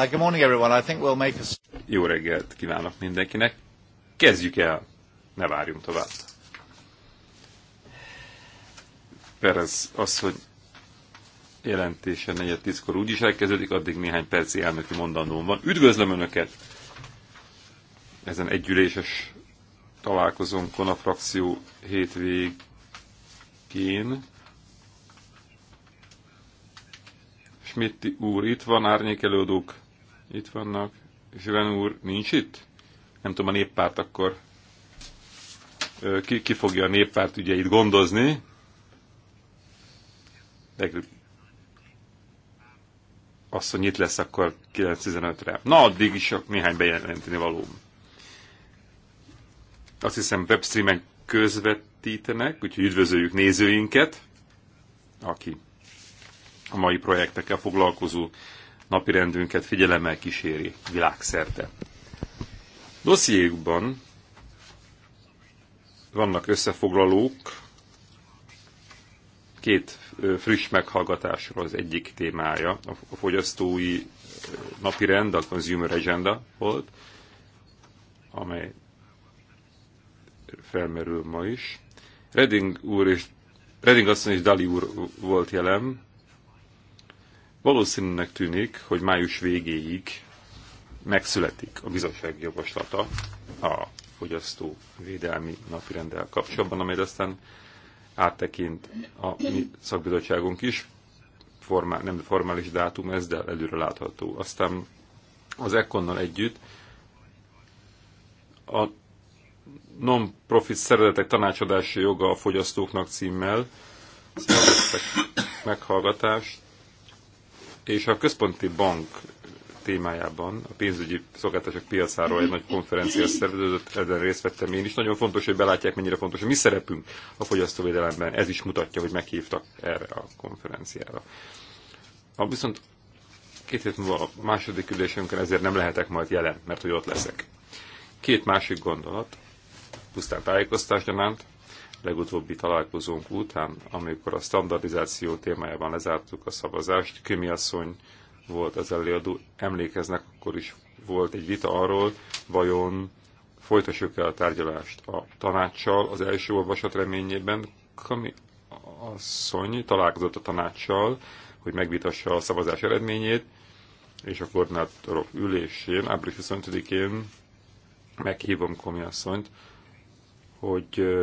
Uh, good morning everyone. I think we'll make a... Jó reggelt kívánok mindenkinek. Kezdjük el. Ne várjunk tovább. Perez, az, hogy jelentése negyed tízkor úgy is elkezdődik, addig néhány perci elnöki mondandóm van. Üdvözlöm Önöket! Ezen együléses találkozónkon a frakció hétvégén. Schmitti úr itt van, árnyékelődők, itt vannak. Zsilen úr nincs itt? Nem tudom, a néppárt akkor ki, ki fogja a néppárt ügyeit gondozni. hogy itt lesz akkor 9.15-re. Na, addig is csak néhány bejelenteni való. Azt hiszem webstreamen közvetítenek, úgyhogy üdvözöljük nézőinket, aki a mai projektekkel foglalkozó napirendünket figyelemmel kíséri világszerte. Dossziékban vannak összefoglalók két friss meghallgatásról az egyik témája, a fogyasztói napi rend a Consumer Agenda volt, amely felmerül ma is. Reding úr és Reding asszony és Dali úr volt jelen, Valószínűnek tűnik, hogy május végéig megszületik a bizottság javaslata a fogyasztó védelmi napirendel kapcsolatban, amely aztán áttekint a mi szakbizottságunk is. Formál, nem formális dátum ez, de előre látható. Aztán az Ekonnal együtt a non-profit szervezetek tanácsadási joga a fogyasztóknak címmel meghallgatást és a központi bank témájában, a pénzügyi szolgáltatások piacáról egy nagy konferencia szerveződött, ebben részt vettem én is. Nagyon fontos, hogy belátják, mennyire fontos, hogy mi szerepünk a fogyasztóvédelemben. Ez is mutatja, hogy meghívtak erre a konferenciára. A viszont két hét múlva a második ülésünkön ezért nem lehetek majd jelen, mert hogy ott leszek. Két másik gondolat, pusztán tájékoztás gyanánt, legutóbbi találkozónk után, amikor a standardizáció témájában lezártuk a szavazást, Kömi asszony volt az előadó, emlékeznek, akkor is volt egy vita arról, vajon folytassuk el a tárgyalást a tanácssal az első olvasat reményében. Kömi asszony találkozott a tanácssal, hogy megvitassa a szavazás eredményét, és a koordinátorok ülésén, április 25-én meghívom Komi asszonyt, hogy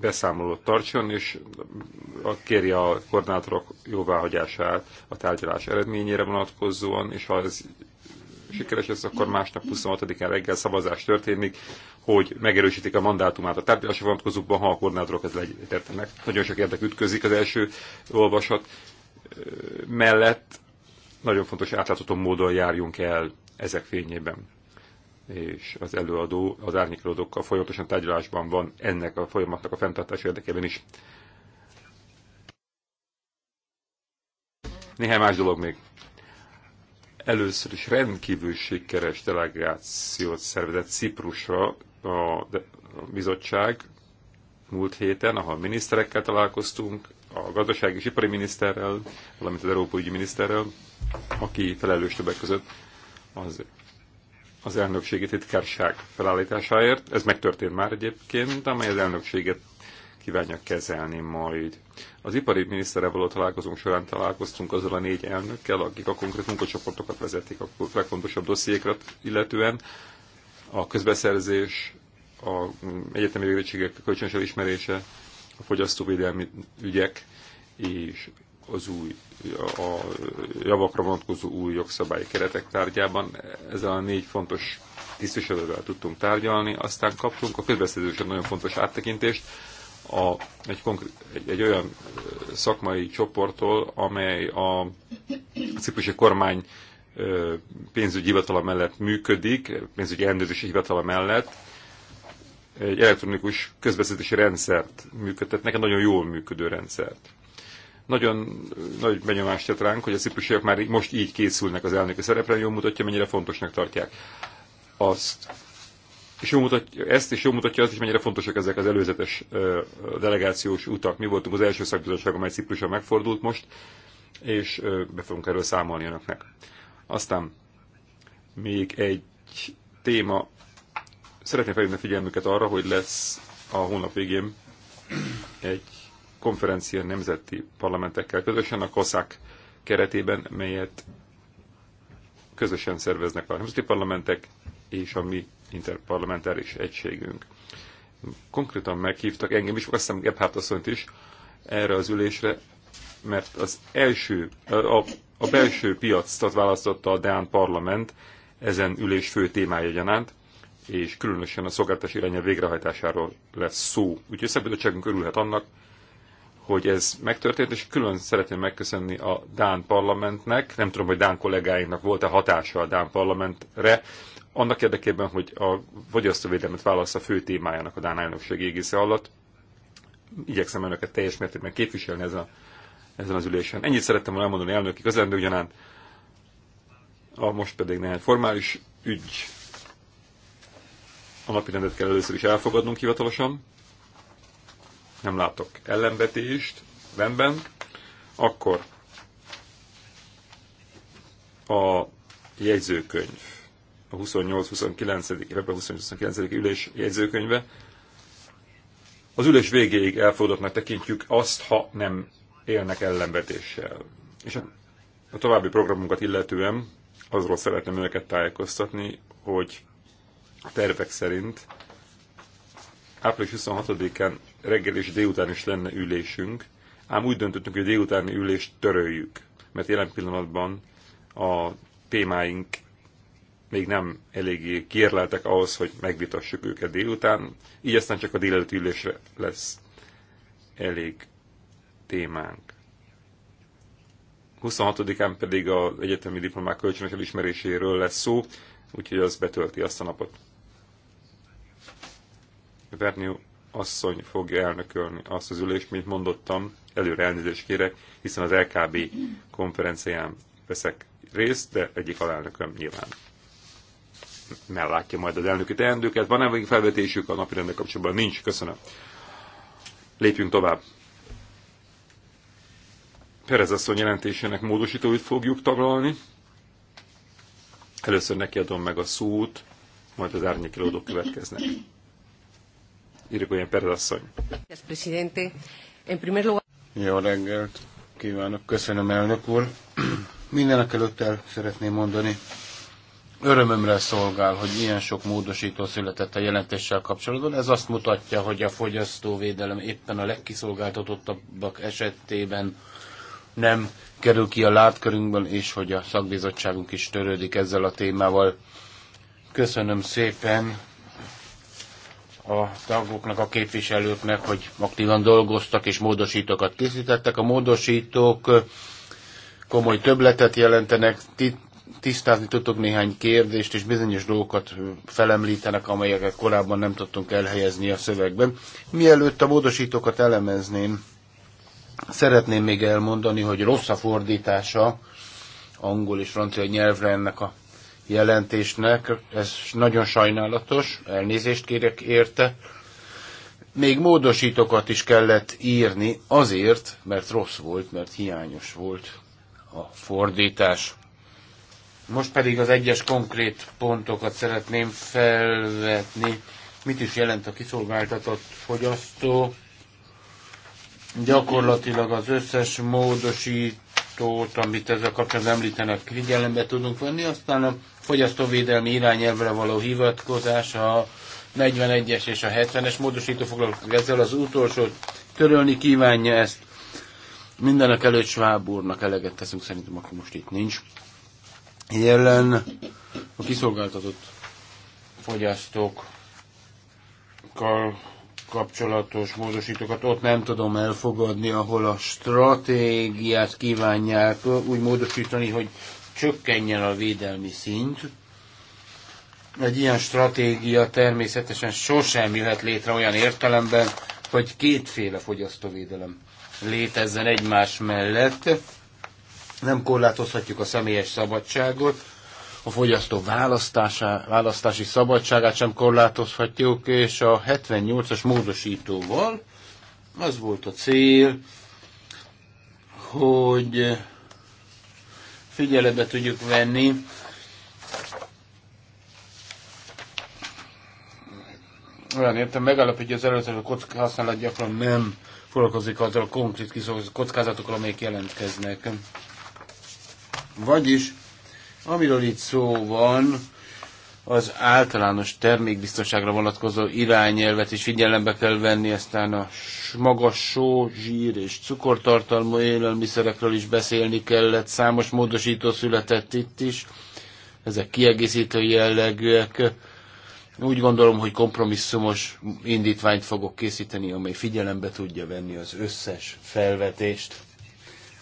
beszámolót tartson, és kérje a koordinátorok jóváhagyását a tárgyalás eredményére vonatkozóan, és ha ez sikeres lesz, akkor másnap 26-án reggel szavazás történik, hogy megerősítik a mandátumát a tárgyalásra vonatkozóban, ha a koordinátorok ez legyértenek. Nagyon sok érdek ütközik az első olvasat mellett. Nagyon fontos átlátható módon járjunk el ezek fényében és az előadó az árnyékelődókkal folyamatosan tárgyalásban van ennek a folyamatnak a fenntartása érdekében is. Néhány más dolog még. Először is rendkívül sikeres delegációt szervezett Ciprusra a bizottság múlt héten, ahol miniszterekkel találkoztunk, a gazdasági és ipari miniszterrel, valamint az európai ügyi miniszterrel, aki felelős többek között az az elnökségi titkárság felállításáért. Ez megtörtént már egyébként, amely az elnökséget kívánja kezelni majd. Az ipari miniszterrel való találkozónk során találkoztunk azzal a négy elnökkel, akik a konkrét munkacsoportokat vezetik a legfontosabb dossziékra illetően. A közbeszerzés, a egyetemi végzettségek kölcsönös elismerése, a fogyasztóvédelmi ügyek és az új, a javakra vonatkozó új jogszabályi keretek tárgyában. Ezzel a négy fontos tisztviselővel tudtunk tárgyalni, aztán kaptunk a közbeszédősen nagyon fontos áttekintést a, egy, konkrét, egy, egy olyan szakmai csoporttól, amely a, a ciprusi kormány pénzügyi hivatala mellett működik, pénzügyi ellenőrzési hivatala mellett, egy elektronikus közbeszédési rendszert működtetnek, egy nagyon jól működő rendszert. Nagyon nagy benyomást tett ránk, hogy a ciprusiak már most így készülnek az elnöki szerepre, jól mutatja, mennyire fontosnak tartják azt. És jól mutatja, ezt és jól mutatja azt is, mennyire fontosak ezek az előzetes delegációs utak. Mi voltunk az első szakbizottság, amely Cipruson megfordult most, és be fogunk erről számolni önöknek. Aztán még egy téma. Szeretném felhívni a figyelmüket arra, hogy lesz a hónap végén egy konferencia nemzeti parlamentekkel közösen a COSAC keretében, melyet közösen szerveznek a nemzeti parlamentek és a mi interparlamentáris egységünk. Konkrétan meghívtak engem is, azt hiszem asszonyt is erre az ülésre, mert az első, a, a belső piacot választotta a Deán Parlament ezen ülés fő témája gyanánt, és különösen a szolgáltatás irányel végrehajtásáról lesz szó. Úgyhogy szakbizottságunk örülhet annak, hogy ez megtörtént, és külön szeretném megköszönni a Dán parlamentnek, nem tudom, hogy Dán kollégáinknak volt-e hatása a Dán parlamentre, annak érdekében, hogy a fogyasztóvédelmet válasz a fő témájának a Dán elnökség égisze alatt. Igyekszem önöket teljes mértékben képviselni ezen, a, ezen az ülésen. Ennyit szerettem volna elmondani elnöki közlendő ugyanán, a most pedig néhány formális ügy. A napi rendet kell először is elfogadnunk hivatalosan. Nem látok ellenbetést benben, Akkor a jegyzőkönyv, a 28-29. 28 29. ülés jegyzőkönyve. Az ülés végéig elfogadottnak tekintjük azt, ha nem élnek ellenvetéssel. És a további programunkat illetően azról szeretném őket tájékoztatni, hogy a tervek szerint április 26-án reggel és délután is lenne ülésünk, ám úgy döntöttünk, hogy a délutáni ülést töröljük, mert jelen pillanatban a témáink még nem eléggé kérleltek ahhoz, hogy megvitassuk őket délután, így aztán csak a délelőtti ülésre lesz elég témánk. 26-án pedig az egyetemi diplomák kölcsönös elismeréséről lesz szó, úgyhogy az betölti azt a napot. Vernió asszony fogja elnökölni azt az ülést, mint mondottam, előre elnézést kérek, hiszen az LKB konferencián veszek részt, de egyik alelnököm nyilván mellátja majd az elnöki teendőket. Van-e még felvetésük a napi rendek kapcsolatban? Nincs, köszönöm. Lépjünk tovább. Perez asszony jelentésének módosítóit fogjuk taglalni. Először neki adom meg a szót, majd az árnyékelődők következnek. Irigoyen Peredasszony. Jó reggelt kívánok, köszönöm elnök úr. Mindenek előtt el szeretném mondani, örömömre szolgál, hogy ilyen sok módosító született a jelentéssel kapcsolatban. Ez azt mutatja, hogy a fogyasztóvédelem éppen a legkiszolgáltatottabbak esetében nem kerül ki a látkörünkből, és hogy a szakbizottságunk is törődik ezzel a témával. Köszönöm szépen a tagoknak, a képviselőknek, hogy aktívan dolgoztak és módosítókat készítettek. A módosítók komoly töbletet jelentenek, tisztázni tudtok néhány kérdést, és bizonyos dolgokat felemlítenek, amelyeket korábban nem tudtunk elhelyezni a szövegben. Mielőtt a módosítókat elemezném, szeretném még elmondani, hogy rossz a fordítása angol és francia nyelvre ennek a jelentésnek, ez nagyon sajnálatos, elnézést kérek érte. Még módosítókat is kellett írni azért, mert rossz volt, mert hiányos volt a fordítás. Most pedig az egyes konkrét pontokat szeretném felvetni. Mit is jelent a kiszolgáltatott fogyasztó? Gyakorlatilag az összes módosítót, amit ezzel kapcsolatban említenek, figyelembe tudunk venni, aztán a fogyasztóvédelmi irányelvre való hivatkozás, a 41-es és a 70-es módosító foglalkozik ezzel, az utolsó törölni kívánja ezt. Mindenek előtt Schwab úrnak eleget teszünk, szerintem akkor most itt nincs. Jelen a kiszolgáltatott fogyasztókkal kapcsolatos módosítókat ott nem tudom elfogadni, ahol a stratégiát kívánják úgy módosítani, hogy csökkenjen a védelmi szint. Egy ilyen stratégia természetesen sosem jöhet létre olyan értelemben, hogy kétféle fogyasztóvédelem létezzen egymás mellett. Nem korlátozhatjuk a személyes szabadságot, a fogyasztó választási szabadságát sem korlátozhatjuk, és a 78-as módosítóval az volt a cél, hogy figyelembe tudjuk venni. Olyan értem, megállapítja az előző, a kocka használat gyakran nem foglalkozik azzal a konkrét kockázatokkal, amelyek jelentkeznek. Vagyis, amiről itt szó van, az általános termékbiztonságra vonatkozó irányelvet is figyelembe kell venni, aztán a magas só, zsír és cukortartalmú élelmiszerekről is beszélni kellett, számos módosító született itt is, ezek kiegészítő jellegűek. Úgy gondolom, hogy kompromisszumos indítványt fogok készíteni, amely figyelembe tudja venni az összes felvetést.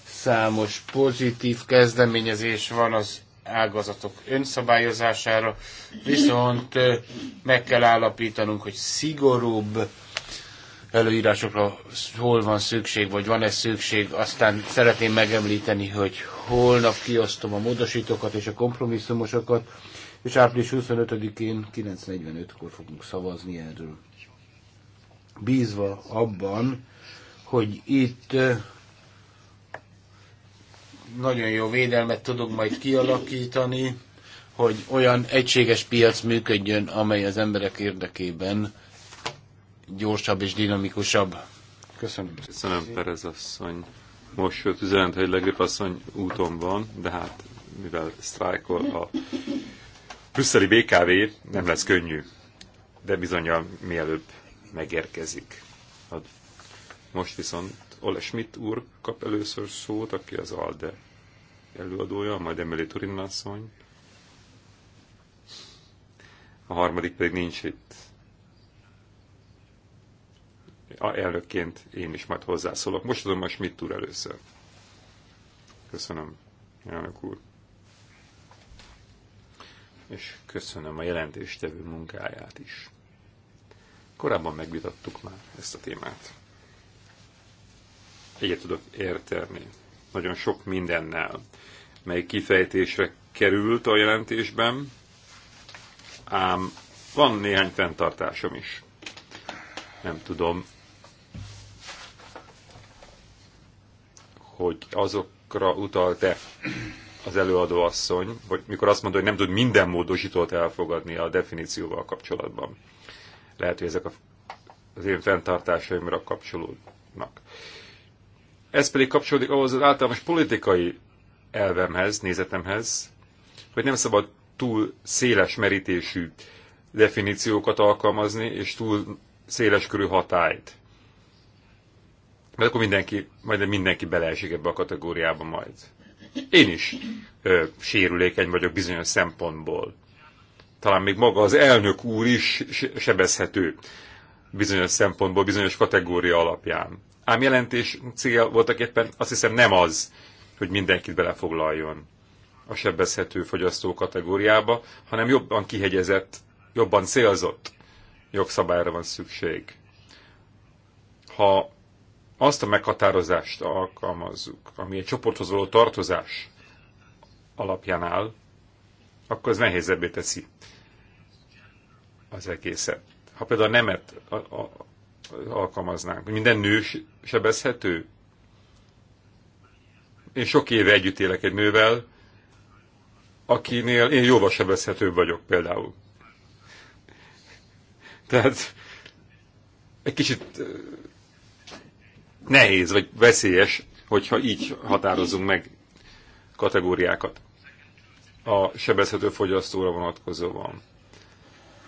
Számos pozitív kezdeményezés van az ágazatok önszabályozására, viszont meg kell állapítanunk, hogy szigorúbb előírásokra hol van szükség, vagy van-e szükség. Aztán szeretném megemlíteni, hogy holnap kiosztom a módosítókat és a kompromisszumosokat, és április 25-én 9.45-kor fogunk szavazni erről. Bízva abban, hogy itt nagyon jó védelmet tudunk majd kialakítani, hogy olyan egységes piac működjön, amely az emberek érdekében gyorsabb és dinamikusabb. Köszönöm. Köszönöm, Perez asszony. Most jött üzenet, hogy Legrip asszony úton van, de hát mivel sztrájkol a brüsszeli BKV, nem lesz könnyű. De bizonyal mielőbb megérkezik. Most viszont Ole Schmidt úr kap először szót, aki az ALDE előadója, majd Emily Turin asszony. A harmadik pedig nincs itt. A elnökként én is majd hozzászólok. Most adom a Schmidt úr először. Köszönöm, elnök úr. És köszönöm a jelentéstevő munkáját is. Korábban megvitattuk már ezt a témát egyet tudok érteni. Nagyon sok mindennel, mely kifejtésre került a jelentésben, ám van néhány fenntartásom is. Nem tudom, hogy azokra utalt-e az előadó asszony, vagy mikor azt mondta, hogy nem tud minden módosítót elfogadni a definícióval kapcsolatban. Lehet, hogy ezek a, az én fenntartásaimra kapcsolódnak. Ez pedig kapcsolódik ahhoz az általános politikai elvemhez, nézetemhez, hogy nem szabad túl széles merítésű definíciókat alkalmazni, és túl széles körű hatályt. Mert akkor mindenki, majd mindenki beleesik ebbe a kategóriába majd. Én is ö, sérülékeny vagyok bizonyos szempontból. Talán még maga az elnök úr is sebezhető bizonyos szempontból, bizonyos kategória alapján ám jelentés cél voltak éppen azt hiszem nem az, hogy mindenkit belefoglaljon a sebezhető fogyasztó kategóriába, hanem jobban kihegyezett, jobban célzott jogszabályra van szükség. Ha azt a meghatározást alkalmazzuk, ami egy csoporthoz való tartozás alapján áll, akkor ez nehézebbé teszi az egészet. Ha például a nemet, a, a, alkalmaznánk? Minden nő sebezhető? Én sok éve együtt élek egy nővel, akinél én jóval sebezhetőbb vagyok például. Tehát egy kicsit nehéz, vagy veszélyes, hogyha így határozunk meg kategóriákat a sebezhető fogyasztóra vonatkozóan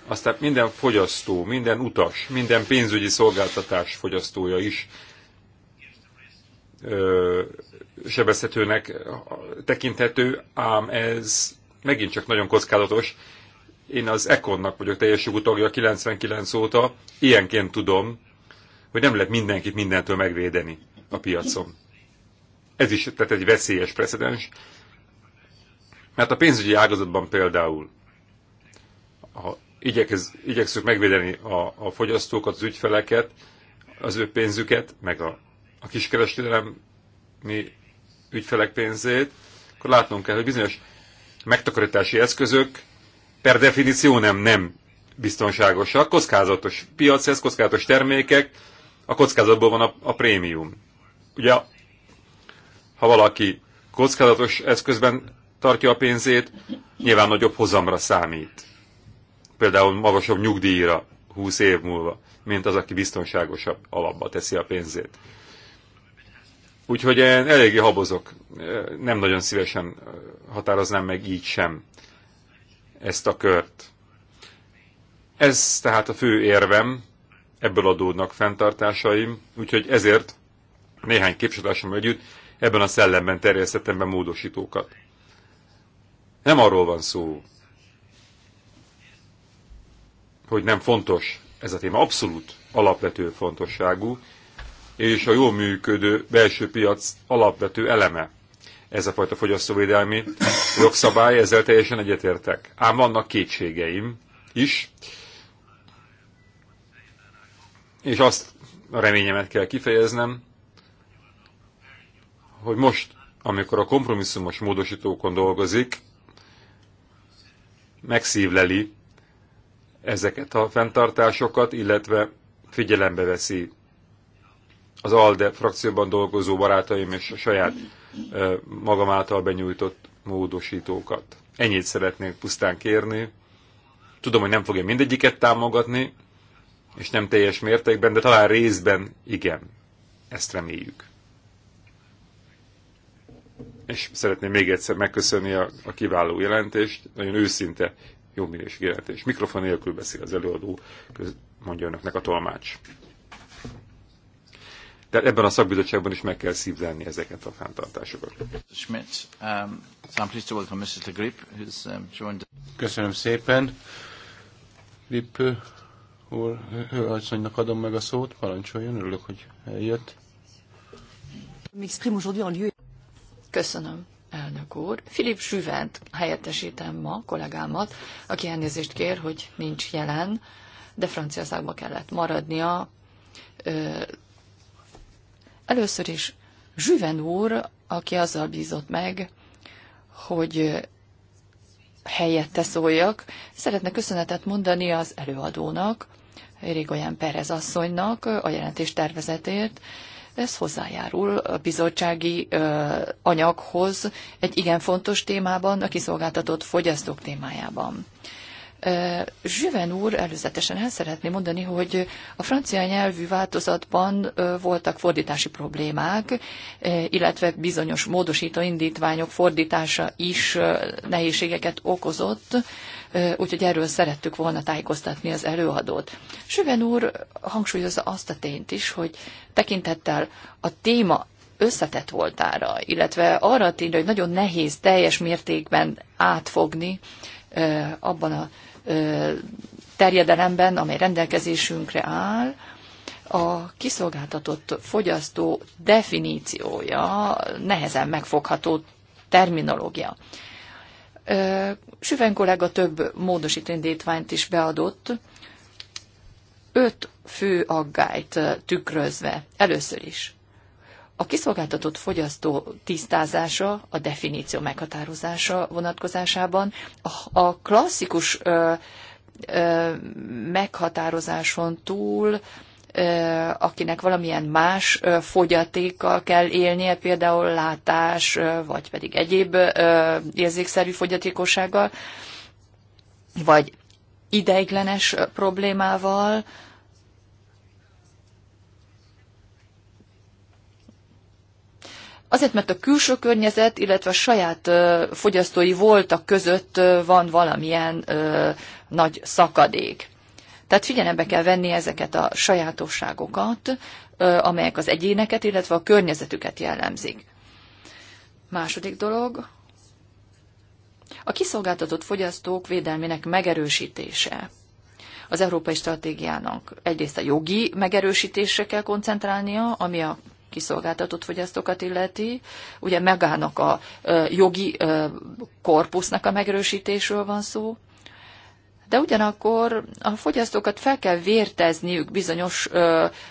aztán minden fogyasztó, minden utas, minden pénzügyi szolgáltatás fogyasztója is ö, sebezhetőnek tekinthető, ám ez megint csak nagyon kockázatos. Én az Econnak vagyok teljes jogú tagja 99 óta, ilyenként tudom, hogy nem lehet mindenkit mindentől megvédeni a piacon. Ez is tehát egy veszélyes precedens, mert a pénzügyi ágazatban például, ha igyekez, igyekszük megvédeni a, a fogyasztókat, az ügyfeleket, az ő pénzüket, meg a, a kiskereskedelmi ügyfelek pénzét, akkor látnunk kell, hogy bizonyos megtakarítási eszközök per definíció nem, nem biztonságosak, kockázatos piac, ez kockázatos termékek, a kockázatból van a, a prémium. Ugye, ha valaki kockázatos eszközben tartja a pénzét, nyilván nagyobb hozamra számít például magasabb nyugdíjra 20 év múlva, mint az, aki biztonságosabb alapba teszi a pénzét. Úgyhogy én eléggé habozok, nem nagyon szívesen határoznám meg így sem ezt a kört. Ez tehát a fő érvem, ebből adódnak fenntartásaim, úgyhogy ezért néhány képviselőtársam együtt ebben a szellemben terjesztettem be módosítókat. Nem arról van szó, hogy nem fontos ez a téma. Abszolút alapvető fontosságú, és a jól működő belső piac alapvető eleme ez a fajta fogyasztóvédelmi jogszabály, ezzel teljesen egyetértek. Ám vannak kétségeim is, és azt a reményemet kell kifejeznem, hogy most, amikor a kompromisszumos módosítókon dolgozik, megszívleli ezeket a fenntartásokat, illetve figyelembe veszi az ALDE frakcióban dolgozó barátaim és a saját magam által benyújtott módosítókat. Ennyit szeretnék pusztán kérni. Tudom, hogy nem fogja mindegyiket támogatni, és nem teljes mértékben, de talán részben igen. Ezt reméljük. És szeretném még egyszer megköszönni a, a kiváló jelentést, nagyon őszinte jó minőség jelentés. Mikrofon nélkül beszél az előadó, mondja önöknek a tolmács. Tehát ebben a szakbizottságban is meg kell szívlelni ezeket a fenntartásokat. Um, Mrs. Um, Köszönöm szépen. Grip uh, úr, asszonynak adom meg a szót, parancsoljon, örülök, hogy eljött. Köszönöm elnök úr. Filip Süvent helyettesítem ma, kollégámat, aki elnézést kér, hogy nincs jelen, de Franciaországba kellett maradnia. Először is Zsüven úr, aki azzal bízott meg, hogy helyette szóljak, szeretne köszönetet mondani az előadónak, Régolyán Perez asszonynak a jelentés tervezetért, ez hozzájárul a bizottsági anyaghoz egy igen fontos témában, a kiszolgáltatott fogyasztók témájában. Zsüven úr előzetesen el szeretné mondani, hogy a francia nyelvű változatban voltak fordítási problémák, illetve bizonyos módosító indítványok fordítása is nehézségeket okozott, úgyhogy erről szerettük volna tájékoztatni az előadót. Zsüven úr hangsúlyozza azt a tényt is, hogy tekintettel a téma összetett voltára, illetve arra tényleg, hogy nagyon nehéz teljes mértékben átfogni, abban a terjedelemben, amely rendelkezésünkre áll, a kiszolgáltatott fogyasztó definíciója nehezen megfogható terminológia. Süven kollega több módosító is beadott, öt fő aggályt tükrözve. Először is a kiszolgáltatott fogyasztó tisztázása, a definíció meghatározása vonatkozásában a, klasszikus ö, ö, meghatározáson túl, ö, akinek valamilyen más ö, fogyatékkal kell élnie, például látás, ö, vagy pedig egyéb ö, érzékszerű fogyatékossággal, vagy ideiglenes problémával, ö, Azért, mert a külső környezet, illetve a saját fogyasztói voltak között van valamilyen nagy szakadék. Tehát figyelembe kell venni ezeket a sajátosságokat, amelyek az egyéneket, illetve a környezetüket jellemzik. Második dolog, a kiszolgáltatott fogyasztók védelmének megerősítése. Az európai stratégiának egyrészt a jogi megerősítésre kell koncentrálnia, ami a kiszolgáltatott fogyasztókat illeti. Ugye megállnak a jogi korpusznak a megerősítésről van szó, de ugyanakkor a fogyasztókat fel kell vértezniük bizonyos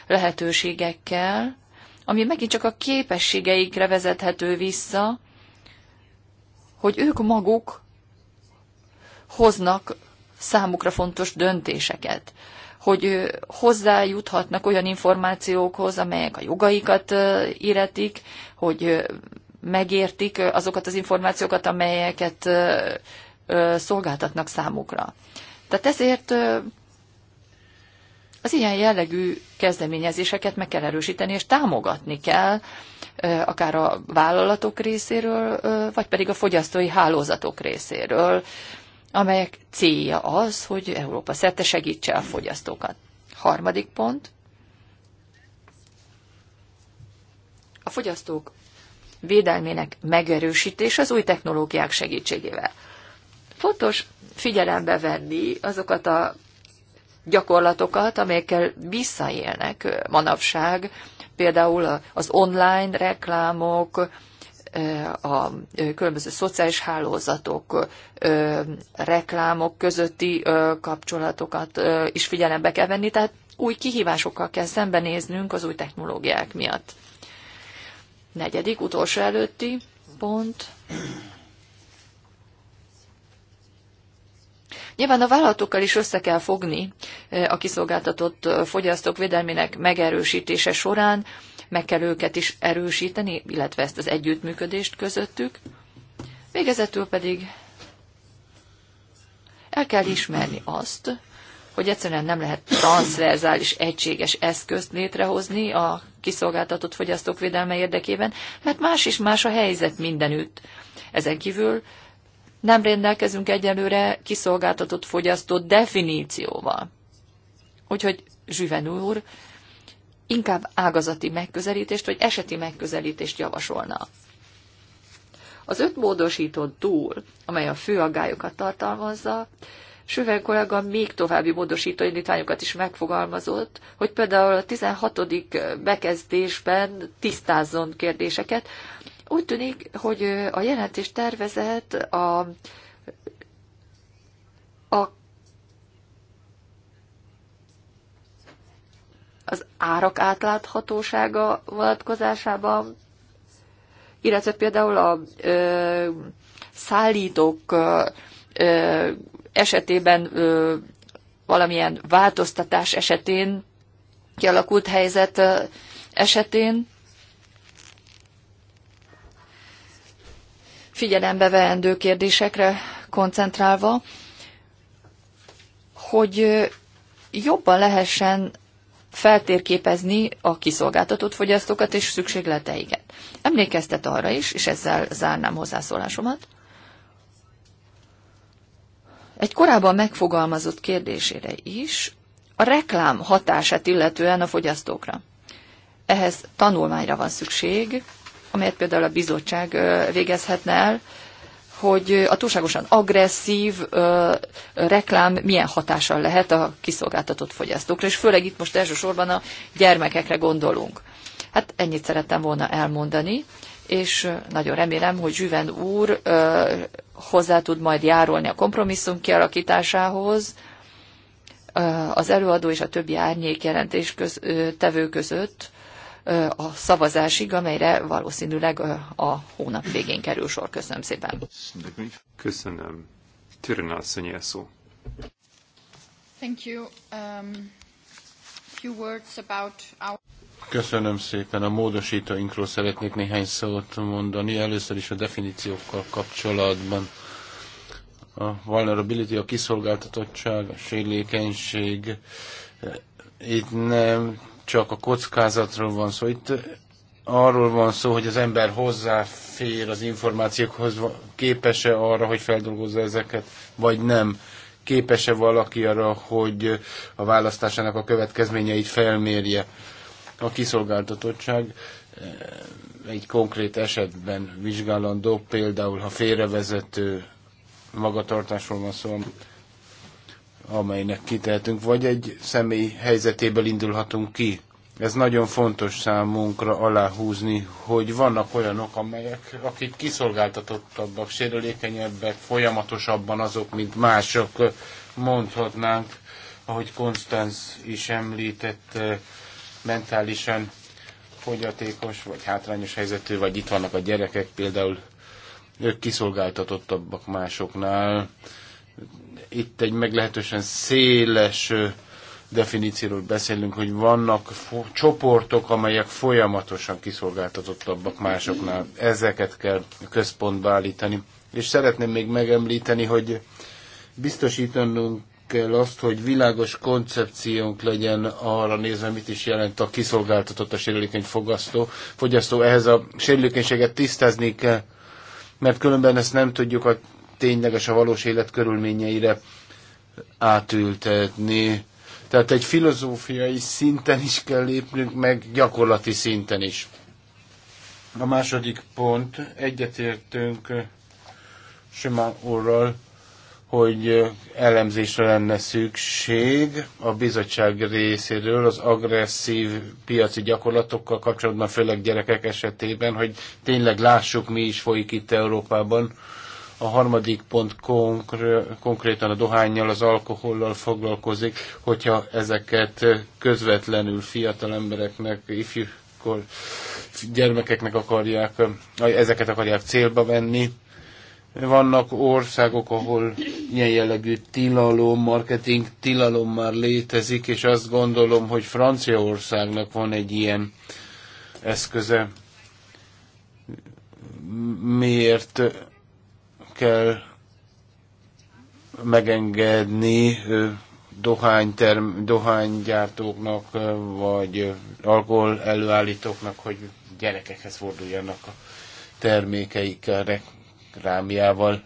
lehetőségekkel, ami megint csak a képességeikre vezethető vissza, hogy ők maguk hoznak számukra fontos döntéseket hogy hozzájuthatnak olyan információkhoz, amelyek a jogaikat illetik, hogy megértik azokat az információkat, amelyeket szolgáltatnak számukra. Tehát ezért az ilyen jellegű kezdeményezéseket meg kell erősíteni, és támogatni kell, akár a vállalatok részéről, vagy pedig a fogyasztói hálózatok részéről, amelyek célja az, hogy Európa szerte segítse a fogyasztókat. Harmadik pont. A fogyasztók védelmének megerősítése az új technológiák segítségével. Fontos figyelembe venni azokat a gyakorlatokat, amelyekkel visszaélnek manapság, például az online reklámok, a különböző szociális hálózatok, reklámok közötti kapcsolatokat is figyelembe kell venni, tehát új kihívásokkal kell szembenéznünk az új technológiák miatt. Negyedik, utolsó előtti pont. Nyilván a vállalatokkal is össze kell fogni a kiszolgáltatott fogyasztók védelmének megerősítése során, meg kell őket is erősíteni, illetve ezt az együttműködést közöttük. Végezetül pedig el kell ismerni azt, hogy egyszerűen nem lehet transzverzális egységes eszközt létrehozni a kiszolgáltatott fogyasztók védelme érdekében, mert más is más a helyzet mindenütt. Ezen kívül nem rendelkezünk egyelőre kiszolgáltatott fogyasztó definícióval. Úgyhogy Zsüven úr inkább ágazati megközelítést vagy eseti megközelítést javasolna. Az öt módosított túl, amely a fő aggályokat tartalmazza, Süven kollega még további módosító indítványokat is megfogalmazott, hogy például a 16. bekezdésben tisztázzon kérdéseket. Úgy tűnik, hogy a jelentés tervezet a, a az árak átláthatósága vonatkozásában, illetve például a ö, szállítók ö, esetében ö, valamilyen változtatás esetén, kialakult helyzet esetén figyelembe veendő kérdésekre koncentrálva, hogy jobban lehessen feltérképezni a kiszolgáltatott fogyasztókat és szükségleteiket. Emlékeztet arra is, és ezzel zárnám hozzászólásomat, egy korábban megfogalmazott kérdésére is, a reklám hatását illetően a fogyasztókra. Ehhez tanulmányra van szükség, amelyet például a bizottság végezhetne el, hogy a túlságosan agresszív ö, reklám milyen hatással lehet a kiszolgáltatott fogyasztókra, és főleg itt most elsősorban a gyermekekre gondolunk. Hát ennyit szerettem volna elmondani, és nagyon remélem, hogy Zsüven úr ö, hozzá tud majd járulni a kompromisszum kialakításához, ö, az előadó és a többi árnyék jelentés köz, ö, tevő között, a szavazásig, amelyre valószínűleg a hónap végén kerül sor. Köszönöm szépen. Köszönöm. Tyrna szó. Thank you. Um, few words about our... Köszönöm szépen. A módosítóinkról szeretnék néhány szót mondani. Először is a definíciókkal kapcsolatban. A vulnerability, a kiszolgáltatottság, a sérülékenység, eh, itt nem csak a kockázatról van szó. Itt arról van szó, hogy az ember hozzáfér az információkhoz, képes-e arra, hogy feldolgozza ezeket, vagy nem. Képes-e valaki arra, hogy a választásának a következményeit felmérje. A kiszolgáltatottság eh, egy konkrét esetben vizsgálandó, például ha félrevezető magatartásról van szó, amelynek kitehetünk, vagy egy személy helyzetéből indulhatunk ki. Ez nagyon fontos számunkra aláhúzni, hogy vannak olyanok, amelyek, akik kiszolgáltatottabbak, sérülékenyebbek, folyamatosabban azok, mint mások. Mondhatnánk, ahogy Konstanz is említett, mentálisan fogyatékos, vagy hátrányos helyzetű, vagy itt vannak a gyerekek például, ők kiszolgáltatottabbak másoknál itt egy meglehetősen széles definícióról beszélünk, hogy vannak csoportok, amelyek folyamatosan kiszolgáltatottabbak másoknál. Ezeket kell központba állítani. És szeretném még megemlíteni, hogy biztosítanunk kell azt, hogy világos koncepciónk legyen arra nézve, mit is jelent a kiszolgáltatott a sérülékeny fogasztó, fogyasztó. Ehhez a sérülékenységet tisztázni kell, mert különben ezt nem tudjuk a tényleges a valós élet körülményeire átültetni. Tehát egy filozófiai szinten is kell lépnünk, meg gyakorlati szinten is. A második pont, egyetértünk Simán úrral, hogy elemzésre lenne szükség a bizottság részéről az agresszív piaci gyakorlatokkal kapcsolatban, főleg gyerekek esetében, hogy tényleg lássuk, mi is folyik itt Európában a harmadik pont konkr- konkrétan a dohányjal, az alkohollal foglalkozik, hogyha ezeket közvetlenül fiatal embereknek, ifjúkor gyermekeknek akarják, ezeket akarják célba venni. Vannak országok, ahol ilyen jellegű tilalom, marketing tilalom már létezik, és azt gondolom, hogy Franciaországnak van egy ilyen eszköze. Miért kell megengedni dohányterm, dohánygyártóknak, vagy alkohol előállítóknak, hogy gyerekekhez forduljanak a a reklámjával.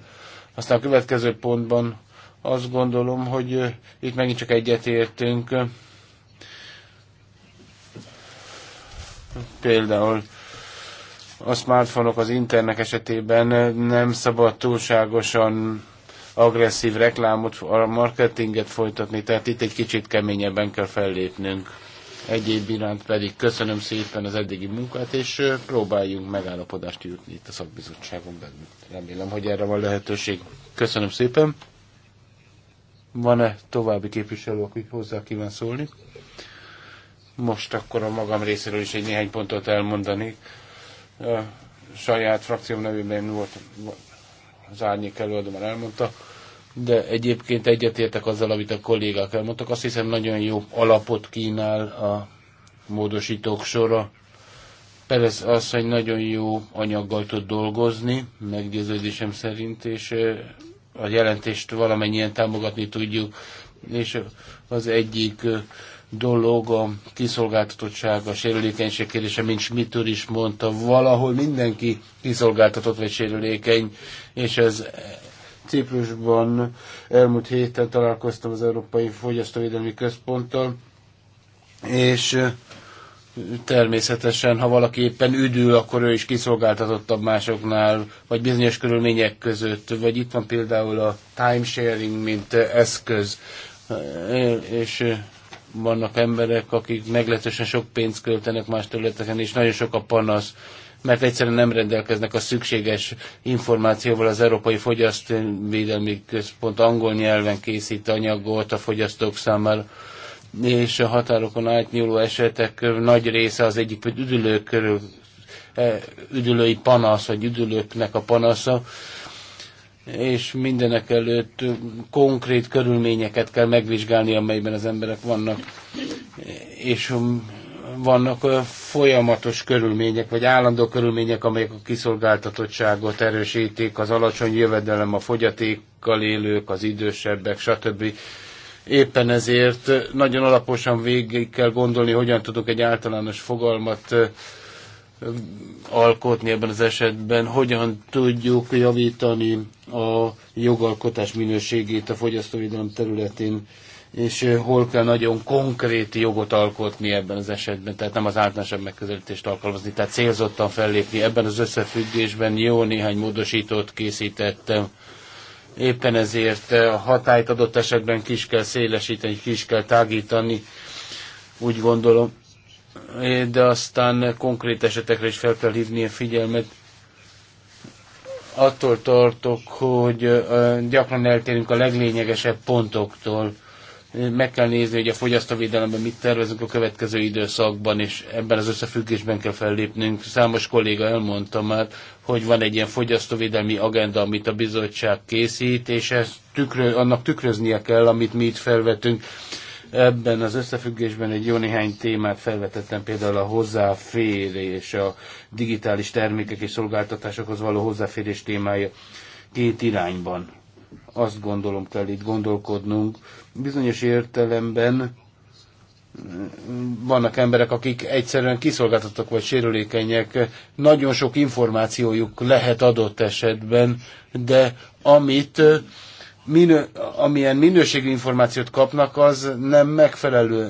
Aztán a következő pontban azt gondolom, hogy itt megint csak egyetértünk. Például a smartfonok az internet esetében nem szabad túlságosan agresszív reklámot, a marketinget folytatni, tehát itt egy kicsit keményebben kell fellépnünk. Egyéb iránt pedig köszönöm szépen az eddigi munkát, és próbáljunk megállapodást jutni itt a szakbizottságon belül. Remélem, hogy erre van lehetőség. Köszönöm szépen. Van-e további képviselő, aki hozzá kíván szólni? Most akkor a magam részéről is egy néhány pontot elmondanék a saját frakcióm nevében volt az árnyék előadó már elmondta, de egyébként egyetértek azzal, amit a kollégák elmondtak. Azt hiszem nagyon jó alapot kínál a módosítók sora. Persze az, hogy nagyon jó anyaggal tud dolgozni, meggyőződésem szerint, és a jelentést valamennyien támogatni tudjuk, és az egyik dolog a kiszolgáltatottság, a sérülékenység kérdése, mint Schmidt úr is mondta, valahol mindenki kiszolgáltatott vagy sérülékeny, és ez Ciprusban elmúlt héten találkoztam az Európai Fogyasztóvédelmi Központtal, és természetesen, ha valaki éppen üdül, akkor ő is kiszolgáltatottabb másoknál, vagy bizonyos körülmények között, vagy itt van például a timesharing, mint eszköz, és vannak emberek, akik meglehetősen sok pénzt költenek más területeken, és nagyon sok a panasz, mert egyszerűen nem rendelkeznek a szükséges információval. Az Európai Fogyasztóvédelmi Központ angol nyelven készít anyagot a fogyasztók számára, és a határokon átnyúló esetek nagy része az egyik üdülők körül, e, üdülői panasz, vagy üdülőknek a panasza, és mindenek előtt konkrét körülményeket kell megvizsgálni, amelyben az emberek vannak, és um, vannak folyamatos körülmények, vagy állandó körülmények, amelyek a kiszolgáltatottságot erősítik, az alacsony jövedelem, a fogyatékkal élők, az idősebbek, stb. Éppen ezért nagyon alaposan végig kell gondolni, hogyan tudok egy általános fogalmat alkotni ebben az esetben, hogyan tudjuk javítani a jogalkotás minőségét a fogyasztóvédelem területén, és eh, hol kell nagyon konkrét jogot alkotni ebben az esetben, tehát nem az általánosabb megközelítést alkalmazni, tehát célzottan fellépni. Ebben az összefüggésben jó néhány módosítót készítettem, éppen ezért eh, a hatályt adott esetben kis kell szélesíteni, kis kell tágítani, úgy gondolom, de aztán konkrét esetekre is fel kell hívni a figyelmet. Attól tartok, hogy gyakran eltérünk a leglényegesebb pontoktól. Meg kell nézni, hogy a fogyasztóvédelemben mit tervezünk a következő időszakban, és ebben az összefüggésben kell fellépnünk. Számos kolléga elmondta már, hogy van egy ilyen fogyasztóvédelmi agenda, amit a bizottság készít, és ezt tükrö, annak tükröznie kell, amit mi itt felvetünk Ebben az összefüggésben egy jó néhány témát felvetettem, például a hozzáférés, a digitális termékek és szolgáltatásokhoz való hozzáférés témája két irányban. Azt gondolom kell itt gondolkodnunk. Bizonyos értelemben vannak emberek, akik egyszerűen kiszolgáltatottak vagy sérülékenyek, nagyon sok információjuk lehet adott esetben, de amit minő, amilyen minőségű információt kapnak, az nem megfelelő.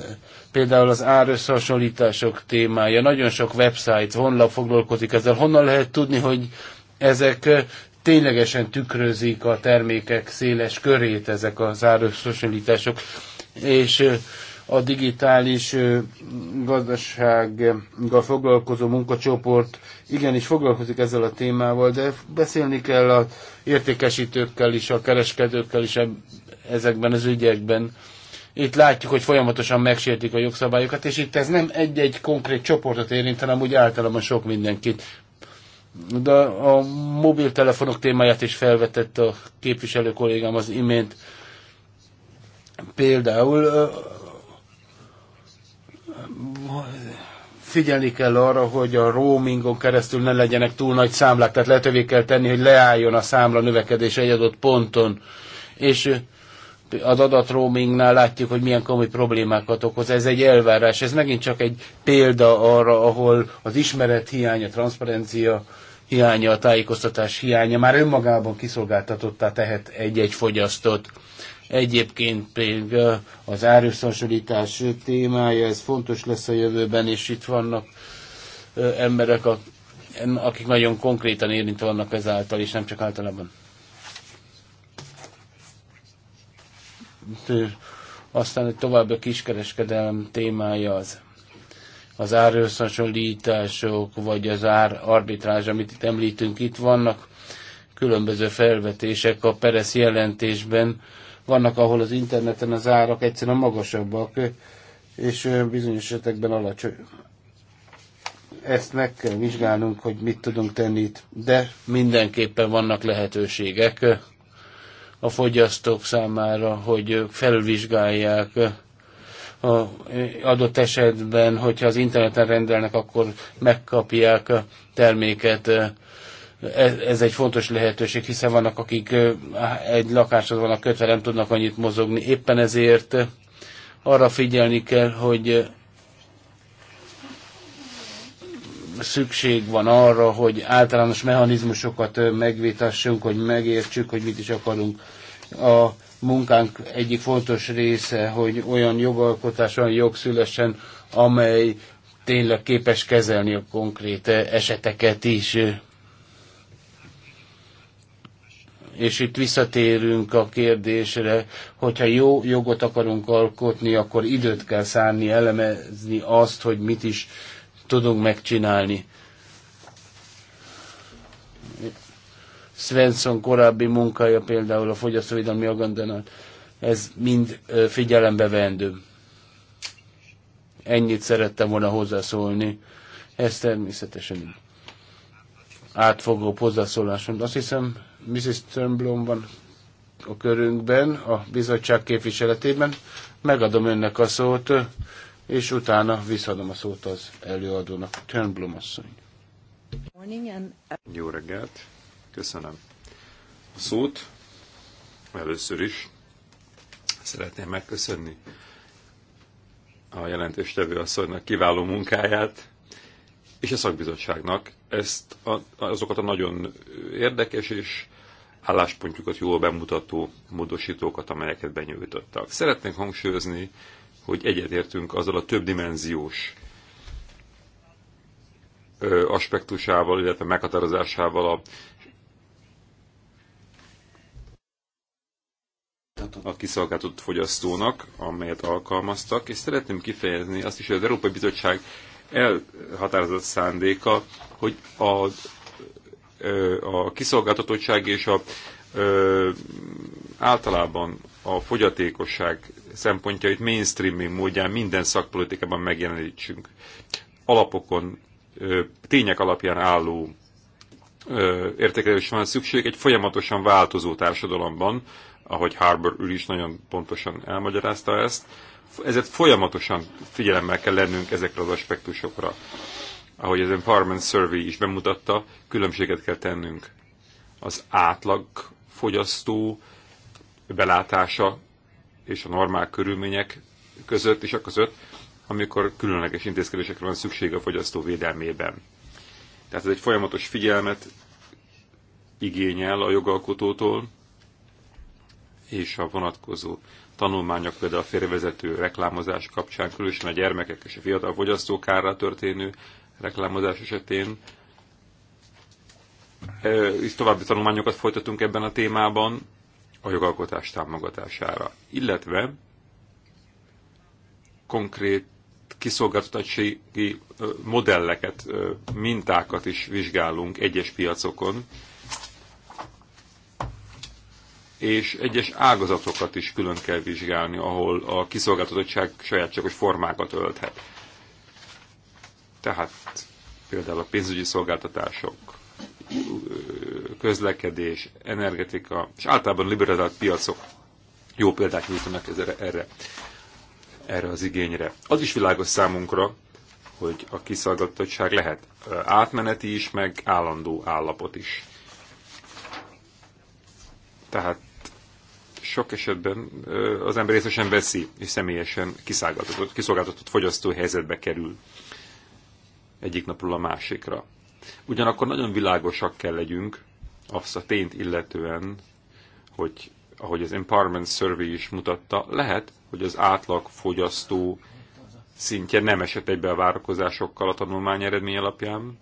Például az árösszehasonlítások témája. Nagyon sok website, honlap foglalkozik ezzel. Honnan lehet tudni, hogy ezek ténylegesen tükrözik a termékek széles körét ezek az árösszehasonlítások, és a digitális gazdasággal foglalkozó munkacsoport igenis foglalkozik ezzel a témával, de beszélni kell a értékesítőkkel is, a kereskedőkkel is ezekben az ügyekben. Itt látjuk, hogy folyamatosan megsértik a jogszabályokat, és itt ez nem egy-egy konkrét csoportot érint, hanem úgy általában sok mindenkit. De a mobiltelefonok témáját is felvetett a képviselő kollégám az imént. Például figyelni kell arra, hogy a roamingon keresztül ne legyenek túl nagy számlák, tehát lehetővé kell tenni, hogy leálljon a számla növekedés egy adott ponton, és eh, az adat roamingnál látjuk, hogy milyen komoly problémákat okoz. Ez egy elvárás, ez megint csak egy példa arra, ahol az ismeret hiánya, transzparencia hiánya, a tájékoztatás hiánya már önmagában kiszolgáltatottá tehet egy-egy fogyasztót. Egyébként pedig az árösszehasonlítás témája, ez fontos lesz a jövőben, és itt vannak emberek, akik nagyon konkrétan érintve vannak ezáltal, és nem csak általában. Aztán egy további kiskereskedelem témája az az árösszehasonlítások, vagy az ár arbitrázs, amit itt említünk, itt vannak különböző felvetések a Peres jelentésben, vannak, ahol az interneten az árak egyszerűen magasabbak, és bizonyos esetekben alacsony. Ezt meg kell vizsgálnunk, hogy mit tudunk tenni itt, de mindenképpen vannak lehetőségek a fogyasztók számára, hogy felvizsgálják a adott esetben, hogyha az interneten rendelnek, akkor megkapják a terméket ez egy fontos lehetőség, hiszen vannak, akik egy lakáshoz vannak kötve, nem tudnak annyit mozogni. Éppen ezért arra figyelni kell, hogy szükség van arra, hogy általános mechanizmusokat megvitassunk, hogy megértsük, hogy mit is akarunk. A munkánk egyik fontos része, hogy olyan jogalkotás, olyan jogszülesen, amely tényleg képes kezelni a konkrét eseteket is és itt visszatérünk a kérdésre, hogyha jó jogot akarunk alkotni, akkor időt kell szánni, elemezni azt, hogy mit is tudunk megcsinálni. Svensson korábbi munkája például a fogyasztóvédelmi agendánál, ez mind figyelembe vendő. Ennyit szerettem volna hozzászólni. Ez természetesen átfogó hozzászólásom. Azt hiszem, Mrs. Turnblom van a körünkben, a bizottság képviseletében. Megadom önnek a szót, és utána visszadom a szót az előadónak. Turnblom asszony. Uh, Jó reggelt, köszönöm a szót. Először is szeretném megköszönni a jelentéstevő asszonynak kiváló munkáját, és a szakbizottságnak ezt a, azokat a nagyon érdekes és álláspontjukat jól bemutató módosítókat, amelyeket benyújtottak. Szeretnénk hangsúlyozni, hogy egyetértünk azzal a többdimenziós aspektusával, illetve meghatározásával a, a kiszolgáltatott fogyasztónak, amelyet alkalmaztak, és szeretném kifejezni azt is, hogy az Európai Bizottság elhatározott szándéka, hogy az a kiszolgáltatottság és a, ö, általában a fogyatékosság szempontjait mainstreaming módján minden szakpolitikában megjelenítsünk. Alapokon, ö, tények alapján álló értékelés van szükség egy folyamatosan változó társadalomban, ahogy Harbour ül is nagyon pontosan elmagyarázta ezt, ezért folyamatosan figyelemmel kell lennünk ezekre az aspektusokra ahogy az Empowerment Survey is bemutatta, különbséget kell tennünk az átlag fogyasztó belátása és a normál körülmények között és a között, amikor különleges intézkedésekre van szükség a fogyasztó védelmében. Tehát ez egy folyamatos figyelmet igényel a jogalkotótól, és a vonatkozó tanulmányok, például a félrevezető reklámozás kapcsán, különösen a gyermekek és a fiatal fogyasztók kárra történő reklámozás esetén És további tanulmányokat folytatunk ebben a témában a jogalkotás támogatására, illetve konkrét kiszolgáltatási modelleket, mintákat is vizsgálunk egyes piacokon, és egyes ágazatokat is külön kell vizsgálni, ahol a kiszolgáltatottság sajátságos formákat ölthet. Tehát például a pénzügyi szolgáltatások, közlekedés, energetika, és általában liberalizált piacok jó példát nyújtanak erre, erre az igényre. Az is világos számunkra, hogy a kiszolgáltatottság lehet átmeneti is, meg állandó állapot is. Tehát sok esetben az ember észre sem veszi, és személyesen kiszolgáltatott fogyasztó helyzetbe kerül egyik napról a másikra. Ugyanakkor nagyon világosak kell legyünk azt a tényt illetően, hogy ahogy az Empowerment Survey is mutatta, lehet, hogy az átlag fogyasztó szintje nem esett egybe a várakozásokkal a tanulmány eredmény alapján,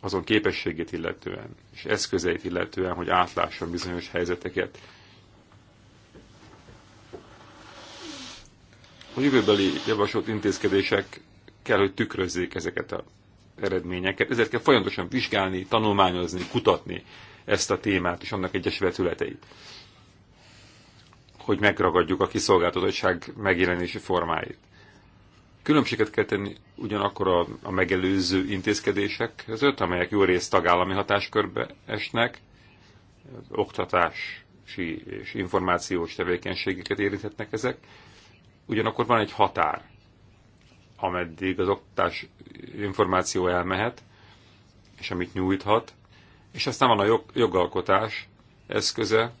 azon képességét illetően, és eszközeit illetően, hogy átlásson bizonyos helyzeteket. A jövőbeli javasolt intézkedések kell, hogy tükrözzék ezeket az eredményeket. Ezért kell folyamatosan vizsgálni, tanulmányozni, kutatni ezt a témát és annak egyes vetületeit, hogy megragadjuk a kiszolgáltatottság megjelenési formáit. Különbséget kell tenni ugyanakkor a, a megelőző intézkedések között, amelyek jó részt tagállami hatáskörbe esnek, oktatási és információs tevékenységeket érinthetnek ezek. Ugyanakkor van egy határ, ameddig az oktatás információ elmehet, és amit nyújthat, és aztán van a jog, jogalkotás eszköze,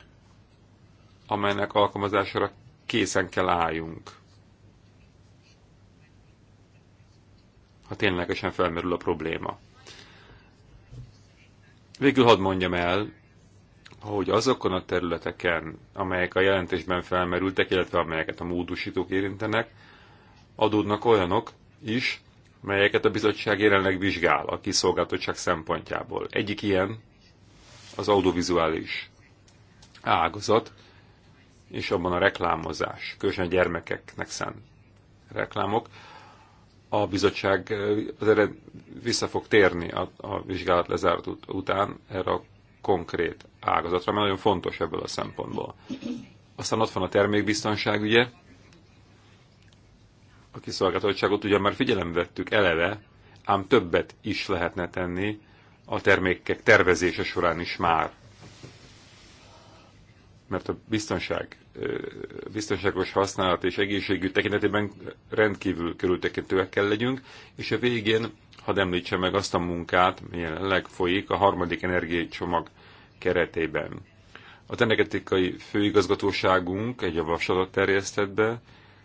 amelynek alkalmazására készen kell álljunk. Ha ténylegesen felmerül a probléma. Végül hadd mondjam el, hogy azokon a területeken, amelyek a jelentésben felmerültek, illetve amelyeket a módosítók érintenek, adódnak olyanok is, melyeket a bizottság jelenleg vizsgál a kiszolgáltottság szempontjából. Egyik ilyen az audiovizuális ágazat, és abban a reklámozás, különösen gyermekeknek szent reklámok. A bizottság az eh, ered, vissza fog térni a, a vizsgálat lezárt ut- után erre a konkrét ágazatra, mert nagyon fontos ebből a szempontból. Aztán ott van a termékbiztonság ügye, kiszolgáltatottságot ugyan már figyelembe vettük eleve, ám többet is lehetne tenni a termékek tervezése során is már. Mert a biztonság, biztonságos használat és egészségügy tekintetében rendkívül körültekintőek kell legyünk, és a végén, hadd említse meg azt a munkát, jelenleg folyik a harmadik energiacsomag keretében. A energetikai főigazgatóságunk egy javaslatot terjesztett be,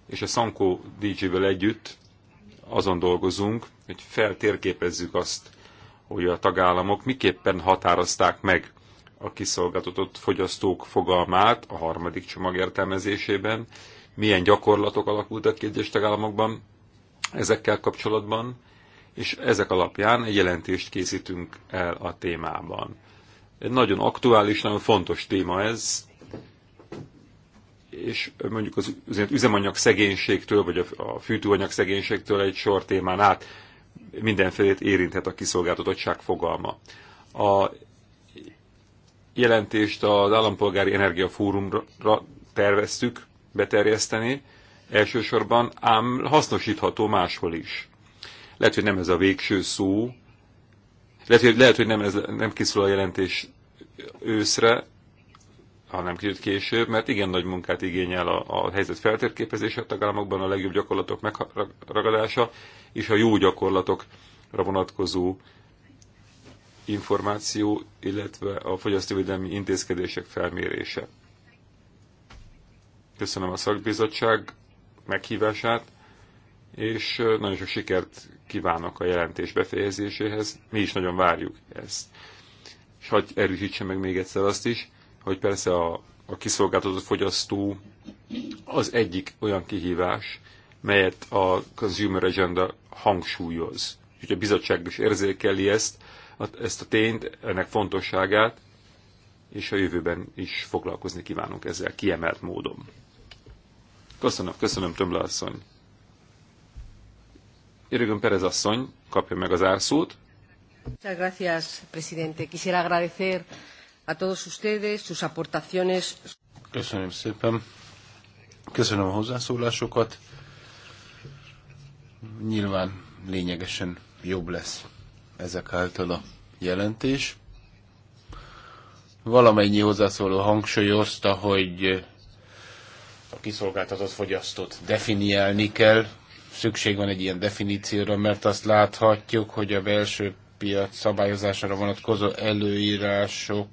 és a Sanko DJ-vel együtt azon dolgozunk, hogy feltérképezzük azt, hogy a tagállamok miképpen határozták meg a kiszolgáltatott fogyasztók fogalmát a harmadik csomag értelmezésében, milyen gyakorlatok alakultak egyes tagállamokban ezekkel kapcsolatban, és ezek alapján egy jelentést készítünk el a témában. Egy nagyon aktuális, nagyon fontos téma ez, és mondjuk az üzemanyag szegénységtől, vagy a fűtőanyag szegénységtől egy sor témán át mindenfélét érinthet a kiszolgáltatottság fogalma. A jelentést az Állampolgári Fórumra terveztük beterjeszteni, elsősorban, ám hasznosítható máshol is. Lehet, hogy nem ez a végső szó, lehet, hogy, lehet, hogy nem, ez, nem készül a jelentés őszre, ha nem kicsit később, mert igen nagy munkát igényel a, a helyzet feltérképezése a tagállamokban, a legjobb gyakorlatok megragadása és a jó gyakorlatokra vonatkozó információ, illetve a fogyasztóvédelmi intézkedések felmérése. Köszönöm a szakbizottság meghívását, és nagyon sok sikert kívánok a jelentés befejezéséhez. Mi is nagyon várjuk ezt. És hagyj erősítse meg még egyszer azt is, hogy persze a, a kiszolgáltatott fogyasztó az egyik olyan kihívás, melyet a Consumer Agenda hangsúlyoz. Úgyhogy a bizottság is érzékeli ezt, ezt a tényt, ennek fontosságát, és a jövőben is foglalkozni kívánunk ezzel kiemelt módon. Köszönöm, köszönöm Tömle asszony. Irigön Perez asszony kapja meg az árszót. Muchas gracias, presidente. Quisiera agradecer a todos ustedes sus aportaciones. Köszönöm szépen. Köszönöm a hozzászólásokat. Nyilván lényegesen jobb lesz ezek által a jelentés. Valamennyi hozzászóló hangsúlyozta, hogy a kiszolgáltatott fogyasztót definiálni kell. Szükség van egy ilyen definícióra, mert azt láthatjuk, hogy a belső piac szabályozására vonatkozó előírások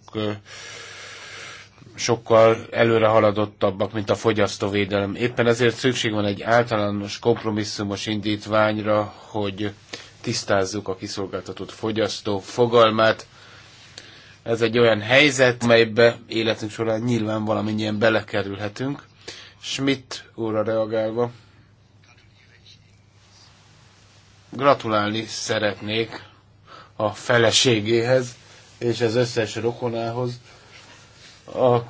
sokkal előre haladottabbak, mint a fogyasztóvédelem. Éppen ezért szükség van egy általános kompromisszumos indítványra, hogy tisztázzuk a kiszolgáltatott fogyasztó fogalmát. Ez egy olyan helyzet, melybe életünk során nyilván valamennyien belekerülhetünk. Schmidt úrra reagálva. Gratulálni szeretnék a feleségéhez és az összes rokonához, a,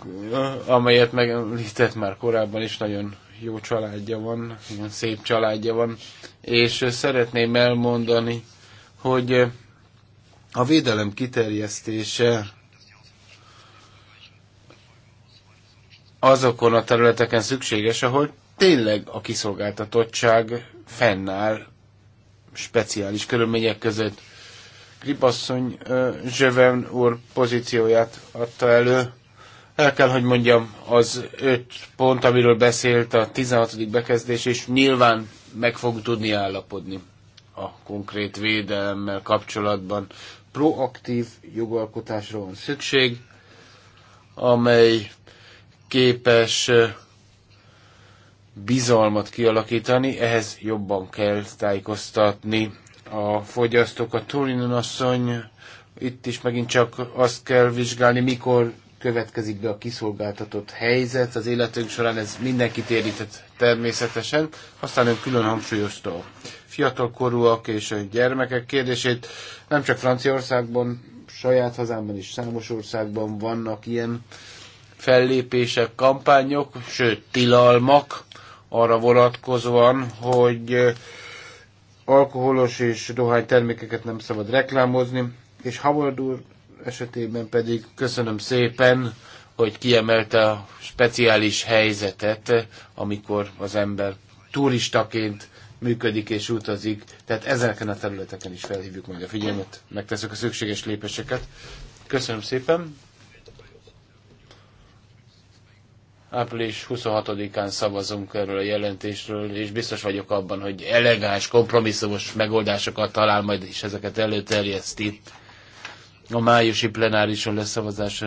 amelyet megemlített már korábban is, nagyon jó családja van, nagyon szép családja van, és szeretném elmondani, hogy a védelem kiterjesztése azokon a területeken szükséges, ahol tényleg a kiszolgáltatottság fennáll speciális körülmények között uh, Zsöven úr pozícióját adta elő. El kell, hogy mondjam, az öt pont, amiről beszélt a 16. bekezdés, és nyilván meg fog tudni állapodni a konkrét védelemmel kapcsolatban. Proaktív jogalkotásra van szükség, amely képes bizalmat kialakítani, ehhez jobban kell tájékoztatni a fogyasztók. A Turinon asszony itt is megint csak azt kell vizsgálni, mikor következik be a kiszolgáltatott helyzet. Az életünk során ez mindenkit érintett természetesen. Aztán ön külön hangsúlyozta a fiatalkorúak és a gyermekek kérdését. Nem csak Franciaországban, saját hazámban is számos országban vannak ilyen fellépések, kampányok, sőt tilalmak arra vonatkozóan, hogy alkoholos és dohány termékeket nem szabad reklámozni, és Howard úr esetében pedig köszönöm szépen, hogy kiemelte a speciális helyzetet, amikor az ember turistaként működik és utazik. Tehát ezeken a területeken is felhívjuk majd a figyelmet, megteszek a szükséges lépéseket. Köszönöm szépen! április 26-án szavazunk erről a jelentésről, és biztos vagyok abban, hogy elegáns, kompromisszumos megoldásokat talál majd, és ezeket előterjeszti. A májusi plenárison lesz szavazás,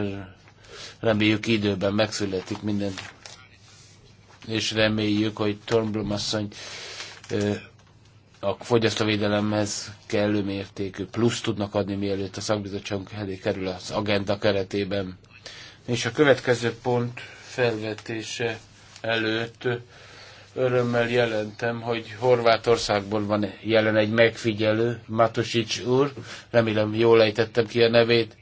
reméljük időben megszületik minden, és reméljük, hogy Tornblom asszony a fogyasztóvédelemhez kellő mértékű plusz tudnak adni, mielőtt a szakbizottság elé kerül az agenda keretében. És a következő pont felvetése előtt örömmel jelentem, hogy Horvátországból van jelen egy megfigyelő, Matosics úr, remélem jól ejtettem ki a nevét.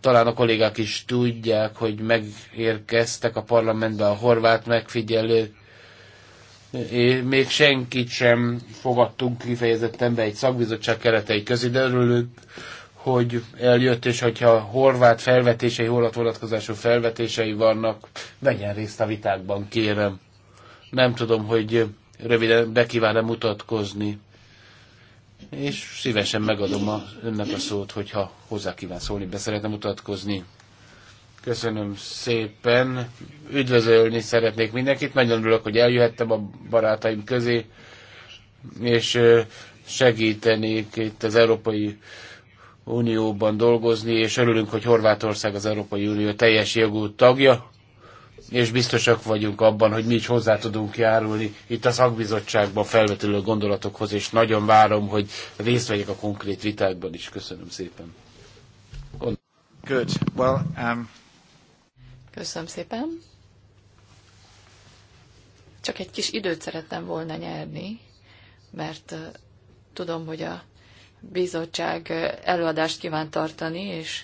Talán a kollégák is tudják, hogy megérkeztek a parlamentbe a horvát megfigyelő. én még senkit sem fogadtunk kifejezetten be egy szakbizottság keretei közé, de örülünk, hogy eljött, és hogyha horvát felvetései, horvát vonatkozású felvetései vannak, vegyen részt a vitákban, kérem. Nem tudom, hogy röviden be kíván-e mutatkozni, és szívesen megadom a, önnek a szót, hogyha hozzá kíván szólni, be szeretne mutatkozni. Köszönöm szépen. Üdvözölni szeretnék mindenkit. Nagyon örülök, hogy eljöhettem a barátaim közé, és segítenék itt az európai Unióban dolgozni, és örülünk, hogy Horvátország az Európai Unió teljes jogú tagja, és biztosak vagyunk abban, hogy mi is hozzá tudunk járulni itt a szakbizottságban felvetülő gondolatokhoz, és nagyon várom, hogy részt vegyek a konkrét vitákban is. Köszönöm szépen. Good. Well, um... Köszönöm szépen. Csak egy kis időt szerettem volna nyerni, mert uh, tudom, hogy a bizottság előadást kíván tartani, és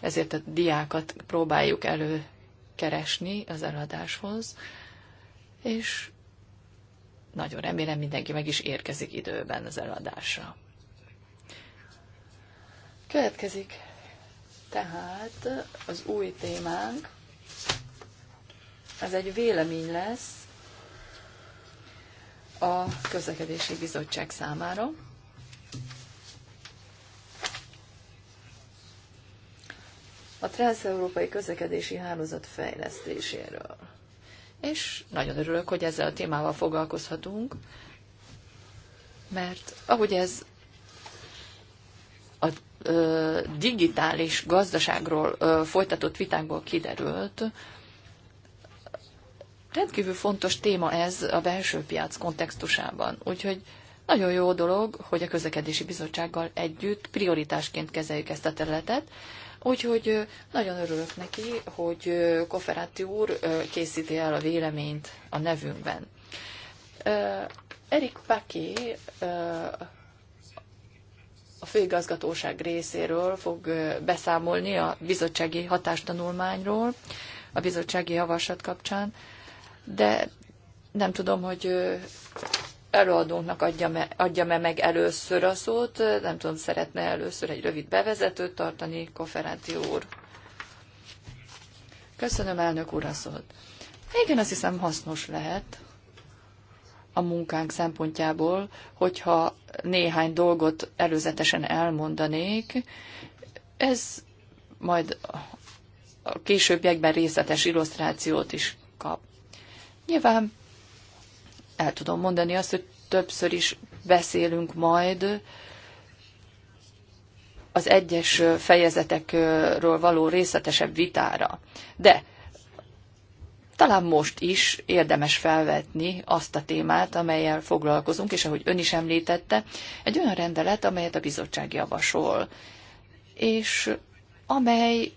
ezért a diákat próbáljuk előkeresni az előadáshoz, és nagyon remélem mindenki meg is érkezik időben az előadásra. Következik tehát az új témánk, ez egy vélemény lesz a közlekedési bizottság számára. a transzeurópai közlekedési hálózat fejlesztéséről. És nagyon örülök, hogy ezzel a témával foglalkozhatunk, mert ahogy ez a ö, digitális gazdaságról ö, folytatott vitánkból kiderült, rendkívül fontos téma ez a belső piac kontextusában. Úgyhogy nagyon jó dolog, hogy a közlekedési bizottsággal együtt prioritásként kezeljük ezt a területet, Úgyhogy nagyon örülök neki, hogy Koferáti úr készíti el a véleményt a nevünkben. Erik Paki a főigazgatóság részéről fog beszámolni a bizottsági hatástanulmányról, a bizottsági javaslat kapcsán, de nem tudom, hogy előadónknak adjam -e, adjam -e meg először a szót. Nem tudom, szeretne először egy rövid bevezetőt tartani, Koferáti úr. Köszönöm, elnök úr, a szót. Igen, azt hiszem hasznos lehet a munkánk szempontjából, hogyha néhány dolgot előzetesen elmondanék. Ez majd a későbbiekben részletes illusztrációt is kap. Nyilván el tudom mondani azt, hogy többször is beszélünk majd az egyes fejezetekről való részletesebb vitára. De talán most is érdemes felvetni azt a témát, amelyel foglalkozunk, és ahogy ön is említette, egy olyan rendelet, amelyet a bizottság javasol, és amely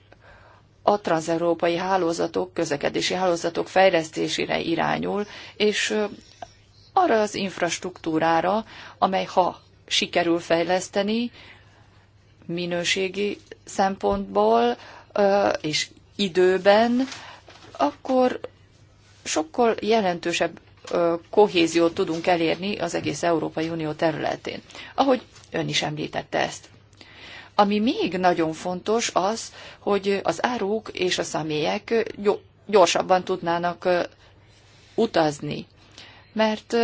a transeurópai hálózatok, közlekedési hálózatok fejlesztésére irányul, és arra az infrastruktúrára, amely ha sikerül fejleszteni minőségi szempontból és időben, akkor sokkal jelentősebb kohéziót tudunk elérni az egész Európai Unió területén, ahogy ön is említette ezt. Ami még nagyon fontos az, hogy az áruk és a személyek gyorsabban tudnának utazni mert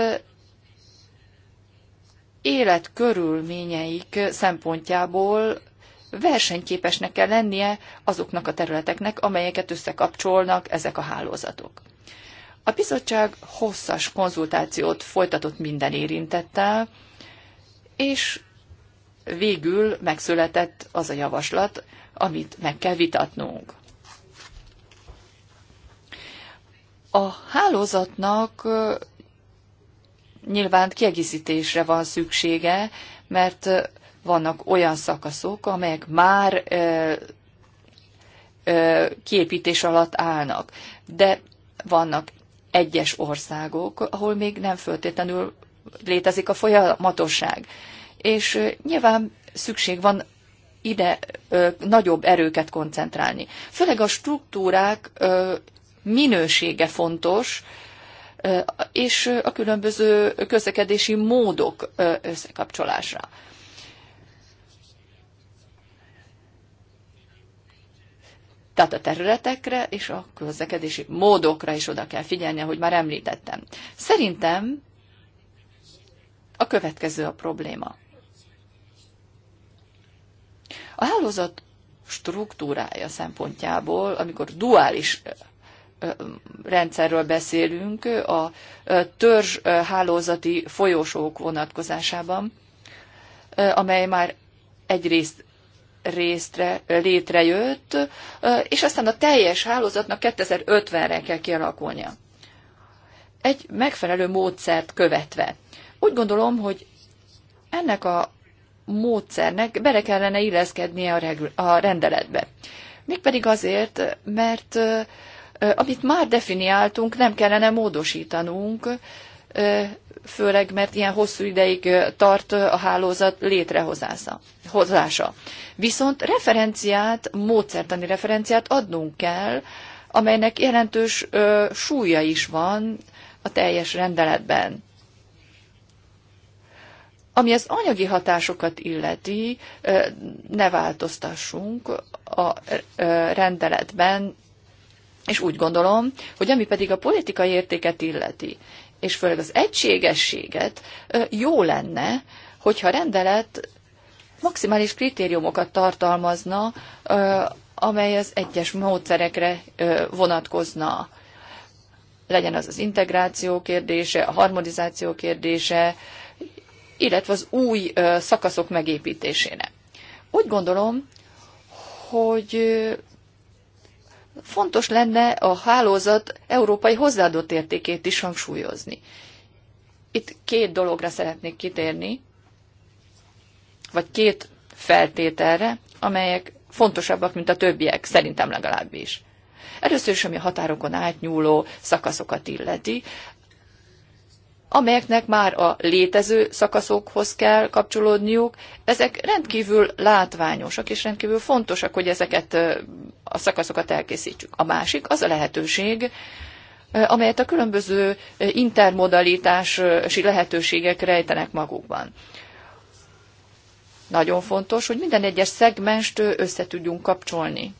életkörülményeik szempontjából versenyképesnek kell lennie azoknak a területeknek, amelyeket összekapcsolnak ezek a hálózatok. A bizottság hosszas konzultációt folytatott minden érintettel, és végül megszületett az a javaslat, amit meg kell vitatnunk. A hálózatnak nyilván kiegészítésre van szüksége, mert vannak olyan szakaszok, amelyek már kiépítés alatt állnak. De vannak egyes országok, ahol még nem föltétlenül létezik a folyamatosság. És nyilván szükség van ide ö, nagyobb erőket koncentrálni. Főleg a struktúrák ö, minősége fontos, és a különböző közlekedési módok összekapcsolásra. Tehát a területekre és a közlekedési módokra is oda kell figyelni, ahogy már említettem. Szerintem a következő a probléma. A hálózat struktúrája szempontjából, amikor duális rendszerről beszélünk a törzs hálózati folyosók vonatkozásában, amely már egyrészt részre, létrejött, és aztán a teljes hálózatnak 2050-re kell kialakulnia. Egy megfelelő módszert követve. Úgy gondolom, hogy ennek a módszernek bele kellene illeszkednie a, a rendeletbe. Mégpedig azért, mert amit már definiáltunk, nem kellene módosítanunk, főleg mert ilyen hosszú ideig tart a hálózat létrehozása. Viszont referenciát, módszertani referenciát adnunk kell, amelynek jelentős súlya is van a teljes rendeletben. Ami az anyagi hatásokat illeti, ne változtassunk a rendeletben és úgy gondolom, hogy ami pedig a politikai értéket illeti, és főleg az egységességet, jó lenne, hogyha rendelet maximális kritériumokat tartalmazna, amely az egyes módszerekre vonatkozna. Legyen az az integráció kérdése, a harmonizáció kérdése, illetve az új szakaszok megépítésének. Úgy gondolom, hogy fontos lenne a hálózat európai hozzáadott értékét is hangsúlyozni. Itt két dologra szeretnék kitérni, vagy két feltételre, amelyek fontosabbak, mint a többiek, szerintem legalábbis. Először is, ami a határokon átnyúló szakaszokat illeti, amelyeknek már a létező szakaszokhoz kell kapcsolódniuk. Ezek rendkívül látványosak és rendkívül fontosak, hogy ezeket a szakaszokat elkészítsük. A másik az a lehetőség, amelyet a különböző intermodalitási lehetőségek rejtenek magukban. Nagyon fontos, hogy minden egyes szegmenst össze tudjunk kapcsolni.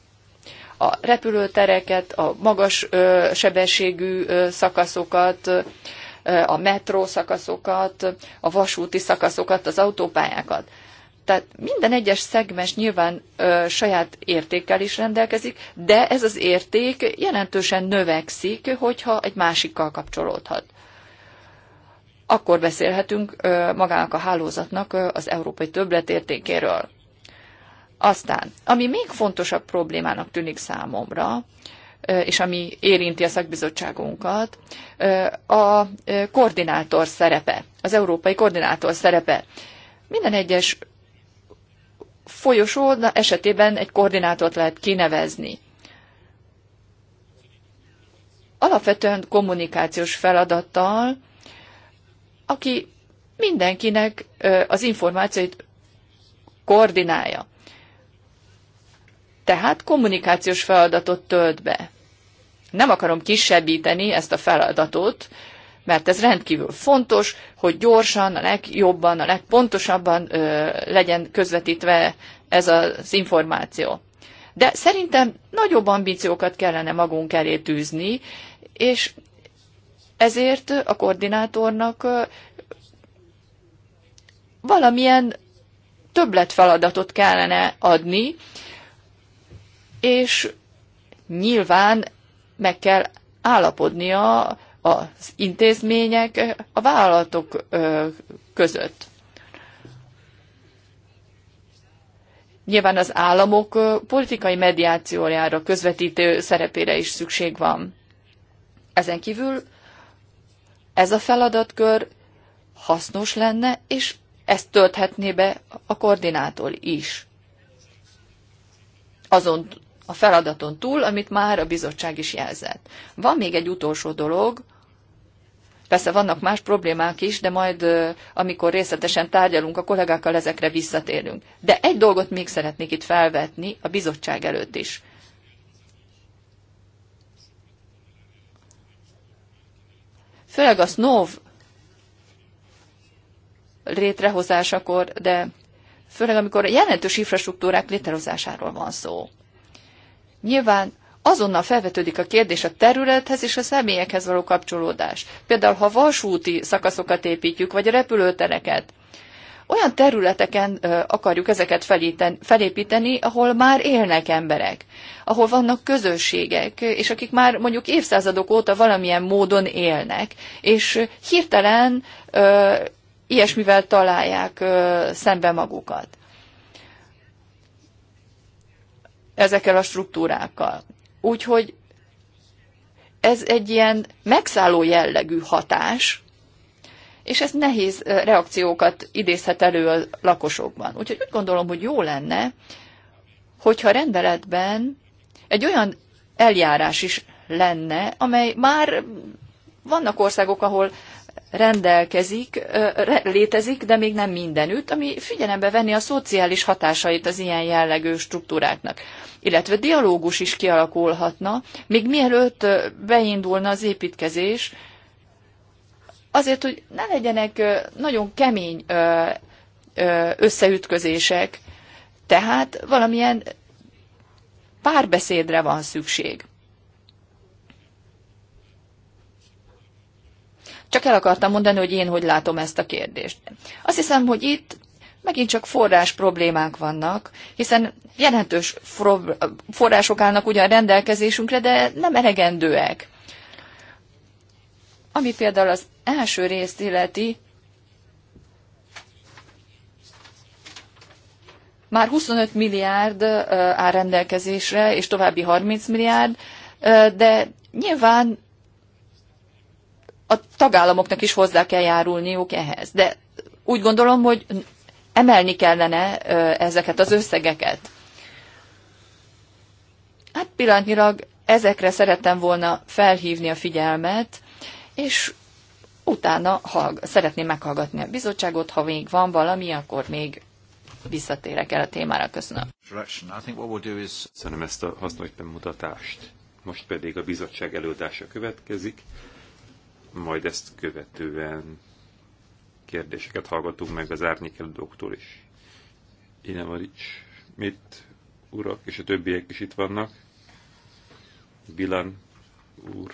A repülőtereket, a magas sebességű szakaszokat, a metró szakaszokat, a vasúti szakaszokat, az autópályákat. Tehát minden egyes szegmens nyilván ö, saját értékkel is rendelkezik, de ez az érték jelentősen növekszik, hogyha egy másikkal kapcsolódhat. Akkor beszélhetünk ö, magának a hálózatnak ö, az európai többletértékéről. Aztán, ami még fontosabb problémának tűnik számomra, és ami érinti a szakbizottságunkat, a koordinátor szerepe, az európai koordinátor szerepe. Minden egyes folyosó esetében egy koordinátort lehet kinevezni. Alapvetően kommunikációs feladattal, aki mindenkinek az információit koordinálja. Tehát kommunikációs feladatot tölt be. Nem akarom kisebbíteni ezt a feladatot, mert ez rendkívül fontos, hogy gyorsan, a legjobban, a legpontosabban ö, legyen közvetítve ez az információ. De szerintem nagyobb ambíciókat kellene magunk elé tűzni, és ezért a koordinátornak valamilyen többletfeladatot kellene adni, és nyilván meg kell állapodnia az intézmények a vállalatok között. Nyilván az államok politikai mediációjára, közvetítő szerepére is szükség van. Ezen kívül ez a feladatkör hasznos lenne, és ezt tölthetné be a koordinátor is. Azon a feladaton túl, amit már a bizottság is jelzett. Van még egy utolsó dolog, Persze vannak más problémák is, de majd, amikor részletesen tárgyalunk, a kollégákkal ezekre visszatérünk. De egy dolgot még szeretnék itt felvetni a bizottság előtt is. Főleg a SNOV létrehozásakor, de főleg amikor jelentős infrastruktúrák létrehozásáról van szó nyilván azonnal felvetődik a kérdés a területhez és a személyekhez való kapcsolódás. Például, ha vasúti szakaszokat építjük, vagy a repülőtereket, olyan területeken akarjuk ezeket felíten, felépíteni, ahol már élnek emberek, ahol vannak közösségek, és akik már mondjuk évszázadok óta valamilyen módon élnek, és hirtelen ö, ilyesmivel találják ö, szembe magukat. ezekkel a struktúrákkal. Úgyhogy ez egy ilyen megszálló jellegű hatás, és ez nehéz reakciókat idézhet elő a lakosokban. Úgyhogy úgy gondolom, hogy jó lenne, hogyha rendeletben egy olyan eljárás is lenne, amely már vannak országok, ahol rendelkezik, létezik, de még nem mindenütt, ami figyelembe venni a szociális hatásait az ilyen jellegű struktúráknak. Illetve dialógus is kialakulhatna, még mielőtt beindulna az építkezés, azért, hogy ne legyenek nagyon kemény összeütközések, tehát valamilyen párbeszédre van szükség. Csak el akartam mondani, hogy én hogy látom ezt a kérdést. Azt hiszem, hogy itt megint csak forrás problémák vannak, hiszen jelentős források állnak ugyan rendelkezésünkre, de nem elegendőek. Ami például az első részt illeti, már 25 milliárd áll rendelkezésre, és további 30 milliárd, de nyilván a tagállamoknak is hozzá kell járulniuk ehhez. De úgy gondolom, hogy emelni kellene ezeket az összegeket. Hát pillanatnyilag ezekre szerettem volna felhívni a figyelmet, és utána hallg- szeretném meghallgatni a bizottságot, ha még van valami, akkor még visszatérek el a témára. Köszönöm. Szerintem ezt a hasznos bemutatást. Most pedig a bizottság előadása következik majd ezt követően kérdéseket hallgatunk meg az doktor is. Én van is. Mit, urak, és a többiek is itt vannak. Bilan úr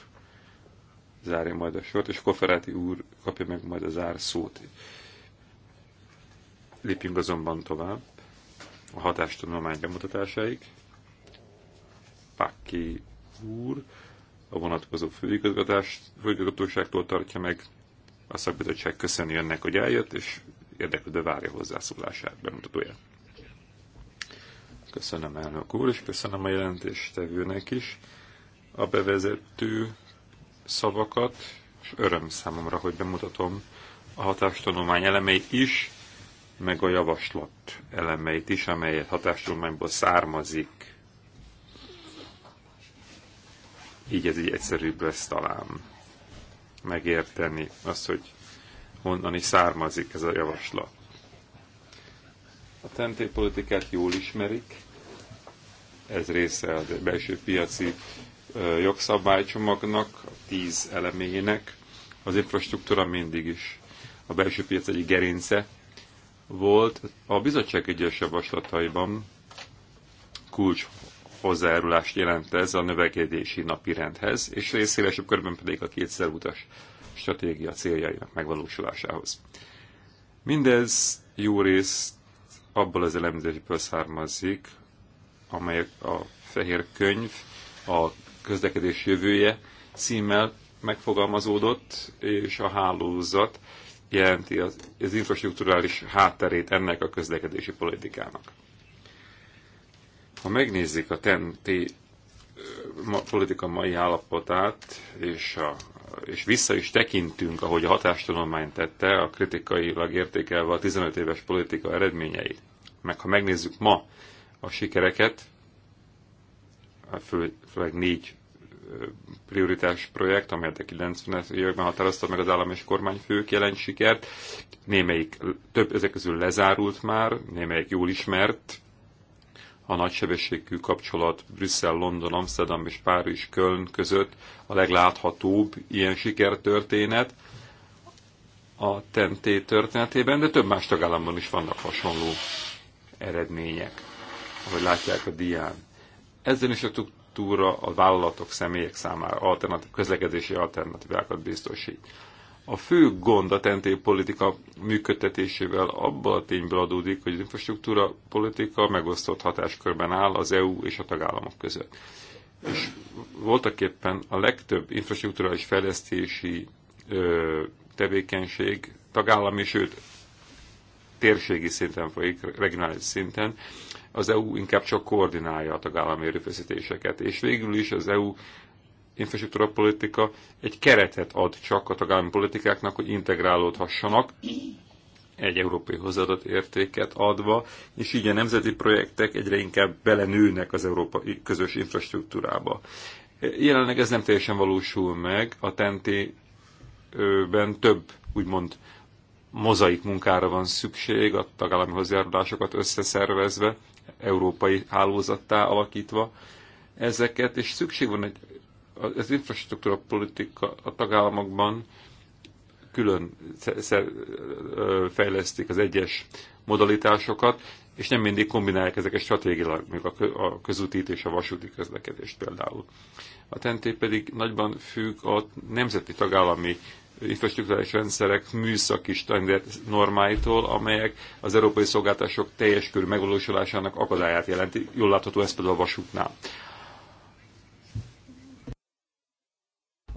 zárja majd a sort, és Koferáti úr kapja meg majd a zár szót. Lépjünk azonban tovább a hatástanulmány bemutatásaik. Paki úr a vonatkozó főigazgatóságtól tartja meg. A szakbizottság köszöni önnek, hogy eljött, és érdeklődve várja hozzászólását, bemutatóját. Köszönöm elnök úr, és köszönöm a jelentéstevőnek is a bevezető szavakat, és öröm számomra, hogy bemutatom a hatástanulmány elemeit is, meg a javaslat elemeit is, amelyet hatástanulmányból származik Így ez így egyszerűbb lesz talán megérteni azt, hogy honnan is származik ez a javaslat. A TNT politikát jól ismerik, ez része a belső piaci jogszabálycsomagnak, a tíz elemének. Az infrastruktúra mindig is a belső piac egy gerince volt. A bizottság egyes javaslataiban kulcs hozzájárulást jelent ez a növekedési napirendhez, és részélesebb körben pedig a kétszer utas stratégia céljainak megvalósulásához. Mindez jó részt abból az elemzésből származik, amely a fehér könyv, a közlekedés jövője címmel megfogalmazódott, és a hálózat jelenti az, az infrastruktúrális hátterét ennek a közlekedési politikának. Ha megnézzük a tenti politika mai állapotát, és, a, és vissza is tekintünk, ahogy a hatástudomány tette, a kritikailag értékelve a 15 éves politika eredményeit, meg ha megnézzük ma a sikereket, fő, főleg négy prioritás projekt, amelyet a 90-es években határozta meg az állam és fők jelent sikert. Némelyik, több ezek közül lezárult már, némelyik jól ismert, a nagysebességű kapcsolat Brüsszel, London, Amsterdam és Párizs, Köln között a legláthatóbb ilyen sikertörténet a TNT történetében, de több más tagállamban is vannak hasonló eredmények, ahogy látják a dián. Ezzel is a struktúra a vállalatok, személyek számára alternatív, közlekedési alternatívákat biztosít. A fő gond a TNT politika működtetésével abban a tényből adódik, hogy az infrastruktúra politika megosztott hatáskörben áll az EU és a tagállamok között. És voltak éppen a legtöbb infrastruktúrális fejlesztési ö, tevékenység tagállami, sőt térségi szinten folyik, regionális szinten, az EU inkább csak koordinálja a tagállami erőfeszítéseket, és végül is az EU infrastruktúra politika egy keretet ad csak a tagállami politikáknak, hogy integrálódhassanak, egy európai hozzáadott értéket adva, és így a nemzeti projektek egyre inkább belenőnek az európai közös infrastruktúrába. Jelenleg ez nem teljesen valósul meg, a TENTI-ben több, úgymond, mozaik munkára van szükség, a tagállami hozzájárulásokat összeszervezve, európai hálózattá alakítva ezeket, és szükség van egy az infrastruktúra politika a tagállamokban külön fejlesztik az egyes modalitásokat, és nem mindig kombinálják ezeket stratégilag, mondjuk a közútit és a vasúti közlekedést például. A TNT pedig nagyban függ a nemzeti tagállami infrastruktúrális rendszerek műszaki standard normáitól, amelyek az európai szolgáltások teljes körű megvalósulásának akadályát jelenti, jól látható ez például a vasútnál.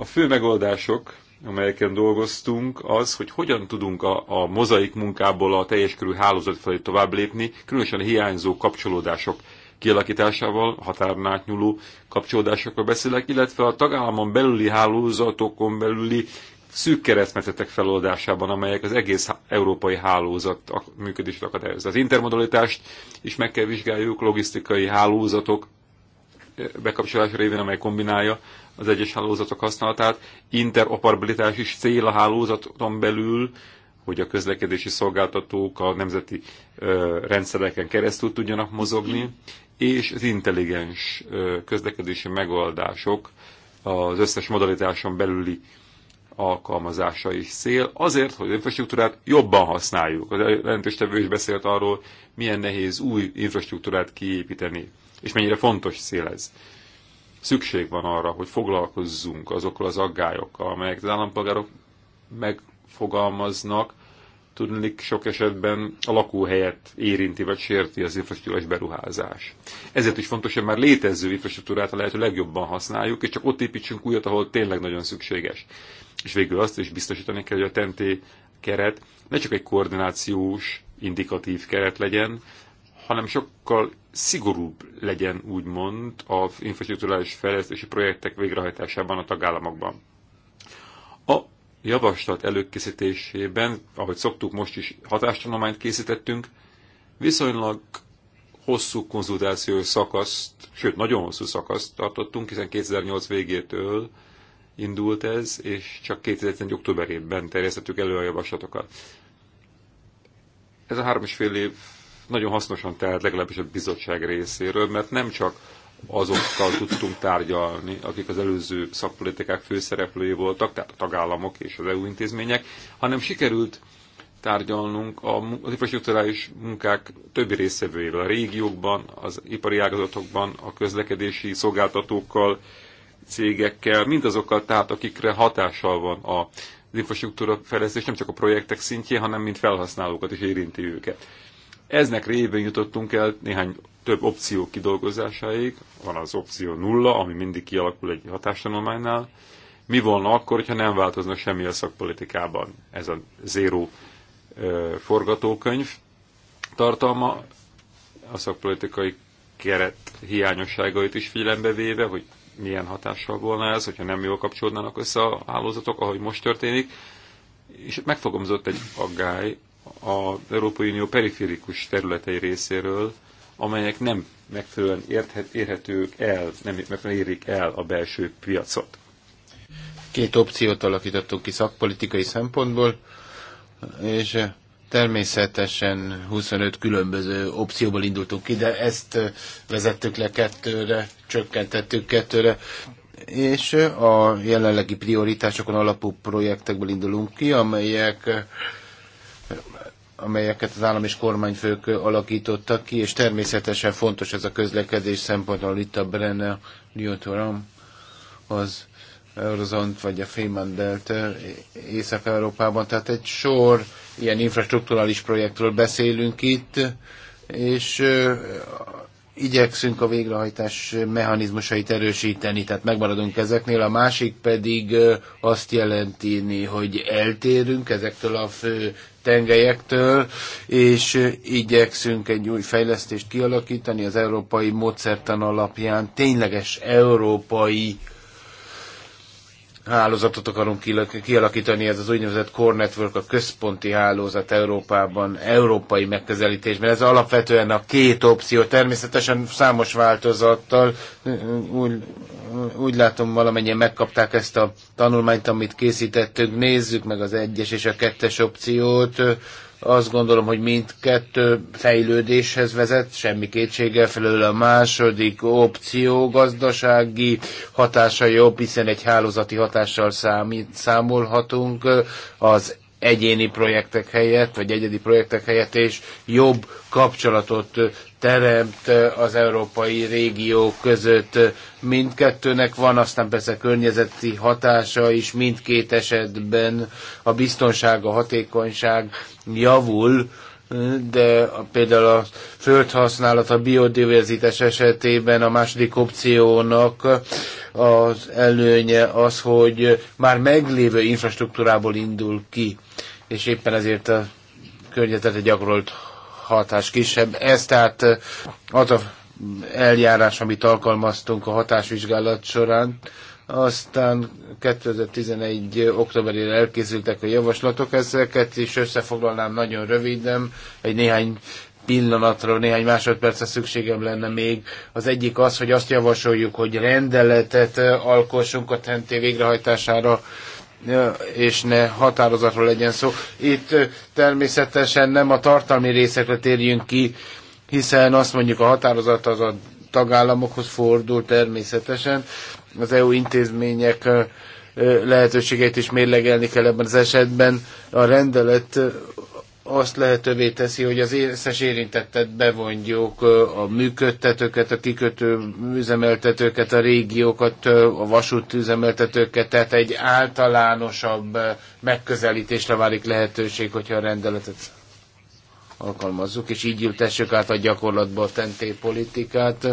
A fő megoldások, amelyeken dolgoztunk, az, hogy hogyan tudunk a, a mozaik munkából a teljes körű hálózat felé tovább lépni, különösen hiányzó kapcsolódások kialakításával, határon átnyúló kapcsolódásokról beszélek, illetve a tagállamon belüli hálózatokon belüli szűk keresztmetszetek feloldásában, amelyek az egész európai hálózat működését akadályozzák. Az intermodalitást is meg kell vizsgáljuk, logisztikai hálózatok bekapcsolásra révén, amely kombinálja az egyes hálózatok használatát, interoperabilitás is cél a hálózaton belül, hogy a közlekedési szolgáltatók a nemzeti ö, rendszereken keresztül tudjanak mozogni, és az intelligens ö, közlekedési megoldások az összes modalitáson belüli alkalmazása is cél, azért, hogy az infrastruktúrát jobban használjuk. Az jelentéstevő is beszélt arról, milyen nehéz új infrastruktúrát kiépíteni és mennyire fontos cél ez. Szükség van arra, hogy foglalkozzunk azokkal az aggályokkal, amelyek az állampolgárok megfogalmaznak, tudnék sok esetben a lakóhelyet érinti vagy sérti az infrastruktúrás beruházás. Ezért is fontos, hogy már létező infrastruktúrát a lehető legjobban használjuk, és csak ott építsünk újat, ahol tényleg nagyon szükséges. És végül azt is biztosítani kell, hogy a TNT keret ne csak egy koordinációs, indikatív keret legyen, hanem sokkal szigorúbb legyen, úgymond, az infrastruktúrális fejlesztési projektek végrehajtásában a tagállamokban. A javaslat előkészítésében, ahogy szoktuk, most is hatástanományt készítettünk, viszonylag hosszú konzultációs szakaszt, sőt, nagyon hosszú szakaszt tartottunk, hiszen 2008 végétől indult ez, és csak 2011. októberében terjesztettük elő a javaslatokat. Ez a három és fél év nagyon hasznosan telt legalábbis a bizottság részéről, mert nem csak azokkal tudtunk tárgyalni, akik az előző szakpolitikák főszereplői voltak, tehát a tagállamok és az EU intézmények, hanem sikerült tárgyalnunk az infrastruktúrális munkák többi részevőjével, a régiókban, az ipari ágazatokban, a közlekedési szolgáltatókkal, cégekkel, mindazokkal tehát, akikre hatással van a az infrastruktúra fejlesztés nem csak a projektek szintjén, hanem mint felhasználókat is érinti őket. Eznek révén jutottunk el néhány több opció kidolgozásáig. Van az opció nulla, ami mindig kialakul egy hatástanulmánynál. Mi volna akkor, ha nem változna semmi a szakpolitikában? Ez a zéró forgatókönyv tartalma, a szakpolitikai keret hiányosságait is figyelembe véve, hogy milyen hatással volna ez, hogyha nem jól kapcsolódnának össze a hálózatok, ahogy most történik. És megfogomzott egy aggály, az Európai Unió periférikus területei részéről, amelyek nem megfelelően érthet, érhetők el, nem megfelelően érik el a belső piacot. Két opciót alakítottunk ki szakpolitikai szempontból, és természetesen 25 különböző opcióból indultunk ki, de ezt vezettük le kettőre, csökkentettük kettőre, és a jelenlegi prioritásokon alapú projektekből indulunk ki, amelyek amelyeket az állam és kormányfők alakítottak ki, és természetesen fontos ez a közlekedés szempontból itt a Brenner, lyon az Eurozont vagy a Féman eh, Észak-Európában. Tehát egy sor ilyen infrastruktúrális projektről beszélünk itt, és eh, igyekszünk a végrehajtás mechanizmusait erősíteni, tehát megmaradunk ezeknél. A másik pedig azt jelenti, hogy eltérünk ezektől a fő tengelyektől, és igyekszünk egy új fejlesztést kialakítani az európai módszertan alapján, tényleges európai hálózatot akarunk kialakítani, ez az úgynevezett Core Network, a központi hálózat Európában, európai megközelítésben. Ez alapvetően a két opció, természetesen számos változattal. Úgy, úgy látom, valamennyien megkapták ezt a tanulmányt, amit készítettünk. Nézzük meg az egyes és a kettes opciót azt gondolom, hogy mindkettő fejlődéshez vezet, semmi kétséggel felől a második opció gazdasági hatása jobb, hiszen egy hálózati hatással számít, számolhatunk. Az egyéni projektek helyett, vagy egyedi projektek helyett, és jobb kapcsolatot teremt az európai régiók között. Mindkettőnek van aztán persze környezeti hatása is, mindkét esetben a biztonság, a hatékonyság javul, de például a földhasználat a biodiverzitás esetében a második opciónak az előnye az, hogy már meglévő infrastruktúrából indul ki és éppen ezért a környezetre gyakorolt hatás kisebb. Ez tehát eh, az a eljárás, amit alkalmaztunk a hatásvizsgálat során. Aztán 2011. októberére elkészültek a javaslatok, ezeket és összefoglalnám nagyon röviden, egy néhány pillanatra, néhány másodpercre szükségem lenne még. Az egyik az, hogy azt javasoljuk, hogy rendeletet eh, alkossunk a TNT végrehajtására és ne határozatról legyen szó. Itt természetesen nem a tartalmi részekre térjünk ki, hiszen azt mondjuk a határozat az a tagállamokhoz fordul természetesen. Az EU intézmények lehetőségeit is mérlegelni kell ebben az esetben. A rendelet azt lehetővé teszi, hogy az összes érintettet bevonjuk, a működtetőket, a kikötő üzemeltetőket, a régiókat, a vasút üzemeltetőket, tehát egy általánosabb megközelítésre válik lehetőség, hogyha a rendeletet alkalmazzuk, és így ültessük át a gyakorlatba a tenté politikát.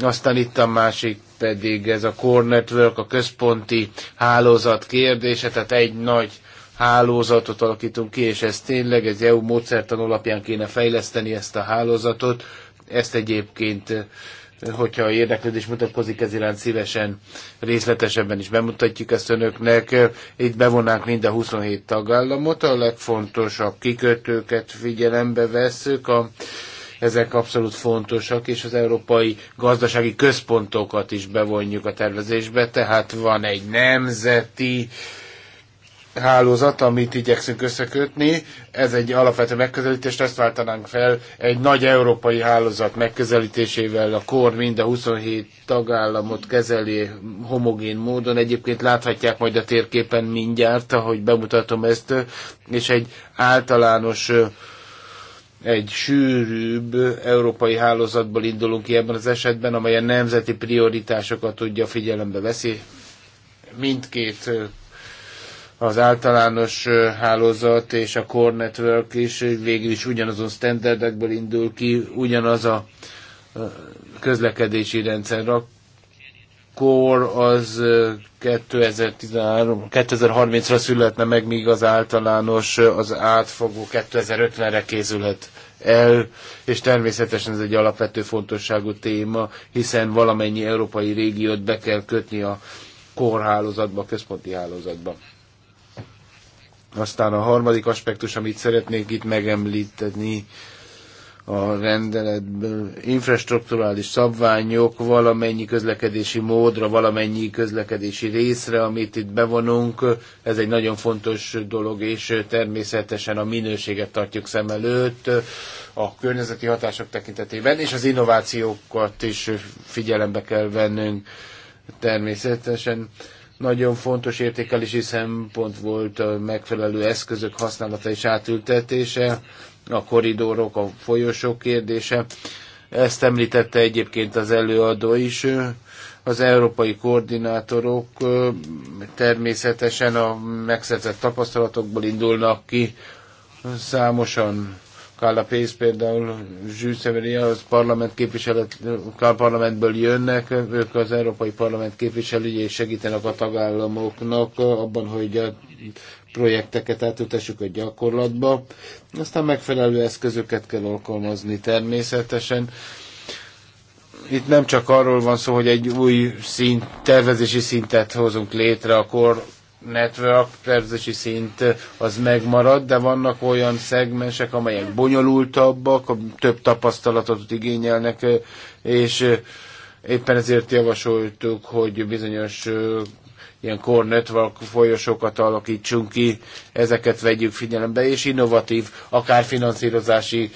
Aztán itt a másik pedig ez a core network, a központi hálózat kérdése, tehát egy nagy hálózatot alakítunk ki, és ez tényleg egy EU módszertan alapján kéne fejleszteni ezt a hálózatot. Ezt egyébként, hogyha érdeklődés mutatkozik ez iránt, szívesen részletesebben is bemutatjuk ezt önöknek. Itt bevonnánk mind a 27 tagállamot, a legfontosabb kikötőket figyelembe vesszük, a ezek abszolút fontosak, és az európai gazdasági központokat is bevonjuk a tervezésbe, tehát van egy nemzeti uh, hálózat, amit igyekszünk összekötni. Ez egy alapvető megközelítés, ezt váltanánk fel egy nagy európai hálózat megközelítésével. A kor mind a 27 tagállamot kezeli homogén módon. Egyébként láthatják majd a térképen mindjárt, ahogy bemutatom ezt, és egy általános egy sűrűbb európai hálózatból indulunk ki ebben az esetben, amely a nemzeti prioritásokat tudja figyelembe veszi. Mindkét az általános hálózat és a core network is végül is ugyanazon standardekből indul ki, ugyanaz a közlekedési rendszer. A core az 2013, 2030-ra születne meg, míg az általános, az átfogó 2050-re készülhet el, és természetesen ez egy alapvető fontosságú téma, hiszen valamennyi európai régiót be kell kötni a kórhálózatba, a központi hálózatba. Aztán a harmadik aspektus, amit szeretnék itt megemlíteni a rendeletből, infrastruktúrális szabványok valamennyi közlekedési módra, valamennyi közlekedési részre, amit itt bevonunk, ez egy nagyon fontos dolog, és természetesen a minőséget tartjuk szem előtt a környezeti hatások tekintetében, és az innovációkat is figyelembe kell vennünk természetesen nagyon fontos értékelési szempont volt a megfelelő eszközök használata és átültetése, a koridorok, a folyosók kérdése. Ezt említette egyébként az előadó is. Az európai koordinátorok természetesen a megszerzett tapasztalatokból indulnak ki, számosan Kála Pész például, Zsűszeveri, az parlament képviselet, Kál parlamentből jönnek, ők az Európai Parlament képviselői és segítenek a tagállamoknak abban, hogy a projekteket átültessük a gyakorlatba. Aztán megfelelő eszközöket kell alkalmazni természetesen. Itt nem csak arról van szó, hogy egy új szint, tervezési szintet hozunk létre a kor network tervezési szint az megmarad, de vannak olyan szegmensek, amelyek bonyolultabbak, több tapasztalatot igényelnek, és éppen ezért javasoltuk, hogy bizonyos ilyen core network folyosókat alakítsunk ki, ezeket vegyük figyelembe, és innovatív, akár finanszírozási uh,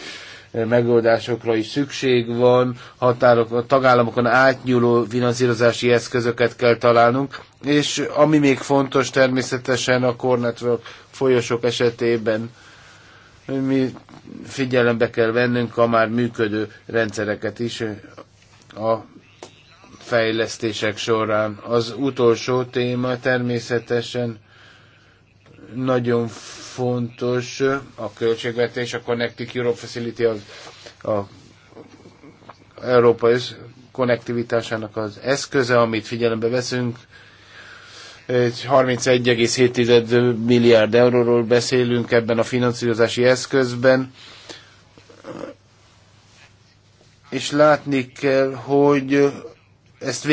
megoldásokra is szükség van, határok, a tagállamokon átnyúló finanszírozási eszközöket kell találnunk, és ami még fontos természetesen a Core Network folyosok esetében, mi figyelembe kell vennünk a már működő rendszereket is a fejlesztések során. Az utolsó téma természetesen nagyon fontos a költségvetés, a Connecting Europe Facility az a Európai konnektivitásának az eszköze, amit figyelembe veszünk. Egy 31,7 milliárd euróról beszélünk ebben a finanszírozási eszközben, és látni kell, hogy ezt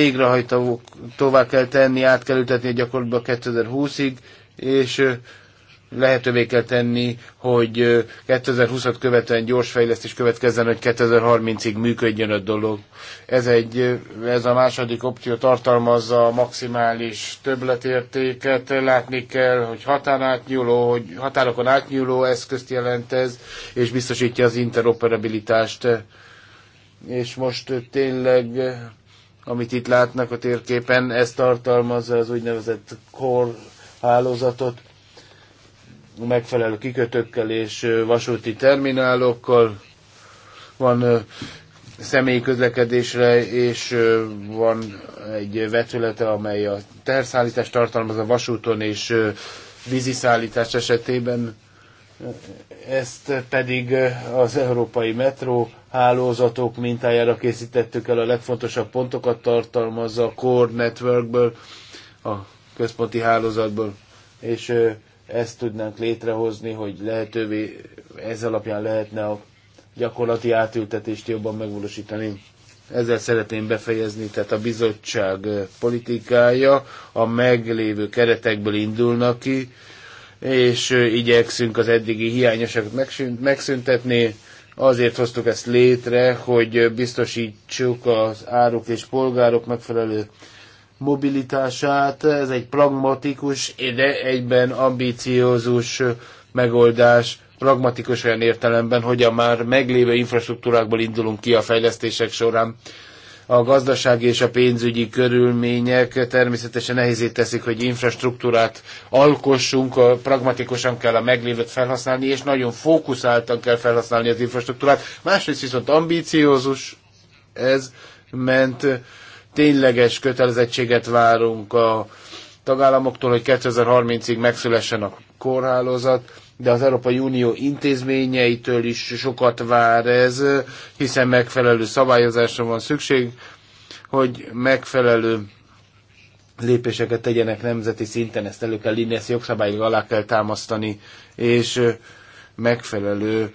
tovább kell tenni, át kell ültetni a gyakorlatba 2020-ig, és lehetővé kell tenni, hogy 2020-at követően gyors fejlesztés következzen, hogy 2030-ig működjön a dolog. Ez, egy, ez a második opció tartalmazza a maximális többletértéket. Látni kell, hogy határon átnyúló, hogy határokon átnyúló eszközt jelent ez, és biztosítja az interoperabilitást. És most tényleg amit itt látnak a térképen, ez tartalmazza az úgynevezett core hálózatot, megfelelő kikötőkkel és vasúti terminálokkal, van személyi közlekedésre, és van egy vetülete, amely a terszállítást tartalmaz a vasúton és szállítás esetében. Ezt pedig az európai metró hálózatok mintájára készítettük el, a legfontosabb pontokat tartalmazza a Core Networkből, a központi hálózatból, és ezt tudnánk létrehozni, hogy lehetővé, ez alapján lehetne a gyakorlati átültetést jobban megvalósítani. Ezzel szeretném befejezni, tehát a bizottság politikája a meglévő keretekből indulnak ki, és igyekszünk az eddigi hiányosokat megszüntetni. Azért hoztuk ezt létre, hogy biztosítsuk az áruk és polgárok megfelelő mobilitását. Ez egy pragmatikus, de egyben ambíciózus megoldás, pragmatikus olyan értelemben, hogy a már meglévő infrastruktúrákból indulunk ki a fejlesztések során. A gazdasági és a pénzügyi körülmények természetesen nehézé teszik, hogy infrastruktúrát alkossunk, pragmatikusan kell a meglévőt felhasználni, és nagyon fókuszáltan kell felhasználni az infrastruktúrát. Másrészt viszont ambíciózus ez, ment tényleges kötelezettséget várunk a tagállamoktól, hogy 2030-ig megszülessen a kórhálózat, de az Európai Unió intézményeitől is sokat vár ez, hiszen megfelelő szabályozásra van szükség, hogy megfelelő lépéseket tegyenek nemzeti szinten, ezt elő kell inni, ezt jogszabályig alá kell támasztani, és megfelelő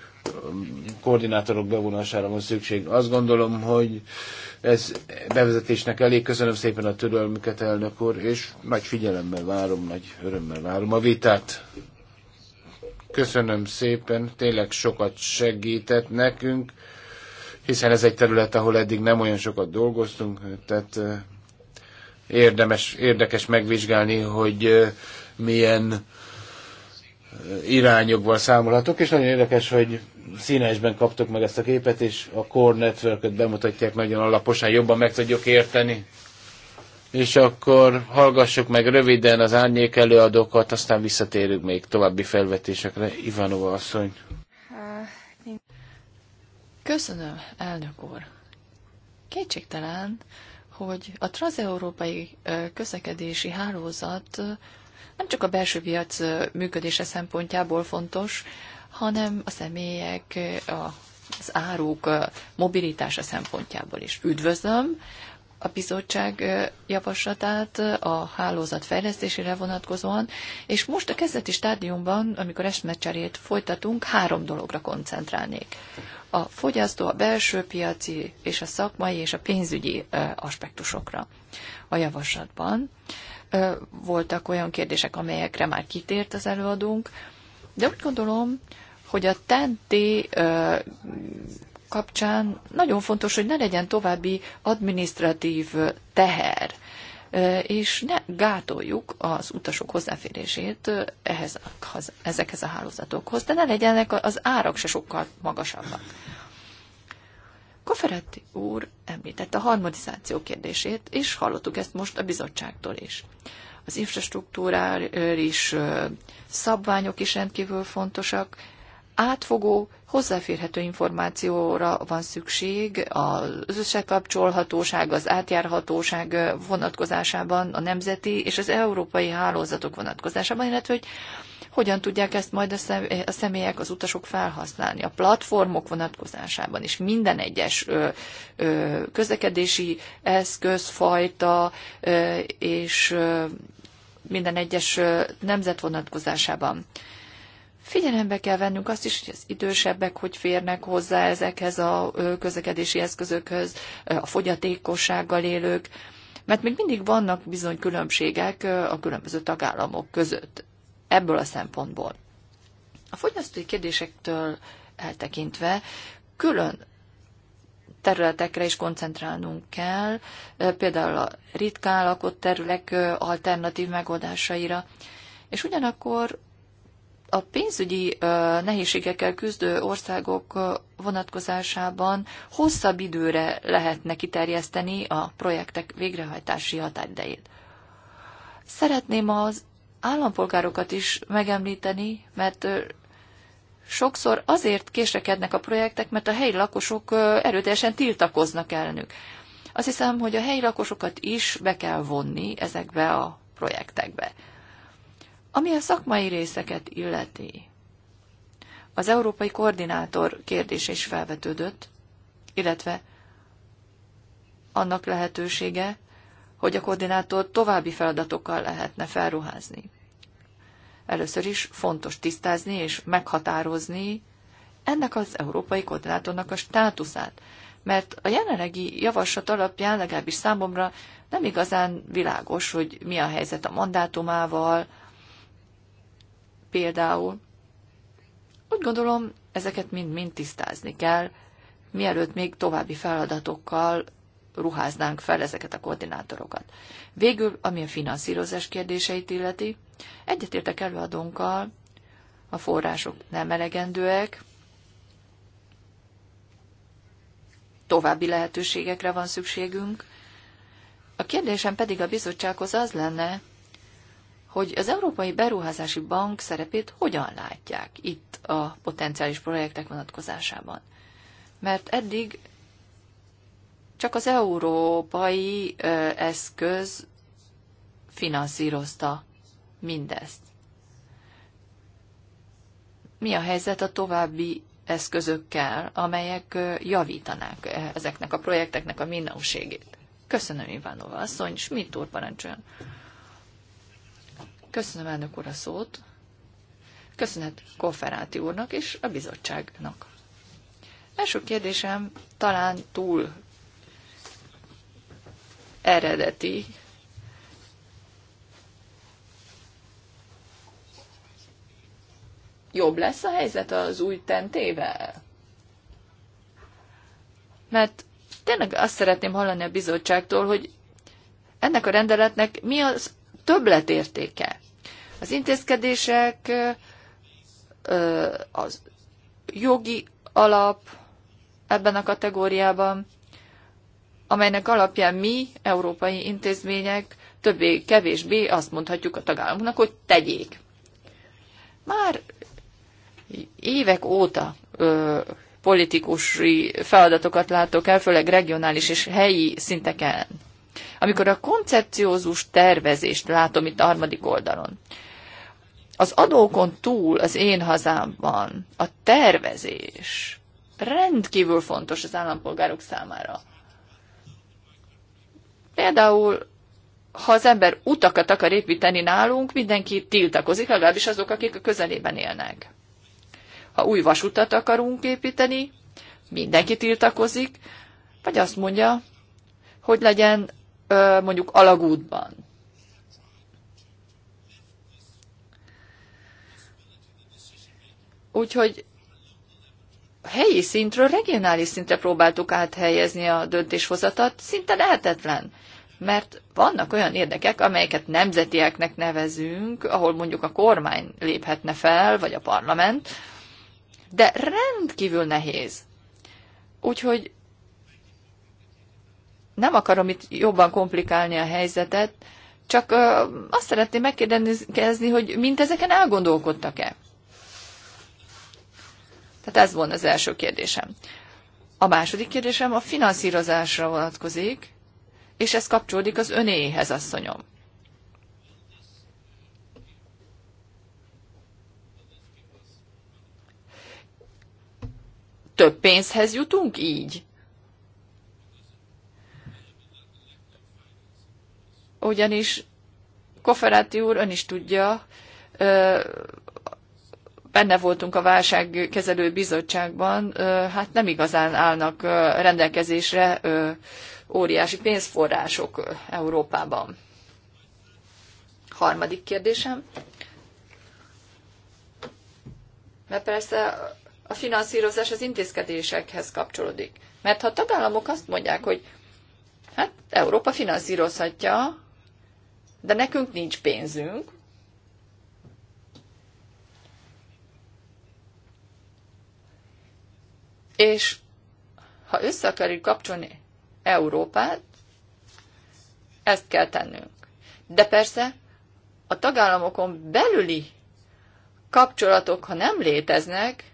koordinátorok bevonására van szükség. Azt gondolom, hogy ez bevezetésnek elég. Köszönöm szépen a türelmüket, elnök úr, és nagy figyelemmel várom, nagy örömmel várom a vitát. Köszönöm szépen, tényleg sokat segített nekünk, hiszen ez egy terület, ahol eddig nem olyan sokat dolgoztunk, tehát érdemes, érdekes megvizsgálni, hogy milyen irányokban számolhatok, és nagyon érdekes, hogy színesben kaptok meg ezt a képet, és a Core network bemutatják nagyon alaposan, jobban meg tudjuk érteni. És akkor hallgassuk meg röviden az árnyék előadókat, aztán visszatérünk még további felvetésekre. Ivanova asszony. Köszönöm, elnök úr. Kétségtelen, hogy a transeurópai közlekedési hálózat nem csak a belső piac működése szempontjából fontos, hanem a személyek, az áruk mobilitása szempontjából is. Üdvözlöm a bizottság javaslatát a hálózat fejlesztésére vonatkozóan, és most a kezdeti stádiumban, amikor esmecserét folytatunk, három dologra koncentrálnék. A fogyasztó, a belső piaci és a szakmai és a pénzügyi aspektusokra a javaslatban. Voltak olyan kérdések, amelyekre már kitért az előadónk, de úgy gondolom, hogy a TENTI kapcsán nagyon fontos, hogy ne legyen további administratív teher, és ne gátoljuk az utasok hozzáférését ehhez, ezekhez a hálózatokhoz, de ne legyenek az árak se sokkal magasabbak. Koferetti úr említette a harmonizáció kérdését, és hallottuk ezt most a bizottságtól is. Az infrastruktúrális szabványok is rendkívül fontosak, átfogó, hozzáférhető információra van szükség az összekapcsolhatóság, az átjárhatóság vonatkozásában, a nemzeti és az európai hálózatok vonatkozásában, illetve hogy hogyan tudják ezt majd a személyek, az utasok felhasználni. A platformok vonatkozásában is minden egyes közlekedési eszközfajta és minden egyes nemzet vonatkozásában. Figyelembe kell vennünk azt is, hogy az idősebbek hogy férnek hozzá ezekhez a közlekedési eszközökhöz, a fogyatékossággal élők, mert még mindig vannak bizony különbségek a különböző tagállamok között ebből a szempontból. A fogyasztói kérdésektől eltekintve külön területekre is koncentrálnunk kell, például a ritkán lakott területek alternatív megoldásaira, és ugyanakkor a pénzügyi nehézségekkel küzdő országok vonatkozásában hosszabb időre lehetne kiterjeszteni a projektek végrehajtási határidejét. Szeretném az állampolgárokat is megemlíteni, mert sokszor azért késlekednek a projektek, mert a helyi lakosok erőteljesen tiltakoznak ellenük. Azt hiszem, hogy a helyi lakosokat is be kell vonni ezekbe a projektekbe. Ami a szakmai részeket illeti, az európai koordinátor kérdése is felvetődött, illetve annak lehetősége, hogy a koordinátor további feladatokkal lehetne felruházni. Először is fontos tisztázni és meghatározni ennek az európai koordinátornak a státuszát, mert a jelenlegi javaslat alapján legalábbis számomra nem igazán világos, hogy mi a helyzet a mandátumával, például. Úgy gondolom, ezeket mind-mind tisztázni kell, mielőtt még további feladatokkal ruháznánk fel ezeket a koordinátorokat. Végül, ami a finanszírozás kérdéseit illeti, egyetértek előadónkkal, a források nem elegendőek, további lehetőségekre van szükségünk. A kérdésem pedig a bizottsághoz az lenne, hogy az Európai Beruházási Bank szerepét hogyan látják itt a potenciális projektek vonatkozásában. Mert eddig csak az európai eszköz finanszírozta mindezt. Mi a helyzet a további eszközökkel, amelyek javítanák ezeknek a projekteknek a minőségét? Köszönöm Ivánova asszony, Schmidt úr parancsoljon. Köszönöm elnök úr a szót. Köszönet Kofferáti úrnak és a bizottságnak. Első kérdésem talán túl eredeti, jobb lesz a helyzet az új tentével? Mert tényleg azt szeretném hallani a bizottságtól, hogy ennek a rendeletnek mi az többletértéke? Az intézkedések, az jogi alap ebben a kategóriában, amelynek alapján mi, európai intézmények, többé-kevésbé azt mondhatjuk a tagállamoknak, hogy tegyék. Már évek óta ö, politikusi feladatokat látok el, főleg regionális és helyi szinteken. Amikor a koncepciózus tervezést látom itt a harmadik oldalon, az adókon túl az én hazámban a tervezés rendkívül fontos az állampolgárok számára. Például, ha az ember utakat akar építeni nálunk, mindenki tiltakozik, legalábbis azok, akik a közelében élnek. Ha új vasutat akarunk építeni, mindenki tiltakozik, vagy azt mondja, hogy legyen mondjuk alagútban. Úgyhogy helyi szintről regionális szintre próbáltuk áthelyezni a döntéshozatat, szinte lehetetlen. Mert vannak olyan érdekek, amelyeket nemzetieknek nevezünk, ahol mondjuk a kormány léphetne fel, vagy a parlament, de rendkívül nehéz. Úgyhogy nem akarom itt jobban komplikálni a helyzetet, csak azt szeretném megkérdezni, hogy mindezeken elgondolkodtak-e. Tehát ez volna az első kérdésem. A második kérdésem a finanszírozásra vonatkozik, és ez kapcsolódik az önéhez, asszonyom. Több pénzhez jutunk így? Ugyanis Koferáti úr, ön is tudja, benne voltunk a válságkezelő bizottságban, hát nem igazán állnak rendelkezésre óriási pénzforrások Európában. Harmadik kérdésem. Mert persze a finanszírozás az intézkedésekhez kapcsolódik. Mert ha a tagállamok azt mondják, hogy hát Európa finanszírozhatja, de nekünk nincs pénzünk, És ha össze akarjuk kapcsolni Európát, ezt kell tennünk. De persze a tagállamokon belüli kapcsolatok, ha nem léteznek,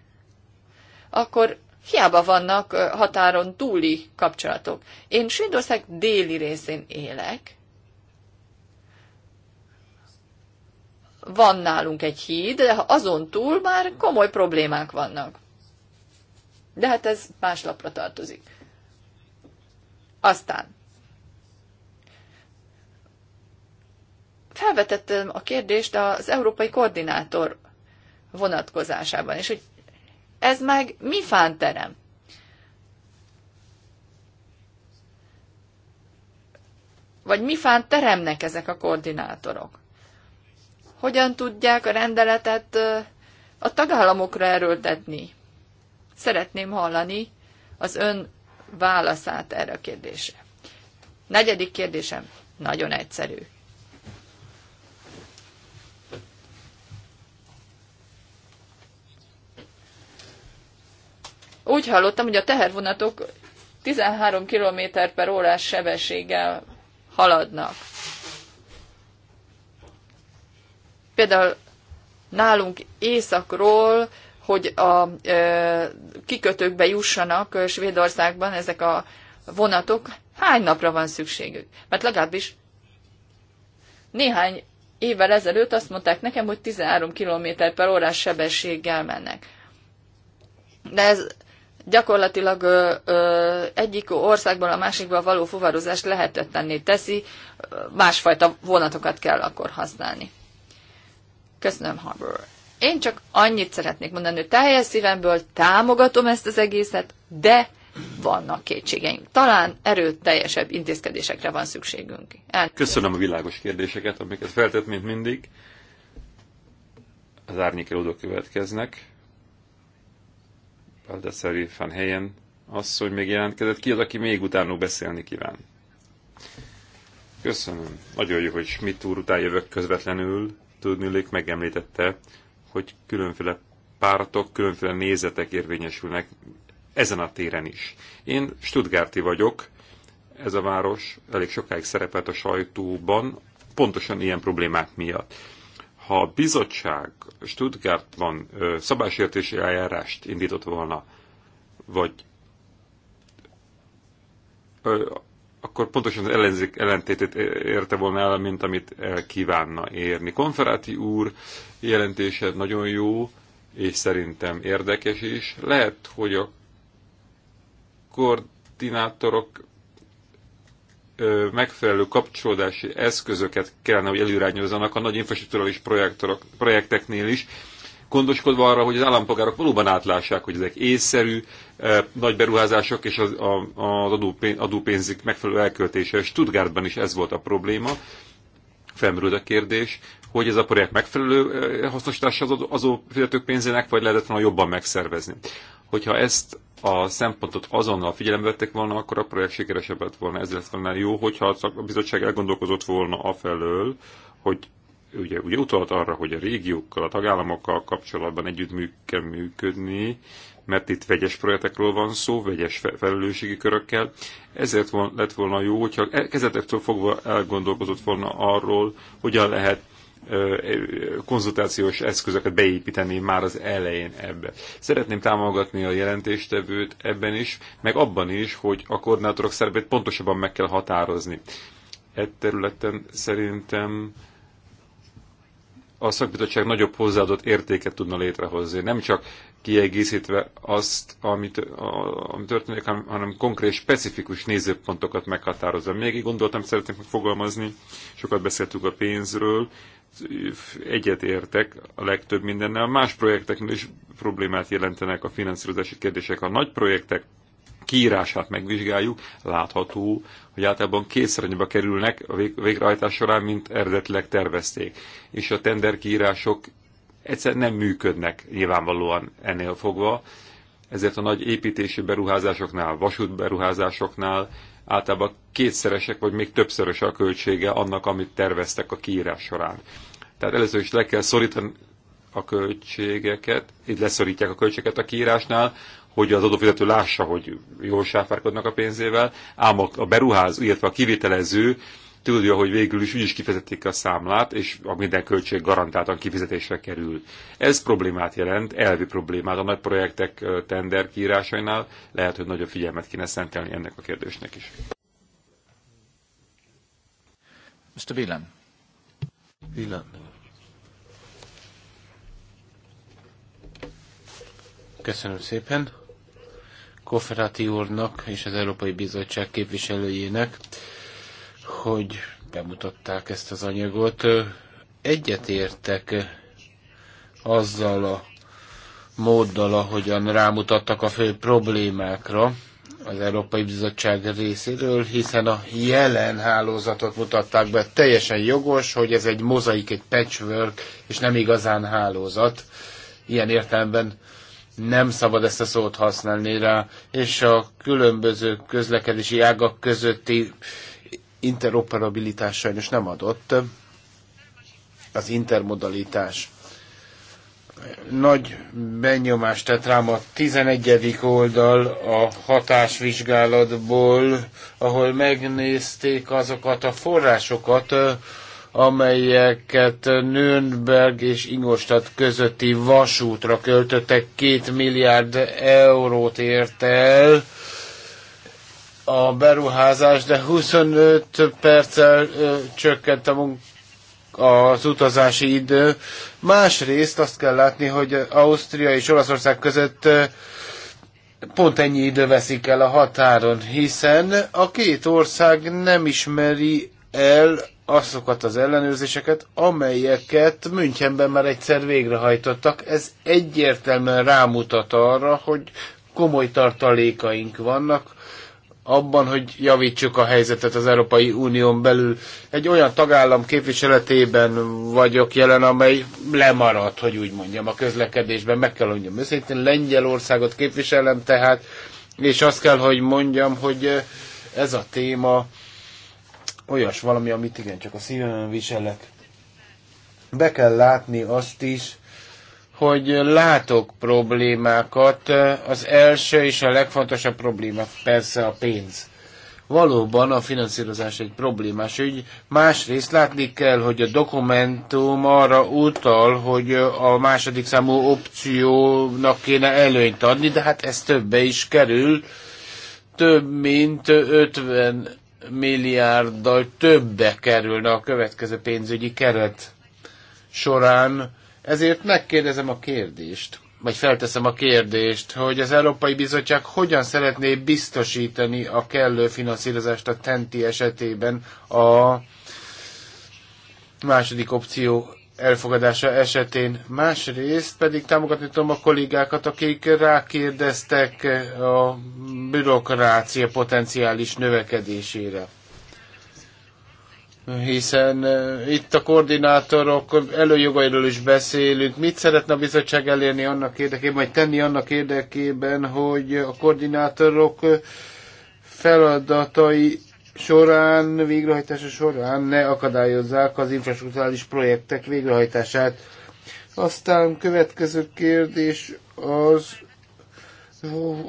akkor hiába vannak határon túli kapcsolatok. Én Svédország déli részén élek. Van nálunk egy híd, de azon túl már komoly problémák vannak de hát ez más lapra tartozik. Aztán felvetettem a kérdést az európai koordinátor vonatkozásában, és hogy ez meg mi fánterem? Vagy mi fán teremnek ezek a koordinátorok? Hogyan tudják a rendeletet a tagállamokra erőltetni? Szeretném hallani az ön válaszát erre a kérdésre. Negyedik kérdésem nagyon egyszerű. Úgy hallottam, hogy a tehervonatok 13 km per órás sebességgel haladnak. Például nálunk északról hogy a kikötőkbe jussanak Svédországban ezek a vonatok, hány napra van szükségük? Mert legalábbis néhány évvel ezelőtt azt mondták nekem, hogy 13 km per órás sebességgel mennek. De ez gyakorlatilag ö, ö, egyik országban a másikban való fuvarozást lehetetlenné teszi, másfajta vonatokat kell akkor használni. Köszönöm, Harbour én csak annyit szeretnék mondani, hogy teljes szívemből támogatom ezt az egészet, de vannak kétségeink. Talán erőteljesebb intézkedésekre van szükségünk. El... Köszönöm a világos kérdéseket, amiket feltett, mint mindig. Az árnyékelődők következnek. Valdeszeri van helyen Az, hogy még jelentkezett. Ki az, aki még utánul beszélni kíván? Köszönöm. Nagyon jó, hogy Schmidt úr után jövök közvetlenül. Tudnélék megemlítette, hogy különféle pártok, különféle nézetek érvényesülnek ezen a téren is. Én Stuttgarti vagyok, ez a város elég sokáig szerepelt a sajtóban, pontosan ilyen problémák miatt. Ha a bizottság Stuttgartban szabásértési eljárást indított volna, vagy akkor pontosan az ellenzék ellentétét érte volna el, mint amit el kívánna érni. Konferáti úr jelentése nagyon jó, és szerintem érdekes is. Lehet, hogy a koordinátorok megfelelő kapcsolódási eszközöket kellene, hogy előirányozzanak a nagy infrastruktúrális projekteknél is, gondoskodva arra, hogy az állampolgárok valóban átlássák, hogy ezek észszerű, nagy beruházások és az, az adópénzik megfelelő elköltése. Stuttgartban is ez volt a probléma. Felmerült a kérdés, hogy ez a projekt megfelelő hasznosítása az adófizetők pénzének, vagy lehetett volna jobban megszervezni. Hogyha ezt a szempontot azonnal figyelembe vették volna, akkor a projekt sikeresebb lett volna. Ez lett volna jó, hogyha a bizottság elgondolkozott volna afelől, hogy ugye, ugye utalt arra, hogy a régiókkal, a tagállamokkal kapcsolatban együtt kell működni, mert itt vegyes projektekről van szó, vegyes felelősségi körökkel. Ezért von, lett volna jó, hogyha e-, kezdetektől fogva elgondolkozott volna arról, hogyan lehet konzultációs eszközöket beépíteni már az elején ebbe. Szeretném támogatni a jelentéstevőt ebben is, meg abban is, hogy a koordinátorok szerepét pontosabban meg kell határozni. E területen szerintem a szakbizottság nagyobb hozzáadott értéket tudna létrehozni. Nem csak kiegészítve azt, amit, a, ami történik, hanem, hanem konkrét, specifikus nézőpontokat meghatározva. Még így gondoltam, szeretnék megfogalmazni, sokat beszéltük a pénzről, egyet értek a legtöbb mindennel. Más projekteknél is problémát jelentenek a finanszírozási kérdések. A nagy projektek kiírását megvizsgáljuk, látható, hogy általában kétszeranyba kerülnek a vég, végrehajtás során, mint eredetileg tervezték. És a tender kiírások egyszerűen nem működnek nyilvánvalóan ennél fogva, ezért a nagy építési beruházásoknál, vasútberuházásoknál általában kétszeresek vagy még többszörös a költsége annak, amit terveztek a kiírás során. Tehát először is le kell szorítani a költségeket, így leszorítják a költségeket a kiírásnál, hogy az adófizető lássa, hogy jól sáfárkodnak a pénzével, ám a beruház, illetve a kivitelező tudja, hogy végül is úgyis kifizetik a számlát, és a minden költség garantáltan kifizetésre kerül. Ez problémát jelent, elvi problémát a nagy projektek tender kiírásainál. Lehet, hogy nagyobb figyelmet kéne szentelni ennek a kérdésnek is. Mr. Wieland. Wieland. Köszönöm szépen. Kofferati úrnak és az Európai Bizottság képviselőjének, hogy bemutatták ezt az anyagot. Egyetértek azzal a móddal, ahogyan rámutattak a fő problémákra az Európai Bizottság részéről, hiszen a jelen hálózatot mutatták be. Teljesen jogos, hogy ez egy mozaik, egy patchwork, és nem igazán hálózat. Ilyen értelemben nem szabad ezt a szót használni rá, és a különböző közlekedési ágak közötti interoperabilitás sajnos nem adott. Az intermodalitás nagy benyomást tett rám a 11. oldal a hatásvizsgálatból, ahol megnézték azokat a forrásokat, amelyeket Nürnberg és Ingolstadt közötti vasútra költöttek, két milliárd eurót ért el a beruházás, de 25 perccel ö, csökkent a munka az utazási idő. Másrészt azt kell látni, hogy Ausztria és Olaszország között pont ennyi idő veszik el a határon, hiszen a két ország nem ismeri el azokat az ellenőrzéseket, amelyeket Münchenben már egyszer végrehajtottak. Ez egyértelműen rámutat arra, hogy komoly tartalékaink vannak abban, hogy javítsuk a helyzetet az Európai Unión belül. Egy olyan tagállam képviseletében vagyok jelen, amely lemaradt, hogy úgy mondjam, a közlekedésben. Meg kell mondjam őszintén, Lengyelországot képviselem tehát, és azt kell, hogy mondjam, hogy ez a téma olyas valami, amit igen, csak a szívemben viselek. Be kell látni azt is, hogy látok problémákat, az első és a legfontosabb probléma persze a pénz. Valóban a finanszírozás egy problémás ügy. Másrészt látni kell, hogy a dokumentum arra utal, hogy a második számú opciónak kéne előnyt adni, de hát ez többe is kerül. Több mint 50 milliárddal többe kerülne a következő pénzügyi keret során. Ezért megkérdezem a kérdést, vagy felteszem a kérdést, hogy az Európai Bizottság hogyan szeretné biztosítani a kellő finanszírozást a TENTI esetében a második opció elfogadása esetén. Másrészt pedig támogatni tudom a kollégákat, akik rákérdeztek a bürokrácia potenciális növekedésére. Hiszen eh, itt a koordinátorok előjogairól is beszélünk. Mit szeretne a bizottság elérni annak érdekében, vagy tenni annak érdekében, hogy a koordinátorok feladatai során, végrehajtása során ne akadályozzák az infrastruktúrális projektek végrehajtását. Aztán következő kérdés az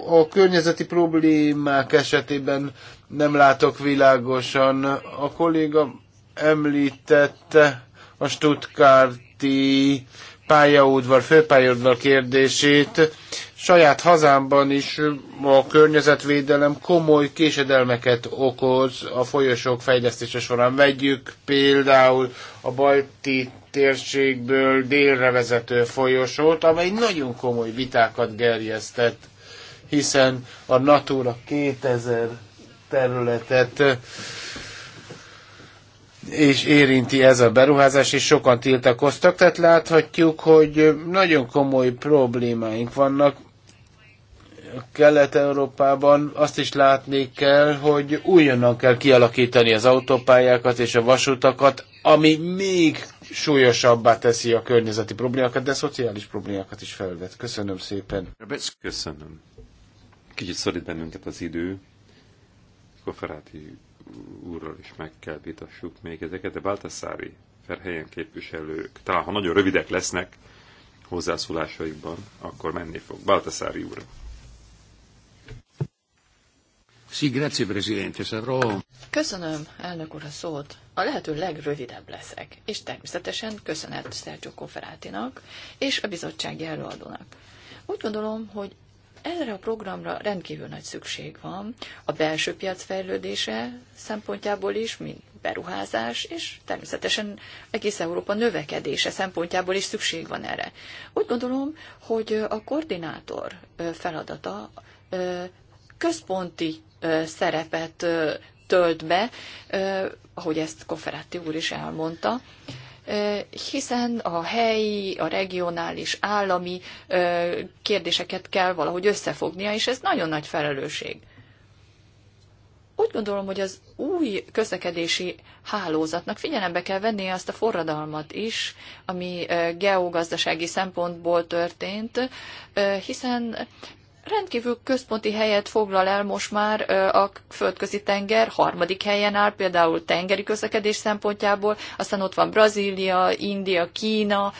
a környezeti problémák esetében nem látok világosan. A kolléga említette a Stuttgarti pályaudvar, főpályaudvar kérdését saját hazámban is a környezetvédelem komoly késedelmeket okoz a folyosók fejlesztése során. Vegyük például a balti térségből délre vezető folyosót, amely nagyon komoly vitákat gerjesztett, hiszen a Natura 2000 területet és érinti ez a beruházás, és sokan tiltakoztak, tehát láthatjuk, hogy nagyon komoly problémáink vannak. Kelet-Európában azt is látni kell, hogy újonnan kell kialakítani az autópályákat és a vasutakat, ami még súlyosabbá teszi a környezeti problémákat, de a szociális problémákat is felvet. Köszönöm szépen. Köszönöm. Kicsit szorít bennünket az idő. Koferáti úrral is meg kell vitassuk még ezeket, de Baltaszári Ferhelyen képviselők, talán ha nagyon rövidek lesznek hozzászólásaikban, akkor menni fog. Baltaszári úr. Sí, grazie, Presidente. Sarò... Köszönöm, elnök úr, a szót. A lehető legrövidebb leszek, és természetesen köszönet Sergio Koferátinak és a bizottsági előadónak. Úgy gondolom, hogy erre a programra rendkívül nagy szükség van, a belső piac fejlődése szempontjából is, mint beruházás, és természetesen egész Európa növekedése szempontjából is szükség van erre. Úgy gondolom, hogy a koordinátor feladata központi szerepet tölt be, ahogy ezt Kofferati úr is elmondta, hiszen a helyi, a regionális, állami kérdéseket kell valahogy összefognia, és ez nagyon nagy felelősség. Úgy gondolom, hogy az új közlekedési hálózatnak figyelembe kell vennie azt a forradalmat is, ami geogazdasági szempontból történt, hiszen rendkívül központi helyet foglal el most már a földközi tenger, harmadik helyen áll például tengeri közlekedés szempontjából, aztán ott van Brazília, India, Kína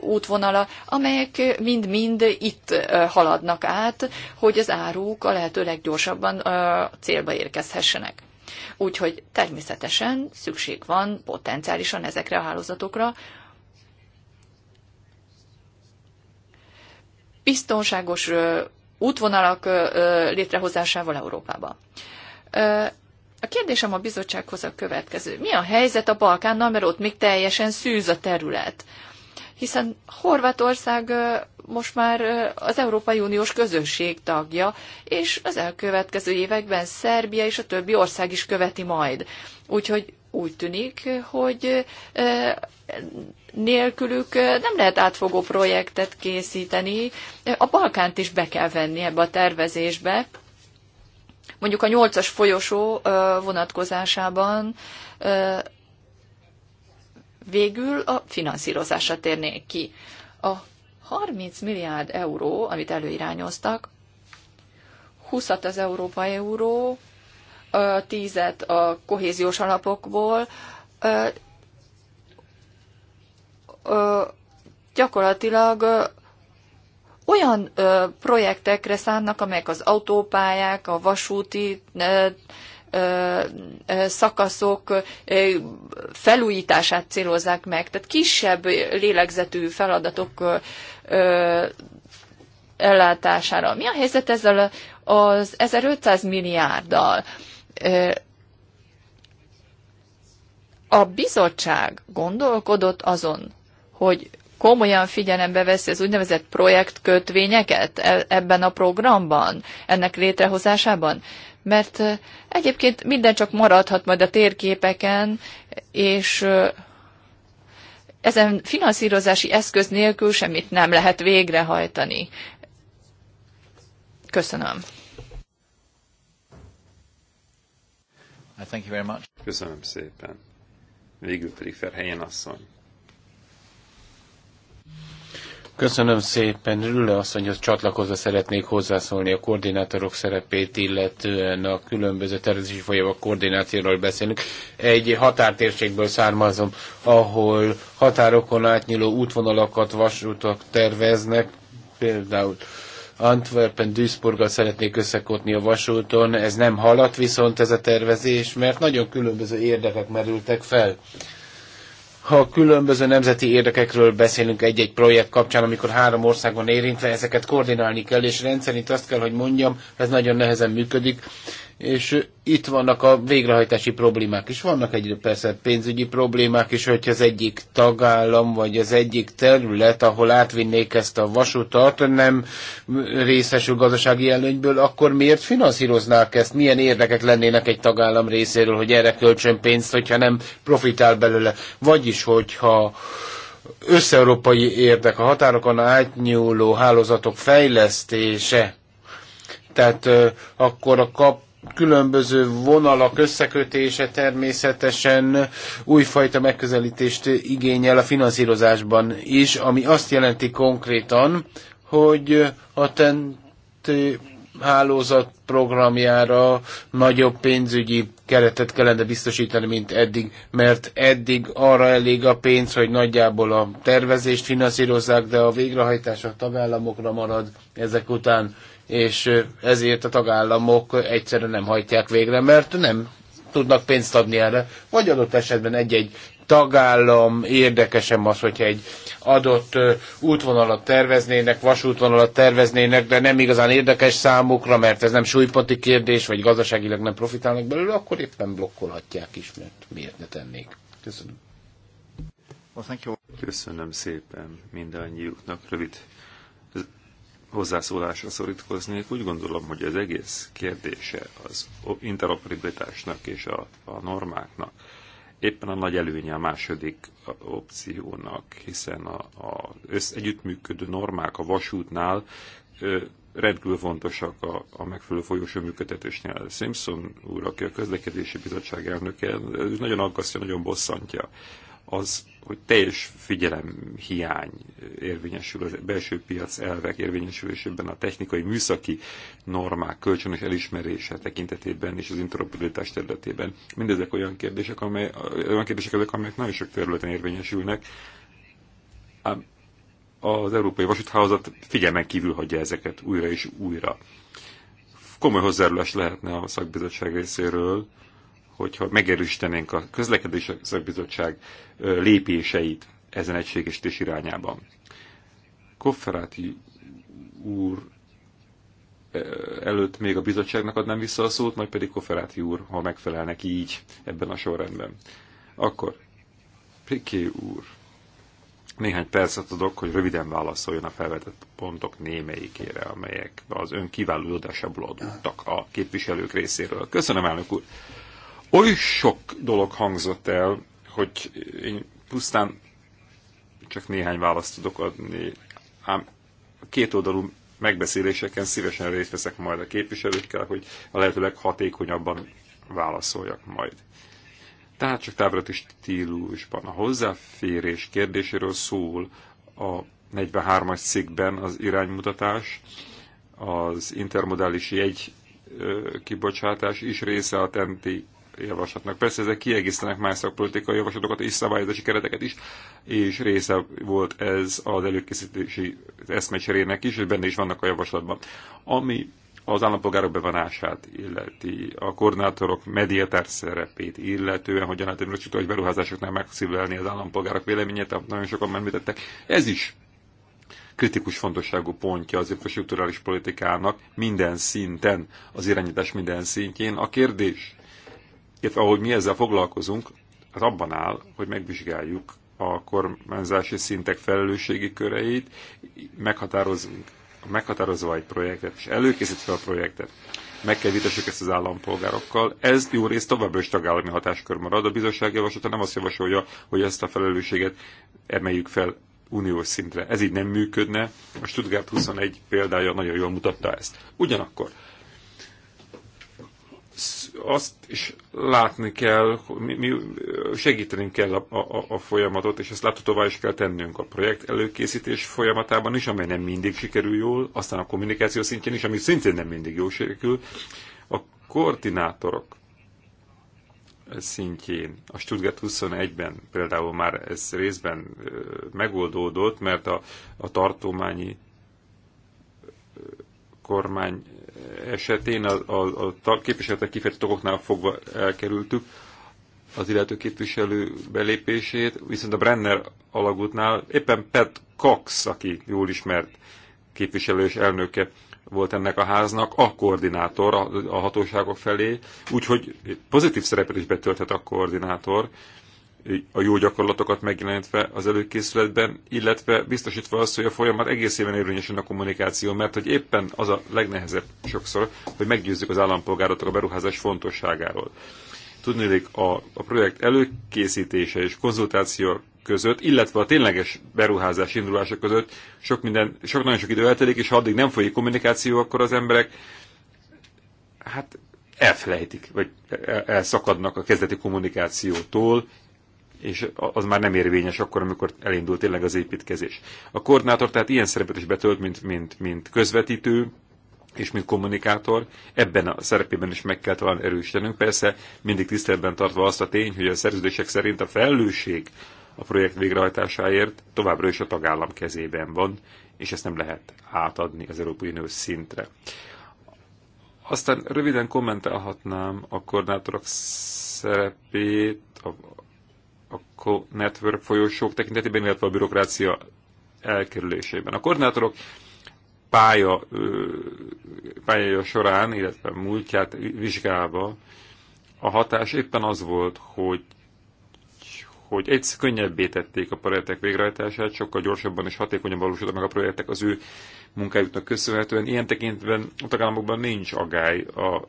útvonala, amelyek mind-mind itt haladnak át, hogy az áruk a lehető leggyorsabban célba érkezhessenek. Úgyhogy természetesen szükség van potenciálisan ezekre a hálózatokra, biztonságos útvonalak létrehozásával Európában. A kérdésem a bizottsághoz a következő. Mi a helyzet a Balkánnal, mert ott még teljesen szűz a terület? Hiszen Horvátország most már az Európai Uniós közösség tagja, és az elkövetkező években Szerbia és a többi ország is követi majd. Úgyhogy úgy tűnik, hogy eh, nélkülük eh, nem lehet átfogó projektet készíteni. Eh, a Balkánt is be kell venni ebbe a tervezésbe. Mondjuk a nyolcas folyosó vonatkozásában végül a finanszírozásra térnék ki. A 30 milliárd euró, amit előirányoztak, 20 az Európai Euró, a tízet a kohéziós alapokból, gyakorlatilag olyan projektekre szánnak, amelyek az autópályák, a vasúti szakaszok felújítását célozzák meg. Tehát kisebb lélegzetű feladatok ellátására. Mi a helyzet ezzel az 1500 milliárddal? a bizottság gondolkodott azon, hogy komolyan figyelembe veszi az úgynevezett projektkötvényeket e, ebben a programban, ennek létrehozásában? Mert egyébként minden csak maradhat majd a térképeken, és ezen finanszírozási eszköz nélkül semmit nem lehet végrehajtani. Köszönöm. Thank you very much. Köszönöm szépen. Végül pedig Ferhelyen asszony. Köszönöm szépen. Rüle asszonyhoz csatlakozva szeretnék hozzászólni a koordinátorok szerepét, illetően a különböző tervezési folyamok koordinációról beszélünk. Egy határtérségből származom, ahol határokon átnyúló útvonalakat, vasútak terveznek, például Antwerpen, Duisburggal szeretnék összekotni a vasúton. Ez nem haladt viszont ez a tervezés, mert nagyon különböző érdekek merültek fel. Ha különböző nemzeti érdekekről beszélünk egy-egy projekt kapcsán, amikor három országban érintve, ezeket koordinálni kell, és rendszerint azt kell, hogy mondjam, ez nagyon nehezen működik és itt vannak a végrehajtási problémák is. Vannak egy persze pénzügyi problémák is, hogyha az egyik tagállam vagy az egyik terület, ahol átvinnék ezt a vasutat, nem részesül gazdasági előnyből, akkor miért finanszíroznák ezt? Milyen érdekek lennének egy tagállam részéről, hogy erre költsön pénzt, hogyha nem profitál belőle? Vagyis, hogyha összeurópai érdek a határokon átnyúló hálózatok fejlesztése, tehát euh, akkor a kap különböző vonalak összekötése természetesen újfajta megközelítést igényel a finanszírozásban is, ami azt jelenti konkrétan, hogy a TENT hálózat programjára nagyobb pénzügyi keretet kellene biztosítani, mint eddig, mert eddig arra elég a pénz, hogy nagyjából a tervezést finanszírozzák, de a végrehajtás a tagállamokra marad ezek után, és ezért a tagállamok egyszerűen nem hajtják végre, mert nem tudnak pénzt adni erre. Vagy adott esetben egy-egy tagállam érdekesem az, hogyha egy adott útvonalat terveznének, vasútvonalat terveznének, de nem igazán érdekes számukra, mert ez nem súlyponti kérdés, vagy gazdaságilag nem profitálnak belőle, akkor éppen blokkolhatják is, mert miért ne tennék. Köszönöm. Köszönöm szépen mindannyiuknak. Rövid hozzászólásra szorítkoznék. Úgy gondolom, hogy az egész kérdése az interoperabilitásnak és a, a normáknak éppen a nagy előnye a második opciónak, hiszen az együttműködő normák a vasútnál ö, rendkívül fontosak a, a megfelelő folyosó működtetésnél. Simpson úr, aki a közlekedési bizottság elnöke, ez nagyon aggasztja, nagyon bosszantja az, hogy teljes hiány érvényesül a belső piac elvek érvényesülésében, a technikai műszaki normák kölcsönös elismerése tekintetében és az interoperabilitás területében. Mindezek olyan kérdések, amely, olyan kérdések ezek, amelyek nagyon sok területen érvényesülnek. az Európai Vasúthálózat figyelmen kívül hagyja ezeket újra és újra. Komoly hozzájárulás lehetne a szakbizottság részéről, hogyha megerősítenénk a közlekedési szakbizottság lépéseit ezen egységesítés irányában. Kofferáti úr előtt még a bizottságnak adnám vissza a szót, majd pedig Kofferáti úr, ha megfelel neki így ebben a sorrendben. Akkor, Priké úr, néhány percet adok, hogy röviden válaszoljon a felvetett pontok némelyikére, amelyek az ön kiváló adásából adottak a képviselők részéről. Köszönöm, elnök úr! oly sok dolog hangzott el, hogy én pusztán csak néhány választ tudok adni, ám oldalú megbeszéléseken szívesen részt veszek majd a képviselőkkel, hogy a lehető leghatékonyabban válaszoljak majd. Tehát csak távirati stílusban a hozzáférés kérdéséről szól a 43-as cikkben az iránymutatás, az intermodális jegy kibocsátás is része a tenti javaslatnak. Persze ezek kiegészítenek más szakpolitikai javaslatokat és szabályozási kereteket is, és része volt ez az előkészítési eszmecserének is, és benne is vannak a javaslatban. Ami az állampolgárok bevonását illeti, a koordinátorok mediátor szerepét illetően, hogyan lehet a hogy beruházásoknál megszívelni az állampolgárok véleményét, nagyon sokan említettek. Ez is kritikus fontosságú pontja az infrastruktúrális politikának minden szinten, az irányítás minden szintjén. A kérdés illetve ahogy mi ezzel foglalkozunk, az abban áll, hogy megvizsgáljuk a kormányzási szintek felelősségi köreit, meghatározunk, meghatározva egy projektet, és előkészítve a projektet, meg kell vitassuk ezt az állampolgárokkal. Ez jó részt továbbra is tagállami hatáskör marad. A bizottság javaslata nem azt javasolja, hogy ezt a felelősséget emeljük fel uniós szintre. Ez így nem működne. A Stuttgart 21 példája nagyon jól mutatta ezt. Ugyanakkor azt is látni kell, mi, mi segítenünk kell a, a, a folyamatot, és ezt láthatóvá is kell tennünk a projekt előkészítés folyamatában is, amely nem mindig sikerül jól, aztán a kommunikáció szintjén is, ami szintén nem mindig jól sikerül, a koordinátorok szintjén. A Stuttgart 21-ben például már ez részben megoldódott, mert a, a tartományi kormány esetén a, a, a tagképviseletek kifejtett okoknál fogva elkerültük az illető képviselő belépését, viszont a Brenner alagútnál éppen Pat Cox, aki jól ismert képviselő és elnöke volt ennek a háznak, a koordinátor a, a hatóságok felé, úgyhogy pozitív szerepet is betölthet a koordinátor, a jó gyakorlatokat megjelenítve az előkészületben, illetve biztosítva azt, hogy a folyamat egész éven érvényesen a kommunikáció, mert hogy éppen az a legnehezebb sokszor, hogy meggyőzzük az állampolgárokat a beruházás fontosságáról. Tudnélik, a, a projekt előkészítése és konzultáció között, illetve a tényleges beruházás indulása között sok minden, sok nagyon sok idő eltelik, és ha addig nem folyik kommunikáció, akkor az emberek hát elfelejtik, vagy elszakadnak a kezdeti kommunikációtól, és az már nem érvényes akkor, amikor elindult tényleg az építkezés. A koordinátor tehát ilyen szerepet is betölt, mint, mint, mint közvetítő, és mint kommunikátor, ebben a szerepében is meg kell talán erősítenünk. Persze mindig tiszteletben tartva azt a tény, hogy a szerződések szerint a felelősség a projekt végrehajtásáért továbbra is a tagállam kezében van, és ezt nem lehet átadni az Európai Unió szintre. Aztán röviden kommentálhatnám a koordinátorok szerepét, a, a network folyosók tekintetében, illetve a bürokrácia elkerülésében. A koordinátorok pálya, pályája során, illetve múltját vizsgálva a hatás éppen az volt, hogy hogy egy könnyebbé tették a projektek végrehajtását, sokkal gyorsabban és hatékonyan valósultak meg a projektek az ő munkájuknak köszönhetően. Ilyen tekintben a tagállamokban nincs agály a,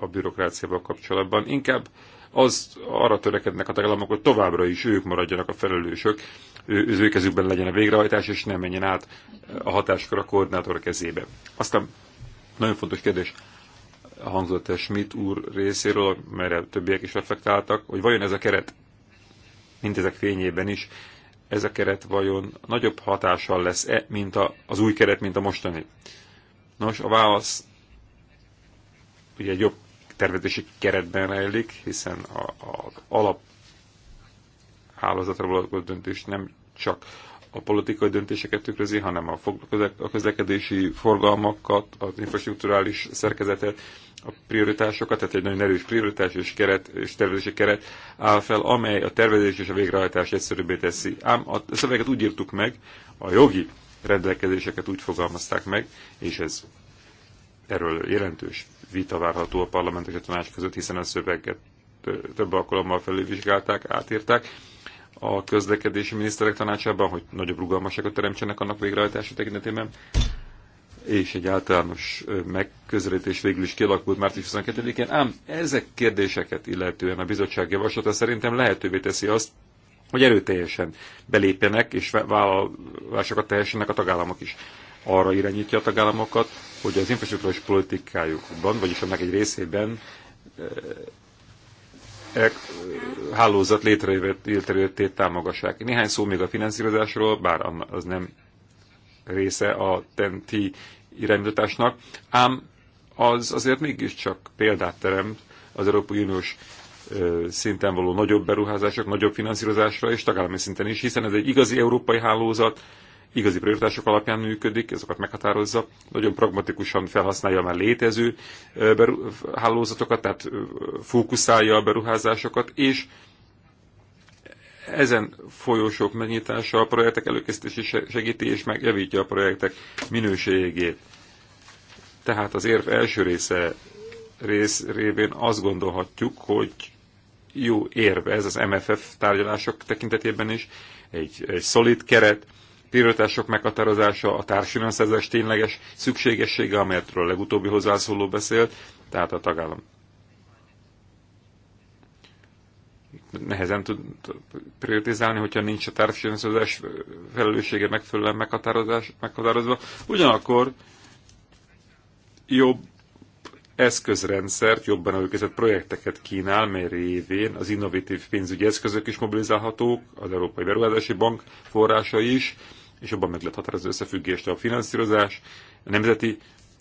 a bürokráciával kapcsolatban. Inkább az arra törekednek a tagállamok, hogy továbbra is ők maradjanak a felelősök, az ő kezükben legyen a végrehajtás, és nem menjen át a hatáskor a koordinátor kezébe. Aztán nagyon fontos kérdés hangzott Schmidt úr részéről, mert többiek is reflektáltak, hogy vajon ez a keret, mindezek fényében is, ez a keret vajon nagyobb hatással lesz-e, mint a, az új keret, mint a mostani? Nos, a válasz ugye egy jobb tervezési keretben rejlik, hiszen az alap hálózatra vonatkozó döntés nem csak a politikai döntéseket tükrözi, hanem a közlekedési forgalmakat, az infrastruktúrális szerkezetet, a prioritásokat, tehát egy nagyon erős prioritás és, keret, és tervezési keret áll fel, amely a tervezés és a végrehajtás egyszerűbbé teszi. Ám a szöveget úgy írtuk meg, a jogi rendelkezéseket úgy fogalmazták meg, és ez erről jelentős vita várható a parlament és a tanács között, hiszen a szöveget több alkalommal felülvizsgálták, átírták a közlekedési miniszterek tanácsában, hogy nagyobb rugalmasságot teremtsenek annak végrehajtása tekintetében, és egy általános megközelítés végül is kialakult március 22-én, ám ezek kérdéseket illetően a bizottság javaslata szerintem lehetővé teszi azt, hogy erőteljesen belépjenek és vállalásokat tehessenek a tagállamok is. Arra irányítja a tagállamokat, hogy az infrastruktúrás politikájukban, vagyis annak egy részében e, hálózat létrejöttét támogassák. Néhány szó még a finanszírozásról, bár az nem része a TENTI irányításnak, ám az azért mégiscsak példát teremt az Európai Uniós eh, szinten való nagyobb beruházások, nagyobb finanszírozásra és tagállami szinten is, hiszen ez egy igazi európai hálózat, igazi prioritások alapján működik, ezeket meghatározza, nagyon pragmatikusan felhasználja már létező hálózatokat, tehát fókuszálja a beruházásokat, és ezen folyósok megnyitása a projektek előkészítési segíti és megjavítja a projektek minőségét. Tehát az érv első része rész révén azt gondolhatjuk, hogy jó érve ez az MFF tárgyalások tekintetében is, egy, egy szolid keret, prioritások meghatározása, a társadalmi tényleges szükségessége, amelyetről a legutóbbi hozzászóló beszélt, tehát a tagállam nehezen tud prioritizálni, hogyha nincs a társadalmazás felelőssége megfelelően meghatározva. Ugyanakkor jobb eszközrendszert, jobban előkezett projekteket kínál, mely révén az innovatív pénzügyi eszközök is mobilizálhatók, az Európai Beruházási Bank forrása is, és jobban meg lehet határozni összefüggést a finanszírozás, a nemzeti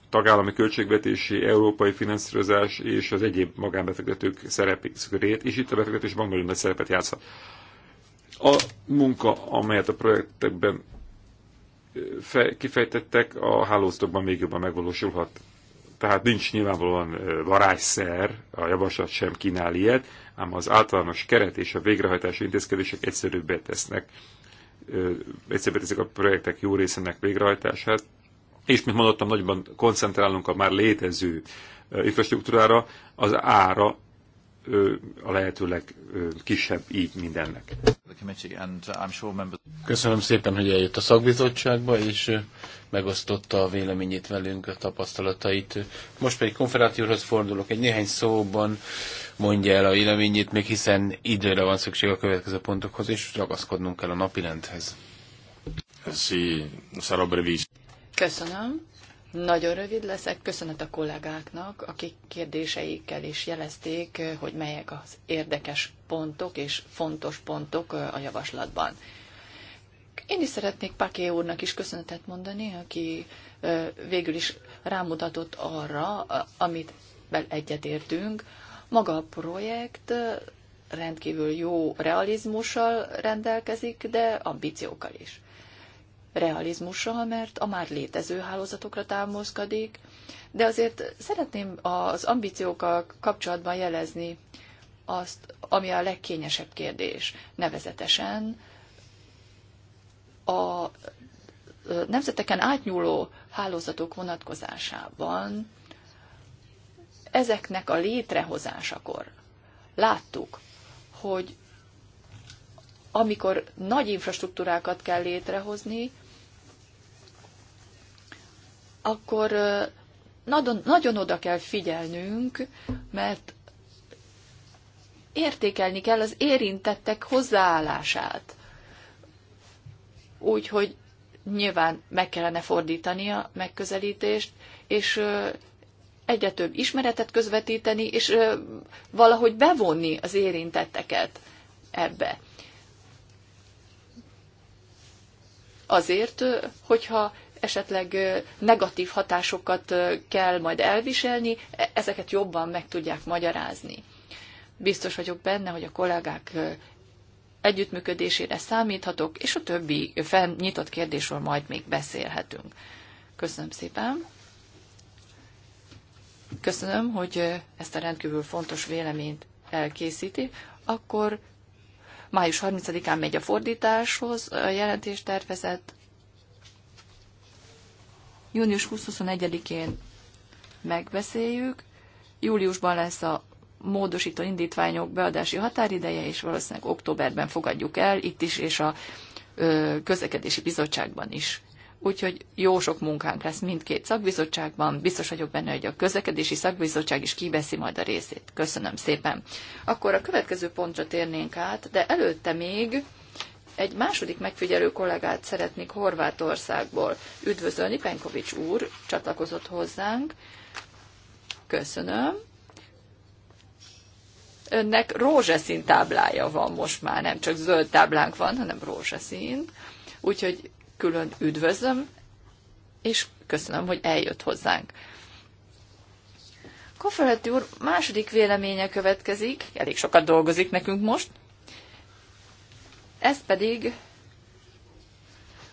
tagállami költségvetési, európai finanszírozás és az egyéb magánbefektetők szerepét, és itt a befektetés bank nagyon nagy szerepet játszhat. A munka, amelyet a projektekben kifejtettek, a hálózatokban még jobban megvalósulhat. Tehát nincs nyilvánvalóan varázsszer, a javaslat sem kínál ilyet, ám az általános keret és a végrehajtási intézkedések egyszerűbbé tesznek egyszerűen ezek a projektek jó részének végrehajtását, és, mint mondottam, nagyban koncentrálunk a már létező infrastruktúrára, az ára a lehető legkisebb így mindennek. Uh, Köszönöm szépen, hogy eljött a szakbizottságba, és megosztotta a véleményét velünk, a tapasztalatait. Most pedig konferációhoz fordulok. Egy néhány szóban mondja el a véleményét, még hiszen időre van szükség a következő pontokhoz, és ragaszkodnunk kell a napirendhez. Köszönöm. Nagyon rövid leszek. Köszönet a kollégáknak, akik kérdéseikkel is jelezték, hogy melyek az érdekes pontok és fontos pontok a javaslatban. Én is szeretnék Paké úrnak is köszönetet mondani, aki végül is rámutatott arra, amit egyetértünk, maga a projekt rendkívül jó realizmussal rendelkezik, de ambíciókkal is. Realizmussal, mert a már létező hálózatokra támaszkodik, de azért szeretném az ambíciókkal kapcsolatban jelezni azt, ami a legkényesebb kérdés, nevezetesen a nemzeteken átnyúló hálózatok vonatkozásában ezeknek a létrehozásakor láttuk, hogy amikor nagy infrastruktúrákat kell létrehozni, akkor nagyon, nagyon oda kell figyelnünk, mert értékelni kell az érintettek hozzáállását. Úgyhogy nyilván meg kellene fordítani a megközelítést, és egyre több ismeretet közvetíteni, és valahogy bevonni az érintetteket ebbe. Azért, hogyha esetleg negatív hatásokat kell majd elviselni, e-, ezeket jobban meg tudják magyarázni. Biztos vagyok benne, hogy a kollégák együttműködésére számíthatok, és a többi fenn nyitott kérdésről majd még beszélhetünk. Köszönöm szépen! Köszönöm, hogy ezt a rendkívül fontos véleményt elkészíti. Akkor május 30-án megy a fordításhoz a jelentést tervezett, Június 21 én megbeszéljük. Júliusban lesz a módosító indítványok beadási határideje, és valószínűleg októberben fogadjuk el, itt is és a közlekedési bizottságban is úgyhogy jó sok munkánk lesz mindkét szakbizottságban. Biztos vagyok benne, hogy a közlekedési szakbizottság is kiveszi majd a részét. Köszönöm szépen. Akkor a következő pontra térnénk át, de előtte még egy második megfigyelő kollégát szeretnék Horvátországból üdvözölni. Penkovics úr csatlakozott hozzánk. Köszönöm. Önnek rózsaszín táblája van most már, nem csak zöld táblánk van, hanem rózsaszín. Úgyhogy külön üdvözlöm, és köszönöm, hogy eljött hozzánk. Koferetti úr második véleménye következik, elég sokat dolgozik nekünk most, ez pedig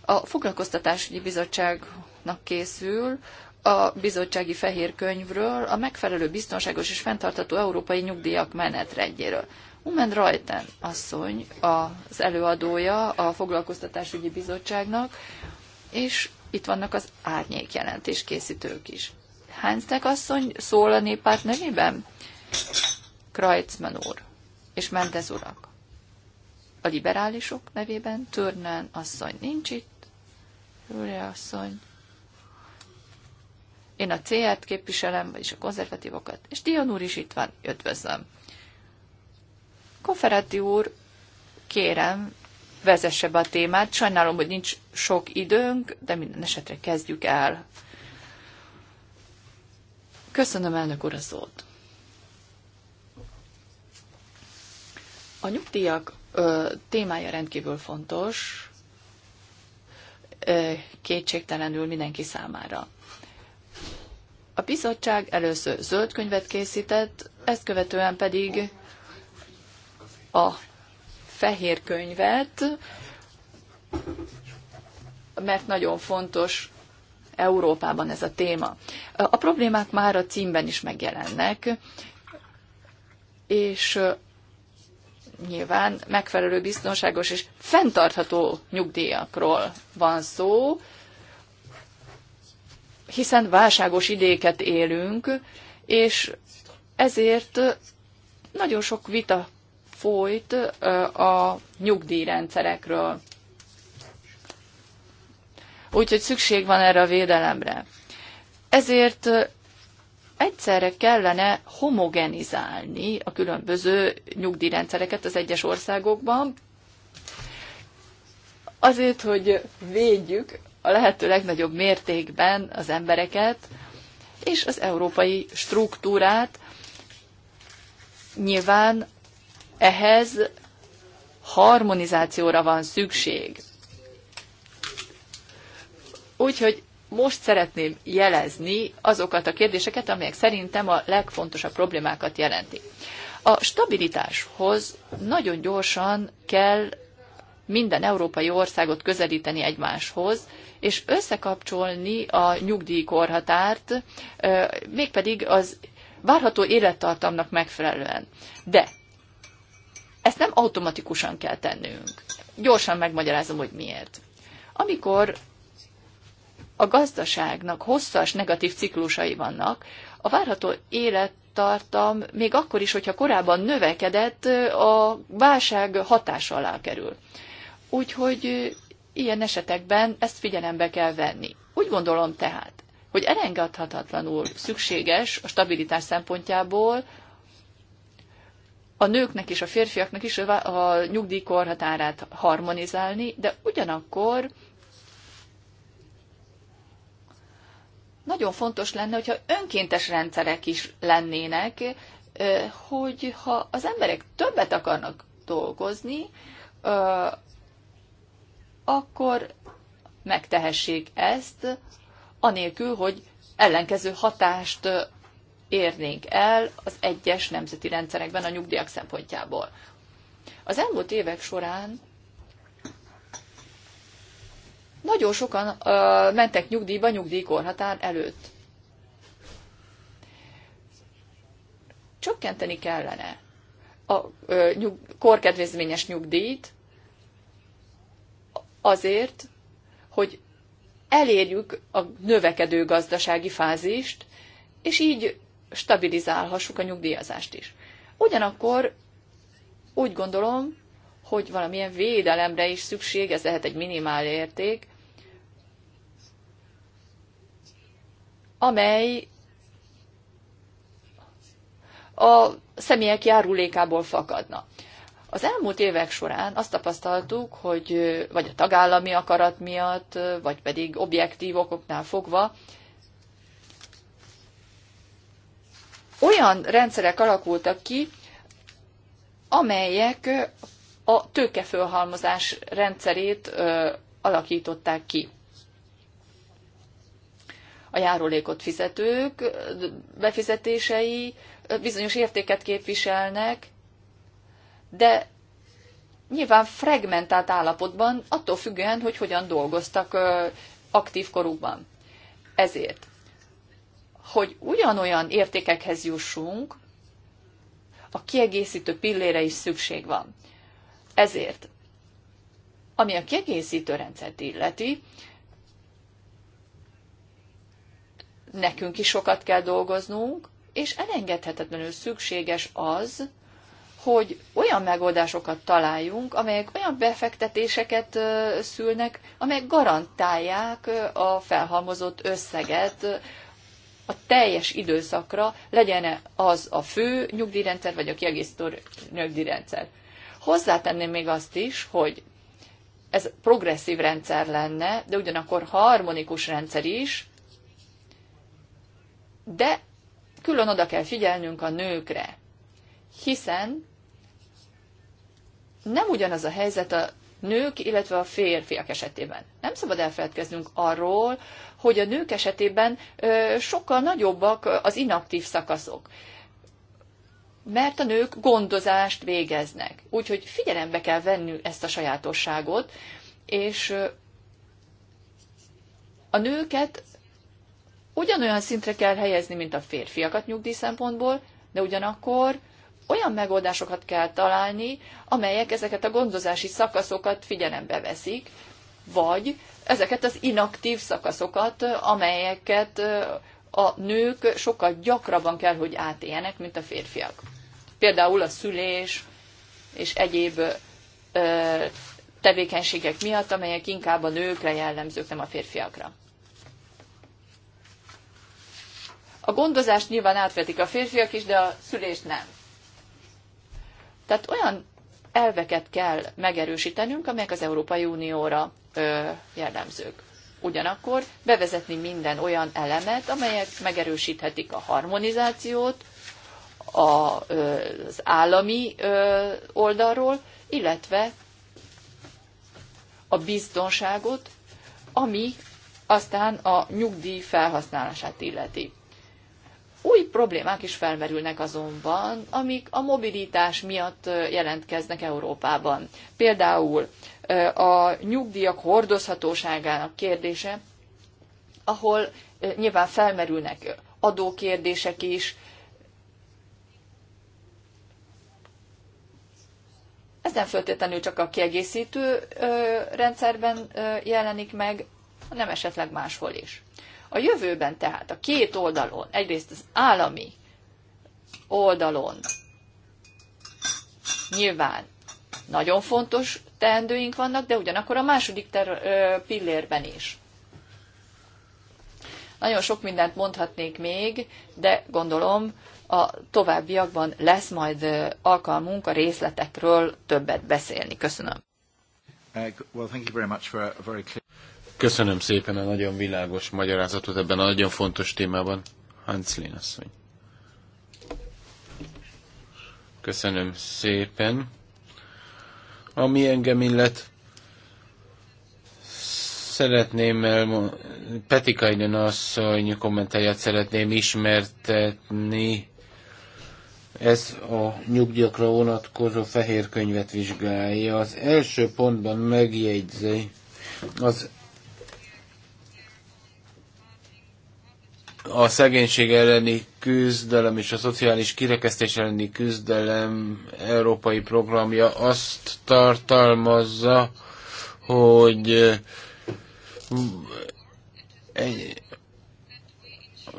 a foglalkoztatási Bizottságnak készül a bizottsági fehér könyvről, a megfelelő biztonságos és fenntartató európai nyugdíjak menetrendjéről. Umen Rajten asszony az előadója a Foglalkoztatásügyi Bizottságnak, és itt vannak az árnyék jelentés készítők is. Heinznek asszony szól a néppárt nevében? Kreitzmann úr és Mendez urak. A liberálisok nevében Törnán asszony nincs itt, Júlia asszony. Én a CR-t képviselem, vagyis a konzervatívokat, és Dion úr is itt van, üdvözlöm. Konferati úr, kérem, vezesse be a témát. Sajnálom, hogy nincs sok időnk, de minden esetre kezdjük el. Köszönöm elnök úr a szót. A nyugdíjak ö, témája rendkívül fontos, ö, kétségtelenül mindenki számára. A bizottság először zöld könyvet készített, ezt követően pedig a fehér könyvet, mert nagyon fontos Európában ez a téma. A problémák már a címben is megjelennek, és nyilván megfelelő biztonságos és fenntartható nyugdíjakról van szó, hiszen válságos idéket élünk, és ezért nagyon sok vita folyt a nyugdíjrendszerekről. Úgyhogy szükség van erre a védelemre. Ezért egyszerre kellene homogenizálni a különböző nyugdíjrendszereket az egyes országokban, azért, hogy védjük a lehető legnagyobb mértékben az embereket és az európai struktúrát, nyilván ehhez harmonizációra van szükség. Úgyhogy most szeretném jelezni azokat a kérdéseket, amelyek szerintem a legfontosabb problémákat jelentik. A stabilitáshoz nagyon gyorsan kell minden európai országot közelíteni egymáshoz, és összekapcsolni a nyugdíjkorhatárt, mégpedig az várható élettartamnak megfelelően. De ezt nem automatikusan kell tennünk. Gyorsan megmagyarázom, hogy miért. Amikor a gazdaságnak hosszas negatív ciklusai vannak, a várható élettartam még akkor is, hogyha korábban növekedett, a válság hatása alá kerül. Úgyhogy ilyen esetekben ezt figyelembe kell venni. Úgy gondolom tehát, hogy elengedhetetlenül szükséges a stabilitás szempontjából, a nőknek és a férfiaknak is a nyugdíjkorhatárát harmonizálni, de ugyanakkor nagyon fontos lenne, hogyha önkéntes rendszerek is lennének, hogy ha az emberek többet akarnak dolgozni, akkor megtehessék ezt, anélkül, hogy ellenkező hatást érnénk el az egyes nemzeti rendszerekben a nyugdíjak szempontjából. Az elmúlt évek során nagyon sokan uh, mentek nyugdíjba nyugdíjkorhatár előtt. Csökkenteni kellene a uh, nyug, korkedvezményes nyugdíjt azért, hogy elérjük a növekedő gazdasági fázist, és így stabilizálhassuk a nyugdíjazást is. Ugyanakkor úgy gondolom, hogy valamilyen védelemre is szükség, ez lehet egy minimál érték, amely a személyek járulékából fakadna. Az elmúlt évek során azt tapasztaltuk, hogy vagy a tagállami akarat miatt, vagy pedig objektív okoknál fogva olyan rendszerek alakultak ki, amelyek a tőkefölhalmozás rendszerét alakították ki. A járulékot fizetők befizetései bizonyos értéket képviselnek, de nyilván fragmentált állapotban, attól függően, hogy hogyan dolgoztak aktív korukban. Ezért hogy ugyanolyan értékekhez jussunk, a kiegészítő pillére is szükség van. Ezért, ami a kiegészítő rendszert illeti, nekünk is sokat kell dolgoznunk, és elengedhetetlenül szükséges az, hogy olyan megoldásokat találjunk, amelyek olyan befektetéseket szülnek, amelyek garantálják a felhalmozott összeget a teljes időszakra legyen az a fő nyugdíjrendszer, vagy a kiegészítő nyugdíjrendszer. Hozzátenném még azt is, hogy ez progresszív rendszer lenne, de ugyanakkor harmonikus rendszer is, de külön oda kell figyelnünk a nőkre, hiszen nem ugyanaz a helyzet a nők, illetve a férfiak esetében. Nem szabad elfeledkeznünk arról, hogy a nők esetében sokkal nagyobbak az inaktív szakaszok. Mert a nők gondozást végeznek. Úgyhogy figyelembe kell venni ezt a sajátosságot, és a nőket ugyanolyan szintre kell helyezni, mint a férfiakat nyugdíj szempontból, de ugyanakkor olyan megoldásokat kell találni, amelyek ezeket a gondozási szakaszokat figyelembe veszik, vagy ezeket az inaktív szakaszokat, amelyeket a nők sokkal gyakrabban kell, hogy átéljenek, mint a férfiak. Például a szülés és egyéb tevékenységek miatt, amelyek inkább a nőkre jellemzők, nem a férfiakra. A gondozást nyilván átvetik a férfiak is, de a szülést nem. Tehát olyan elveket kell megerősítenünk, amelyek az Európai Unióra jellemzők. Ugyanakkor bevezetni minden olyan elemet, amelyek megerősíthetik a harmonizációt az állami oldalról, illetve a biztonságot, ami aztán a nyugdíj felhasználását illeti. Új problémák is felmerülnek azonban, amik a mobilitás miatt jelentkeznek Európában. Például a nyugdíjak hordozhatóságának kérdése, ahol nyilván felmerülnek adókérdések is. Ez nem föltétlenül csak a kiegészítő rendszerben jelenik meg, hanem esetleg máshol is. A jövőben tehát a két oldalon, egyrészt az állami oldalon nyilván nagyon fontos teendőink vannak, de ugyanakkor a második ter- pillérben is. Nagyon sok mindent mondhatnék még, de gondolom a továbbiakban lesz majd alkalmunk a részletekről többet beszélni. Köszönöm. Köszönöm szépen a nagyon világos magyarázatot ebben a nagyon fontos témában. Hans asszony. Köszönöm szépen. Ami engem illet, szeretném elmondani, Petikainen asszony kommentáját szeretném ismertetni. Ez a nyugdíjakra vonatkozó fehér könyvet vizsgálja. Az első pontban megjegyzi az a szegénység elleni küzdelem és a szociális kirekesztés elleni küzdelem európai programja azt tartalmazza, hogy eh, egy,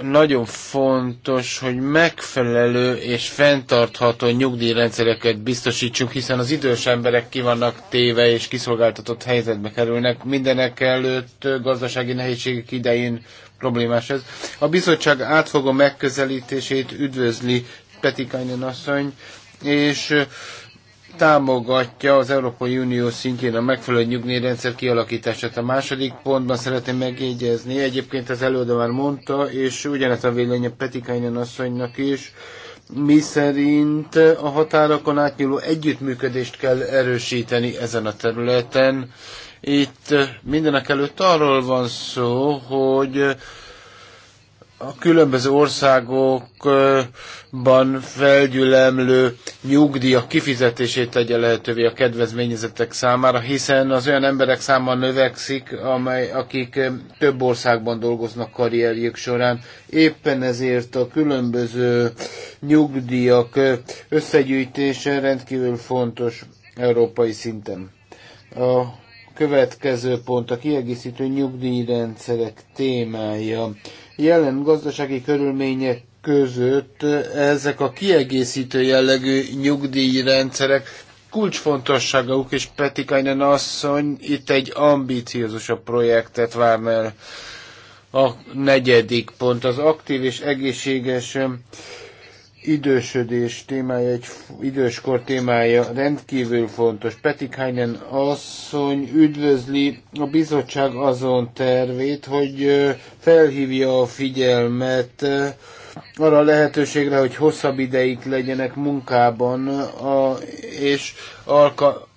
nagyon fontos, hogy megfelelő és fenntartható nyugdíjrendszereket biztosítsunk, hiszen az idős emberek ki vannak téve és kiszolgáltatott helyzetbe kerülnek. Mindenek előtt gazdasági nehézségek idején problémás ez. A bizottság átfogó megközelítését üdvözli Petikányan asszony, és támogatja az Európai Unió szintjén a megfelelő nyugdíjrendszer kialakítását. A második pontban szeretném megjegyezni, egyébként az előadó már mondta, és ugyanez a vélemény a Petikányan asszonynak is, mi szerint a határokon átnyúló együttműködést kell erősíteni ezen a területen itt mindenek előtt arról van szó, hogy a különböző országokban felgyülemlő nyugdíjak kifizetését tegye lehetővé a kedvezményezettek számára, hiszen az olyan emberek száma növekszik, amely, akik több országban dolgoznak karrierjük során. Éppen ezért a különböző nyugdíjak összegyűjtése rendkívül fontos európai szinten. A Következő pont a kiegészítő nyugdíjrendszerek témája. Jelen gazdasági körülmények között ezek a kiegészítő jellegű nyugdíjrendszerek kulcsfontosságuk, és Petikainen asszony itt egy ambíciózusabb projektet várna el. A negyedik pont az aktív és egészséges idősödés témája, egy időskor témája rendkívül fontos. Petikainen asszony üdvözli a bizottság azon tervét, hogy felhívja a figyelmet arra a lehetőségre, hogy hosszabb ideig legyenek munkában, a, és alka,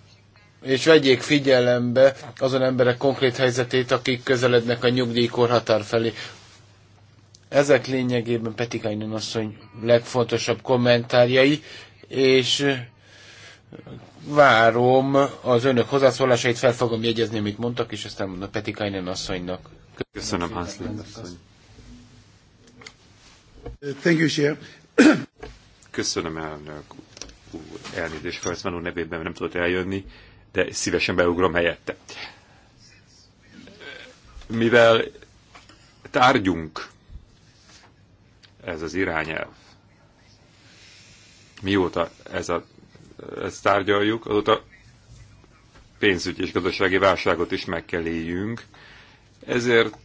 és vegyék figyelembe azon emberek konkrét helyzetét, akik közelednek a nyugdíjkorhatár felé. Ezek lényegében Petikainen asszony legfontosabb kommentárjai, és várom az önök hozzászólásait, fel fogom jegyezni, amit mondtak, és aztán mondom Petikainen asszonynak. Köszönöm, Hanszlin asszony. Thank you, Köszönöm, elnök úr, elnézés, Kajszman úr nevében nem tudott eljönni, de szívesen beugrom helyette. Mivel tárgyunk ez az irányelv. Mióta ez a, ezt tárgyaljuk, azóta pénzügyi és gazdasági válságot is meg kell éljünk. Ezért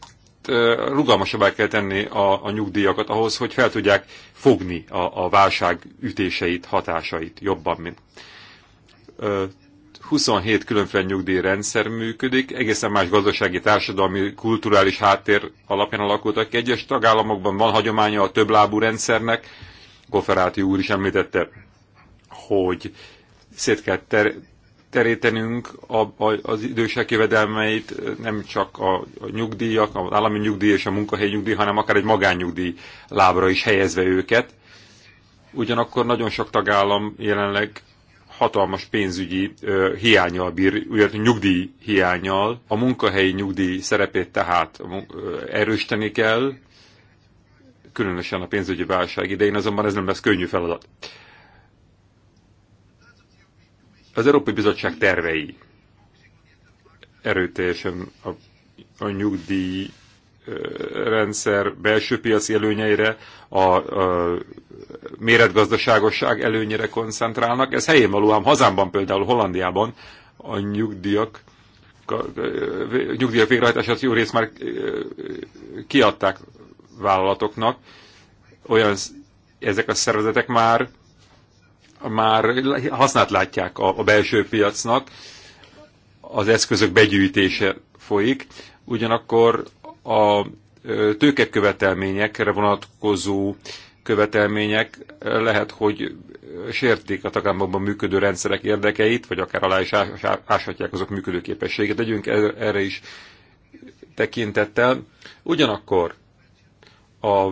rugalmasabbá kell tenni a, a nyugdíjakat ahhoz, hogy fel tudják fogni a, a válság ütéseit, hatásait jobban, mint 27 különféle nyugdíjrendszer működik, egészen más gazdasági, társadalmi, kulturális háttér alapján alakultak egyes tagállamokban, van hagyománya a többlábú rendszernek, Koferáti úr is említette, hogy szét kell ter terítenünk a, a, az idősek jövedelmeit, nem csak a, a nyugdíjak, az állami nyugdíj és a munkahelyi nyugdíj, hanem akár egy magánnyugdíj lábra is helyezve őket. Ugyanakkor nagyon sok tagállam jelenleg hatalmas pénzügyi ö, hiányjal bír, ugye nyugdíj hiányjal. A munkahelyi nyugdíj szerepét tehát ö, erősíteni kell, különösen a pénzügyi válság idején, azonban ez nem lesz könnyű feladat. Az Európai Bizottság tervei erőteljesen a, a nyugdíj rendszer belső piaci előnyeire, a, a méretgazdaságosság előnyére koncentrálnak. Ez helyén való, ám hazámban például Hollandiában a nyugdíjak nyugdíjak végrehajtását jó részt már kiadták vállalatoknak. Olyan ezek a szervezetek már már hasznát látják a, a belső piacnak, az eszközök begyűjtése folyik, ugyanakkor a tőkekövetelményekre vonatkozó követelmények lehet, hogy sértik a tagállamokban működő rendszerek érdekeit, vagy akár alá is áshatják azok működőképességét. Legyünk erre is tekintettel. Ugyanakkor a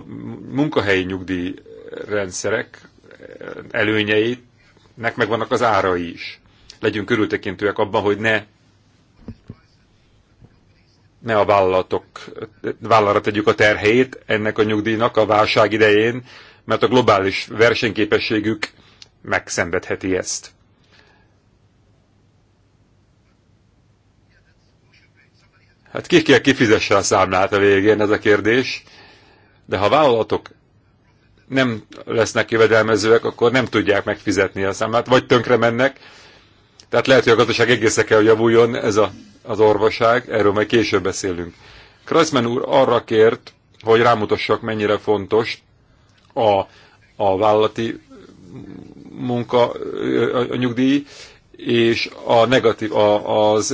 munkahelyi nyugdíj rendszerek előnyeinek megvannak az árai is. Legyünk körültekintőek abban, hogy ne ne a vállalatok, vállalra tegyük a terhét ennek a nyugdíjnak a válság idején, mert a globális versenyképességük megszenvedheti ezt. Hát ki kell kifizesse a számlát a végén, ez a kérdés. De ha a vállalatok nem lesznek jövedelmezőek, akkor nem tudják megfizetni a számlát, vagy tönkre mennek. Tehát lehet, hogy a gazdaság egészen kell, javuljon, ez a az orvoság, erről majd később beszélünk. Kreuzmann úr arra kért, hogy rámutassak, mennyire fontos a, a vállalati munka, a, a nyugdíj, és a negatív, a, az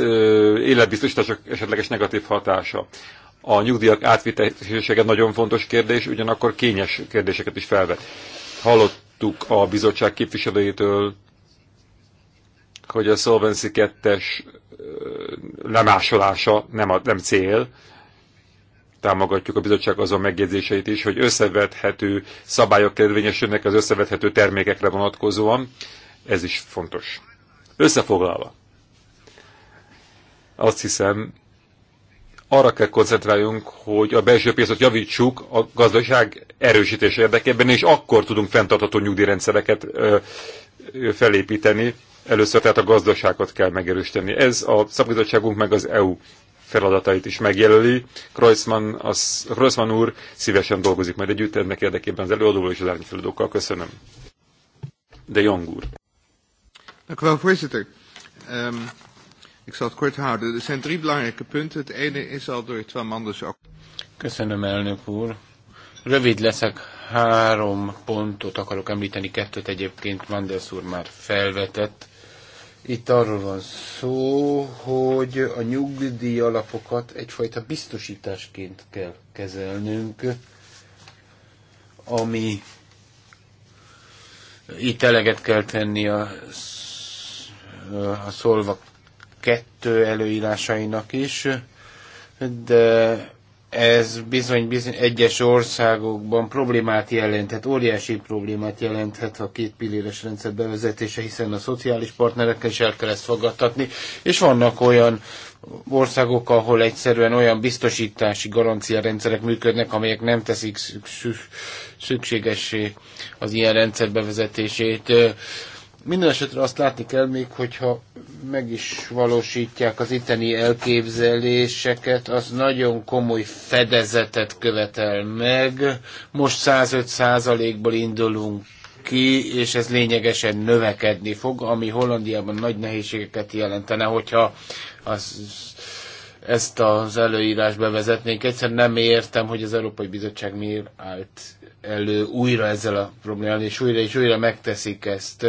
életbiztosítások esetleges negatív hatása. A nyugdíjak átvitelésége nagyon fontos kérdés, ugyanakkor kényes kérdéseket is felvet. Hallottuk a bizottság képviselőjétől, hogy a Solvency 2-es lemásolása nem, a, nem cél. Támogatjuk a bizottság azon megjegyzéseit is, hogy összevethető szabályok kedvényesülnek az összevethető termékekre vonatkozóan. Ez is fontos. Összefoglalva, azt hiszem, arra kell koncentráljunk, hogy a belső piacot javítsuk a gazdaság erősítése érdekében, és akkor tudunk fenntartható nyugdíjrendszereket felépíteni, Először tehát a gazdaságot kell megerősíteni. Ez a szabadságunk meg az EU feladatait is megjelöli. Kreuzmann, az, Kreuzmann úr szívesen dolgozik majd együtt ennek érdekében az előadóval és az árnyfeladókkal. Köszönöm. De Jong úr. Dank voorzitter. Um, ik zal het kort houden. Er zijn drie belangrijke punten. Het ene is al door Twan Manders ook. Köszönöm, elnök úr. Rövid leszek Három pontot akarok említeni, kettőt egyébként Mandelsz úr már felvetett. Itt arról van szó, hogy a nyugdíj alapokat egyfajta biztosításként kell kezelnünk, ami itt eleget kell tenni a, a szolva kettő előírásainak is, de ez bizony, bizony egyes országokban problémát jelenthet, óriási problémát jelenthet a két pilléres rendszer bevezetése, hiszen a szociális partnerekkel is el kell ezt fogadtatni, és vannak olyan országok, ahol egyszerűen olyan biztosítási garancia rendszerek működnek, amelyek nem teszik szükségessé az ilyen rendszer bevezetését minden esetre azt látni kell még, hogyha meg is valósítják az itteni elképzeléseket, az nagyon komoly fedezetet követel meg. Most 105%-ból indulunk ki, és ez lényegesen növekedni fog, ami Hollandiában nagy nehézségeket jelentene, hogyha az, ezt az előírás bevezetnénk. Egyszerűen nem értem, hogy az Európai Bizottság miért állt elő újra ezzel a problémával, és újra és újra megteszik ezt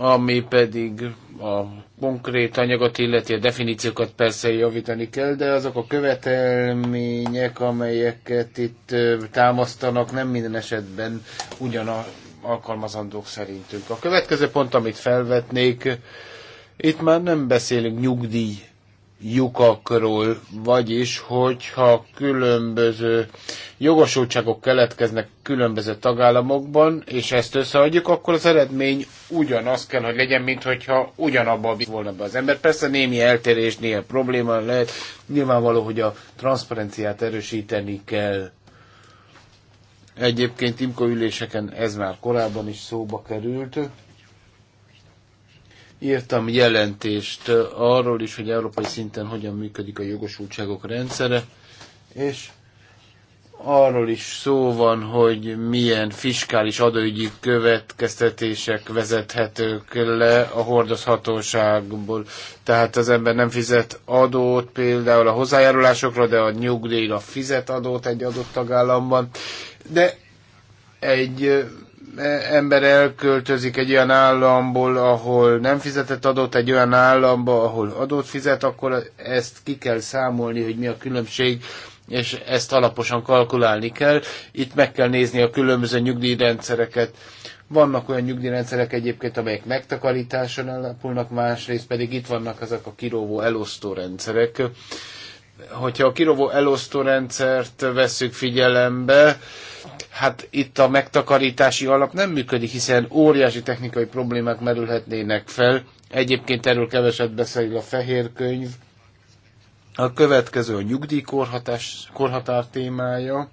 ami pedig a konkrét anyagot illeti, a definíciókat persze javítani kell, de azok a követelmények, amelyeket itt támasztanak, nem minden esetben ugyan a alkalmazandók szerintünk. A következő pont, amit felvetnék, itt már nem beszélünk nyugdíj lyukakról, vagyis hogyha különböző jogosultságok keletkeznek különböző tagállamokban, és ezt összeadjuk, akkor az eredmény ugyanaz kell, hogy legyen, mint hogyha ugyanabba volna be az ember. Persze némi eltérés, néha probléma lehet, nyilvánvaló, hogy a transzparenciát erősíteni kell. Egyébként imko üléseken ez már korábban is szóba került. Írtam jelentést arról is, hogy európai szinten hogyan működik a jogosultságok rendszere, és arról is szó van, hogy milyen fiskális adóügyi következtetések vezethetők le a hordozhatóságból. Tehát az ember nem fizet adót például a hozzájárulásokra, de a nyugdíjra fizet adót egy adott tagállamban. De egy ember elköltözik egy olyan államból, ahol nem fizetett adót, egy olyan államba, ahol adót fizet, akkor ezt ki kell számolni, hogy mi a különbség, és ezt alaposan kalkulálni kell. Itt meg kell nézni a különböző nyugdíjrendszereket. Vannak olyan nyugdíjrendszerek egyébként, amelyek megtakarításon alapulnak, másrészt pedig itt vannak ezek a kiróvó elosztó rendszerek. Hogyha a kiróvó elosztó rendszert vesszük figyelembe, Hát itt a megtakarítási alap nem működik, hiszen óriási technikai problémák merülhetnének fel. Egyébként erről keveset beszél a fehér könyv. A következő a nyugdíjkorhatár témája.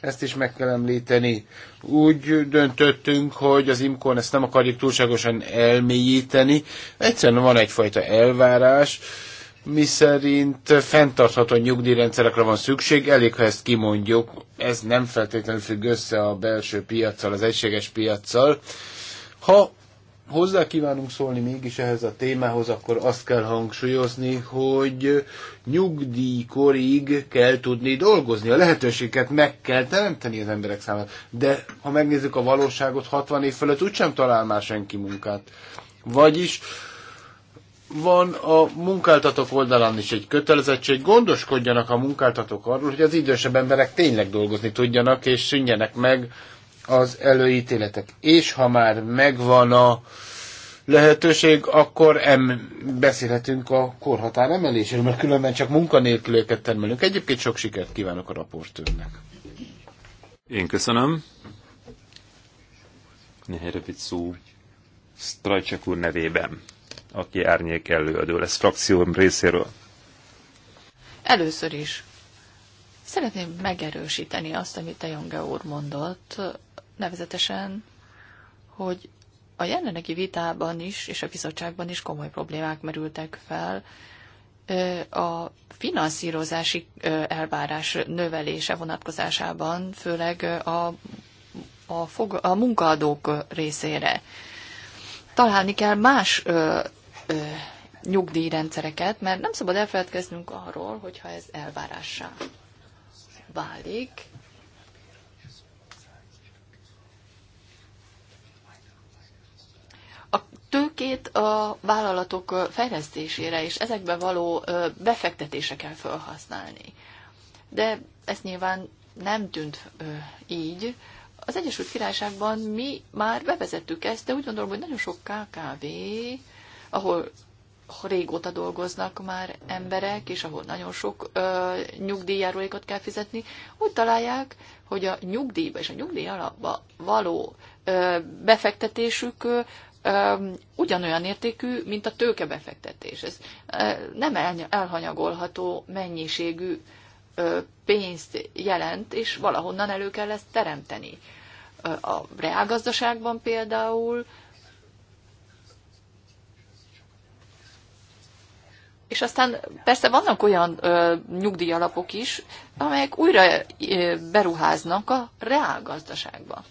Ezt is meg kell említeni. Úgy döntöttünk, hogy az imkon ezt nem akarjuk túlságosan elmélyíteni. Egyszerűen van egyfajta elvárás, mi szerint fenntartható nyugdíjrendszerekre van szükség, elég, ha ezt kimondjuk. Ez nem feltétlenül függ össze a belső piaccal, az egységes piaccal. Ha hozzá kívánunk szólni mégis ehhez a témához, akkor azt kell hangsúlyozni, hogy nyugdíjkorig kell tudni dolgozni. A lehetőséget meg kell teremteni az emberek számára. De ha megnézzük a valóságot, 60 év fölött úgysem talál már senki munkát. Vagyis van a munkáltatók oldalán is egy kötelezettség, gondoskodjanak a munkáltatók arról, hogy az idősebb emberek tényleg dolgozni tudjanak, és szűnjenek meg az előítéletek. És ha már megvan a lehetőség, akkor em, beszélhetünk a korhatár emeléséről, mert különben csak munkanélkülőket termelünk. Egyébként sok sikert kívánok a raportőrnek. Én köszönöm. Néhány rövid szó Strajcsak úr nevében aki árnyék előadó lesz frakcióm részéről. Először is szeretném megerősíteni azt, amit a Jonge úr mondott, nevezetesen, hogy a jelenlegi vitában is, és a bizottságban is komoly problémák merültek fel, a finanszírozási elvárás növelése vonatkozásában, főleg a, a, fog, a munkaadók részére. Találni kell más ö, nyugdíjrendszereket, mert nem szabad elfeledkeznünk arról, hogyha ez elvárássá válik, a tőkét a vállalatok fejlesztésére és ezekbe való befektetése kell felhasználni. De ez nyilván nem tűnt így. Az Egyesült Királyságban mi már bevezettük ezt, de úgy gondolom, hogy nagyon sok KKV ahol régóta dolgoznak már emberek, és ahol nagyon sok ö, nyugdíjjárulékot kell fizetni, úgy találják, hogy a nyugdíjba és a nyugdíj alapba való ö, befektetésük ö, ugyanolyan értékű, mint a tőkebefektetés. Ez ö, nem el, elhanyagolható mennyiségű ö, pénzt jelent, és valahonnan elő kell ezt teremteni. a reálgazdaságban például És aztán persze vannak olyan ö, nyugdíjalapok is, amelyek újra ö, beruháznak a reálgazdaságba.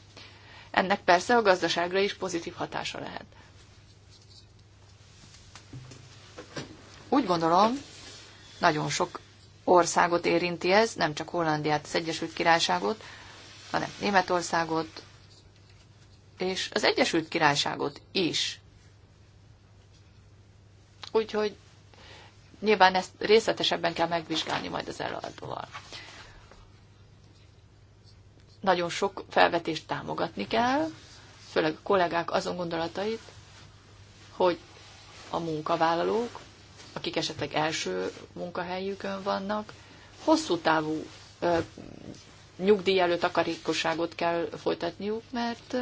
Ennek persze a gazdaságra is pozitív hatása lehet. Úgy gondolom, nagyon sok országot érinti ez, nem csak Hollandiát, az Egyesült Királyságot, hanem Németországot, és az Egyesült Királyságot is. Úgyhogy Nyilván ezt részletesebben kell megvizsgálni majd az előadóval. Nagyon sok felvetést támogatni kell, főleg a kollégák azon gondolatait, hogy a munkavállalók, akik esetleg első munkahelyükön vannak, hosszú távú ö, nyugdíj előtt akarékosságot kell folytatniuk, mert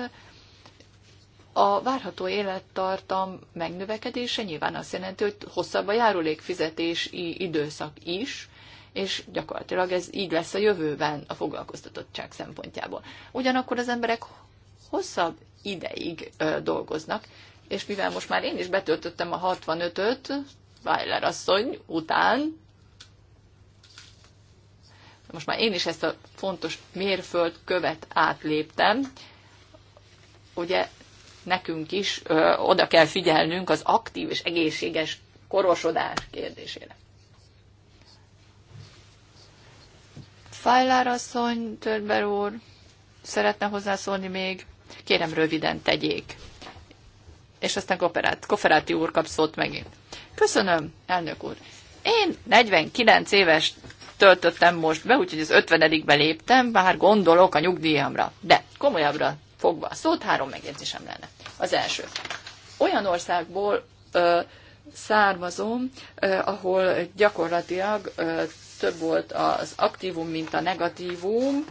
a várható élettartam megnövekedése nyilván azt jelenti, hogy hosszabb a járulékfizetési időszak is, és gyakorlatilag ez így lesz a jövőben a foglalkoztatottság szempontjából. Ugyanakkor az emberek hosszabb ideig ö, dolgoznak, és mivel most már én is betöltöttem a 65-öt, Weiler asszony után, most már én is ezt a fontos mérföld követ átléptem, ugye nekünk is ö, oda kell figyelnünk az aktív és egészséges korosodás kérdésére. Fajlár asszony, Törber úr, szeretne hozzászólni még? Kérem, röviden tegyék. És aztán Koferáti, Koferáti úr kap szót megint. Köszönöm, elnök úr. Én 49 éves töltöttem most be, úgyhogy az 50 beléptem, bár gondolok a nyugdíjamra. De komolyabbra fogva a szót, három megjegyzésem lenne. Az első. Olyan országból ö, származom, ö, ahol gyakorlatilag ö, több volt az aktívum, mint a negatívum.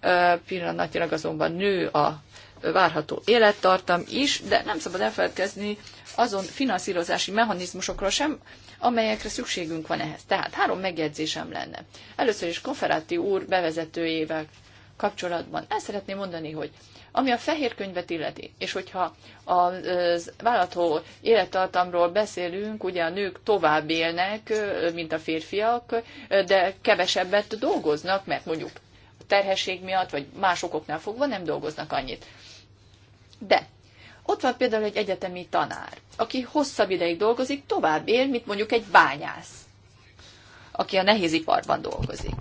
Ö, pillanatilag azonban nő a várható élettartam is, de nem szabad elfeledkezni azon finanszírozási mechanizmusokról sem, amelyekre szükségünk van ehhez. Tehát három megjegyzésem lenne. Először is Konferáti úr bevezetőjével kapcsolatban. El szeretném mondani, hogy ami a fehér könyvet illeti, és hogyha a vállalató élettartamról beszélünk, ugye a nők tovább élnek, mint a férfiak, de kevesebbet dolgoznak, mert mondjuk a terhesség miatt, vagy más okoknál fogva nem dolgoznak annyit. De ott van például egy egyetemi tanár, aki hosszabb ideig dolgozik, tovább él, mint mondjuk egy bányász, aki a iparban dolgozik.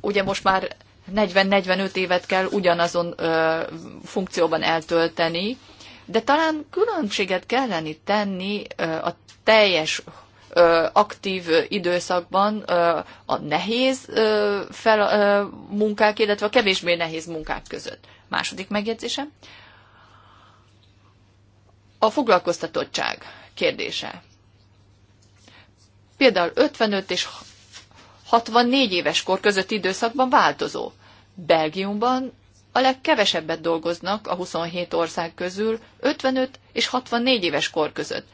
Ugye most már 40-45 évet kell ugyanazon ö, funkcióban eltölteni, de talán különbséget kellene tenni ö, a teljes ö, aktív időszakban ö, a nehéz ö, fel, ö, munkák, illetve a kevésbé nehéz munkák között. Második megjegyzésem. A foglalkoztatottság kérdése. Például 55 és 64 éves kor közötti időszakban változó. Belgiumban a legkevesebbet dolgoznak a 27 ország közül 55 és 64 éves kor között.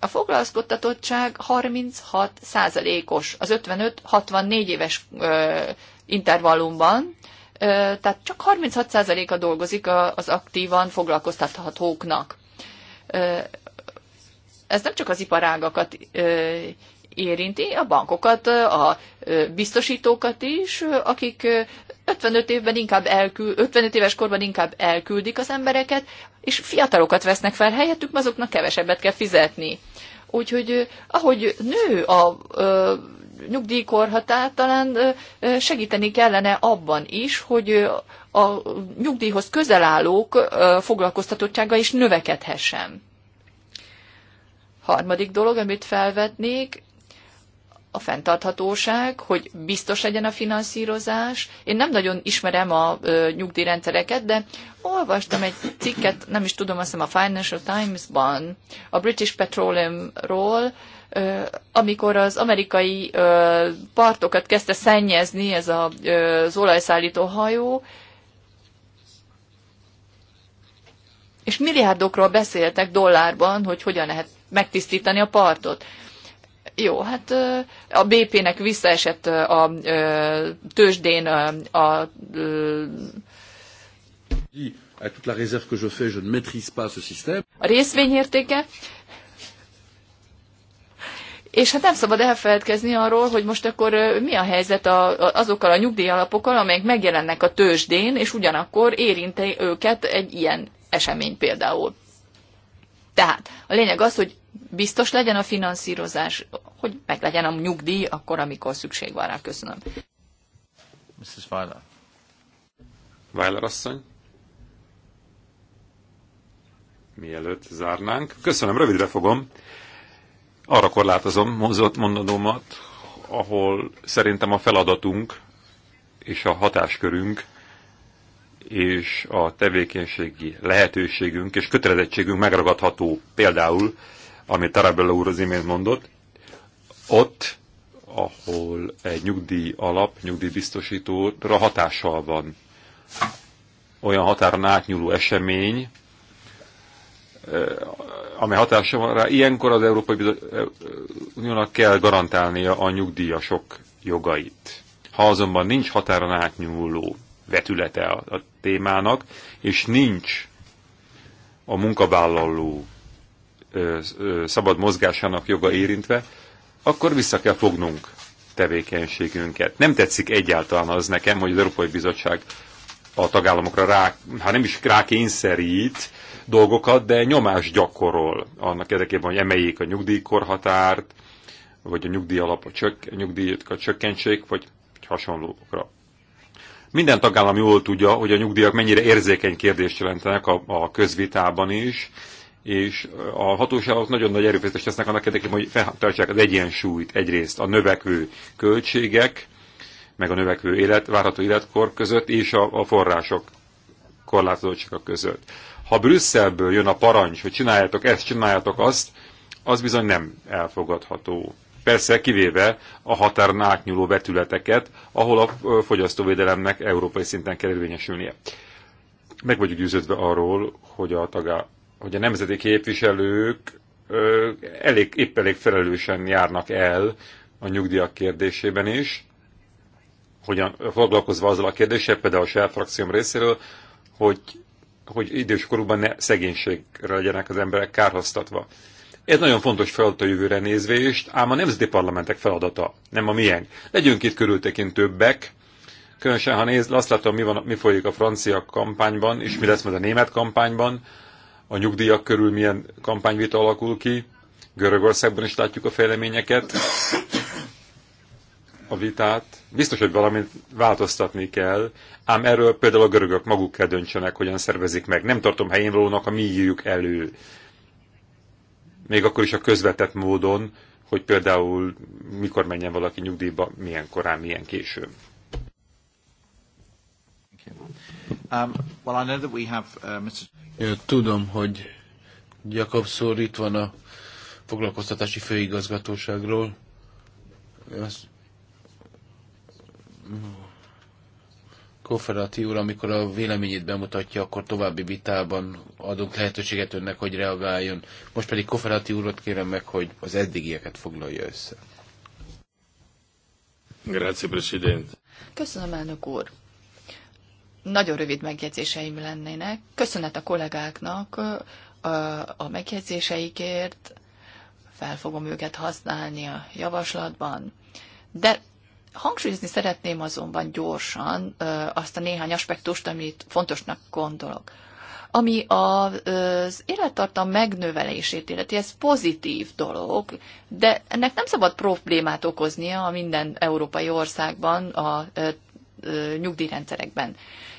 A foglalkoztatottság 36 százalékos az 55-64 éves ö, intervallumban, ö, tehát csak 36 százaléka dolgozik az aktívan foglalkoztathatóknak. Ö, ez nem csak az iparágakat ö, érinti a bankokat, a biztosítókat is, akik 55 évben inkább elkül, 55 éves korban inkább elküldik az embereket, és fiatalokat vesznek fel helyettük, azoknak kevesebbet kell fizetni. Úgyhogy ahogy nő a ö, nyugdíjkorhatár, talán ö, segíteni kellene abban is, hogy a nyugdíjhoz közel állók foglalkoztatottsága is növekedhessen. Harmadik dolog, amit felvetnék, a fenntarthatóság, hogy biztos legyen a finanszírozás. Én nem nagyon ismerem a ö, nyugdíjrendszereket, de olvastam egy cikket, nem is tudom, azt hiszem a Financial Times-ban, a British petroleum ö, amikor az amerikai ö, partokat kezdte szennyezni ez a, ö, az olajszállító hajó, és milliárdokról beszéltek dollárban, hogy hogyan lehet megtisztítani a partot. Jó, hát a BP-nek visszaesett a tőzsdén a à toute la réserve que je fais, je ne maîtrise pas ce système. A részvényértéke. És hát nem szabad elfeledkezni arról, hogy most akkor mi a helyzet a, azokkal a nyugdíjalapokkal, amelyek megjelennek a tőzsdén, és ugyanakkor érinti őket egy ilyen esemény például. Tehát a lényeg az, hogy biztos legyen a finanszírozás, hogy meg legyen a nyugdíj akkor, amikor szükség van rá. Köszönöm. Mrs. Weiler. Weiler asszony. Mielőtt zárnánk. Köszönöm, rövidre fogom. Arra korlátozom mozott mondanómat, ahol szerintem a feladatunk és a hatáskörünk és a tevékenységi lehetőségünk és kötelezettségünk megragadható. Például amit Tarabella úr az imént mondott, ott, ahol egy nyugdíj alap, nyugdíjbiztosítóra hatással van olyan határon átnyúló esemény, amely hatása van rá, ilyenkor az Európai Uniónak kell garantálnia a nyugdíjasok jogait. Ha azonban nincs határon átnyúló vetülete a, a témának, és nincs a munkavállaló szabad mozgásának joga érintve, akkor vissza kell fognunk tevékenységünket. Nem tetszik egyáltalán az nekem, hogy az Európai Bizottság a tagállamokra rá, hát nem is rákényszerít dolgokat, de nyomást gyakorol annak érdekében, hogy emeljék a nyugdíjkorhatárt, vagy a nyugdíj alap, a csök, nyugdíjat csökkentsék, vagy hasonlókra. Minden tagállam jól tudja, hogy a nyugdíjak mennyire érzékeny kérdést jelentenek a, a közvitában is, és a hatóságok nagyon nagy erőfeszítést tesznek annak érdekében, hogy feltartsák az egyensúlyt egyrészt a növekvő költségek, meg a növekvő élet, várható életkor között, és a, a források korlátozottsága között. Ha Brüsszelből jön a parancs, hogy csináljátok ezt, csináljátok azt, az bizony nem elfogadható. Persze kivéve a határon átnyúló vetületeket, ahol a fogyasztóvédelemnek európai szinten kell érvényesülnie. Meg vagyok győződve arról, hogy a tagá hogy a nemzeti képviselők elég, épp elég felelősen járnak el a nyugdíjak kérdésében is, hogyan, foglalkozva azzal a kérdéssel, például a saját frakcióm részéről, hogy, hogy időskorúban ne szegénységre legyenek az emberek kárhoztatva. Ez nagyon fontos feladat a jövőre nézvést, ám a nemzeti parlamentek feladata, nem a miénk. Legyünk itt körültekintőbbek, különösen ha néz, azt látom, mi, van, mi folyik a francia kampányban, és mi lesz majd a német kampányban, a nyugdíjak körül milyen kampányvita alakul ki, Görögországban is látjuk a fejleményeket, a vitát. Biztos, hogy valamit változtatni kell, ám erről például a görögök maguk kell döntsenek, hogyan szervezik meg. Nem tartom helyén valónak, a mi írjuk elő. Még akkor is a közvetett módon, hogy például mikor menjen valaki nyugdíjba, milyen korán, milyen későn. Um, well, I know that we have, uh, Mr. Tudom, hogy Jakab Szór itt van a foglalkoztatási főigazgatóságról. Ez Kofferati úr, amikor a véleményét bemutatja, akkor további vitában adunk lehetőséget önnek, hogy reagáljon. Most pedig Kofferati úrat kérem meg, hogy az eddigieket foglalja össze. Grazie, Presidente. Köszönöm, elnök úr. Nagyon rövid megjegyzéseim lennének. Köszönet a kollégáknak a megjegyzéseikért, fel fogom őket használni a javaslatban. De hangsúlyozni szeretném azonban gyorsan azt a néhány aspektust, amit fontosnak gondolok. Ami az élettartam megnövelését illeti, ez pozitív dolog, de ennek nem szabad problémát okoznia a minden európai országban a nyugdíjrendszerekben.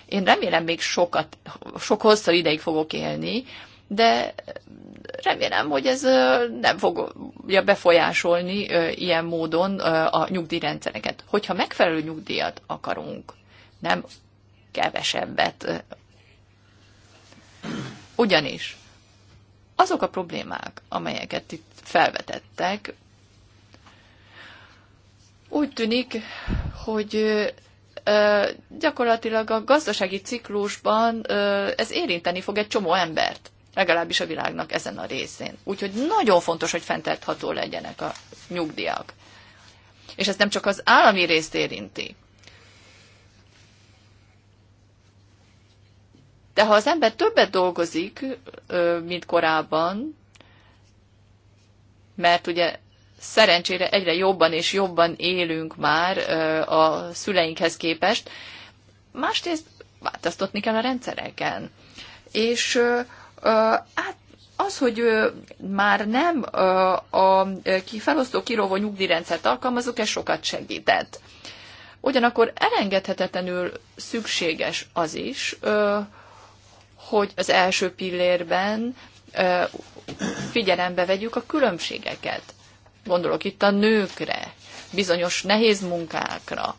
Én remélem még sokat, sok hosszú ideig fogok élni, de remélem, hogy ez nem fogja befolyásolni ilyen módon a nyugdíjrendszereket. Hogyha megfelelő nyugdíjat akarunk, nem kevesebbet. Ugyanis azok a problémák, amelyeket itt felvetettek, úgy tűnik, hogy gyakorlatilag a gazdasági ciklusban ez érinteni fog egy csomó embert, legalábbis a világnak ezen a részén. Úgyhogy nagyon fontos, hogy fenntartható legyenek a nyugdíjak. És ez nem csak az állami részt érinti. De ha az ember többet dolgozik, mint korábban, mert ugye szerencsére egyre jobban és jobban élünk már a szüleinkhez képest. Másrészt változtatni kell a rendszereken. És hát az, hogy már nem a felosztó kirovó nyugdíjrendszert alkalmazok, ez sokat segített. Ugyanakkor elengedhetetlenül szükséges az is, hogy az első pillérben figyelembe vegyük a különbségeket. Gondolok itt a nőkre, bizonyos nehéz munkákra.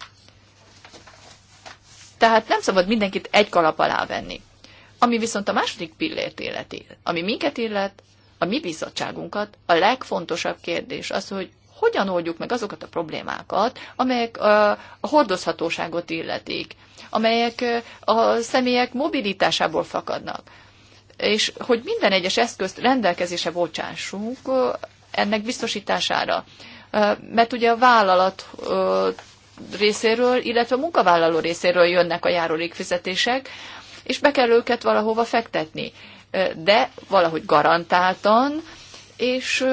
Tehát nem szabad mindenkit egy kalap alá venni. Ami viszont a második pillért illeti, ami minket illet, a mi bizottságunkat, a legfontosabb kérdés az, hogy hogyan oldjuk meg azokat a problémákat, amelyek a hordozhatóságot illetik, amelyek a személyek mobilitásából fakadnak. És hogy minden egyes eszközt rendelkezése bocsássunk, ennek biztosítására. Mert ugye a vállalat részéről, illetve a munkavállaló részéről jönnek a járulékfizetések, és be kell őket valahova fektetni. De valahogy garantáltan, és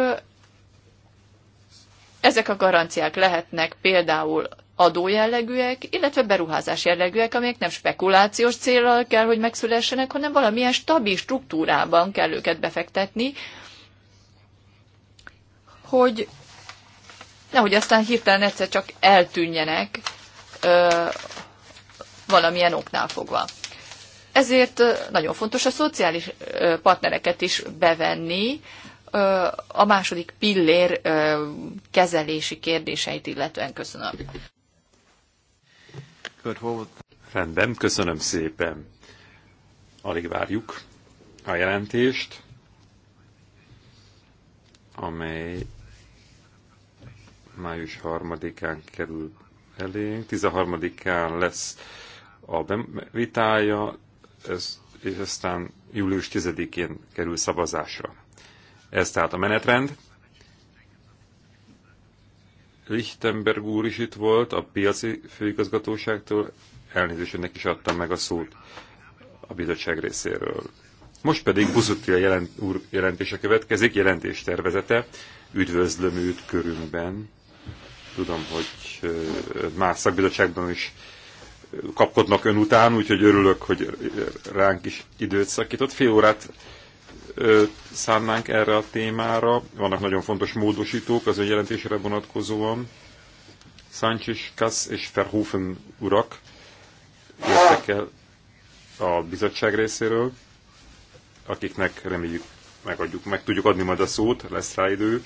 ezek a garanciák lehetnek például adójellegűek, illetve beruházás jellegűek, amelyek nem spekulációs célral kell, hogy megszülessenek, hanem valamilyen stabil struktúrában kell őket befektetni, hogy nehogy aztán hirtelen egyszer csak eltűnjenek ö, valamilyen oknál fogva. Ezért nagyon fontos a szociális partnereket is bevenni a második pillér kezelési kérdéseit illetően. Köszönöm. Rendben, köszönöm szépen. Alig várjuk a jelentést, amely május 3-án kerül elénk. 13-án lesz a vitája, ez, és aztán július 10-én kerül szavazásra. Ez tehát a menetrend. Lichtenberg úr is itt volt, a piaci főigazgatóságtól, elnézést, hogy neki is adtam meg a szót a bizottság részéről. Most pedig a jelent, úr jelentése következik, jelentés tervezete. Üdvözlöm őt körünkben. Tudom, hogy más szakbizottságban is kapkodnak ön után, úgyhogy örülök, hogy ránk is időt szakított. Fél órát szánnánk erre a témára. Vannak nagyon fontos módosítók az önjelentésre vonatkozóan. Sánchez, Kass és Verhoeven urak jöttek el a bizottság részéről, akiknek reméljük megadjuk, meg tudjuk adni majd a szót, lesz rá idő.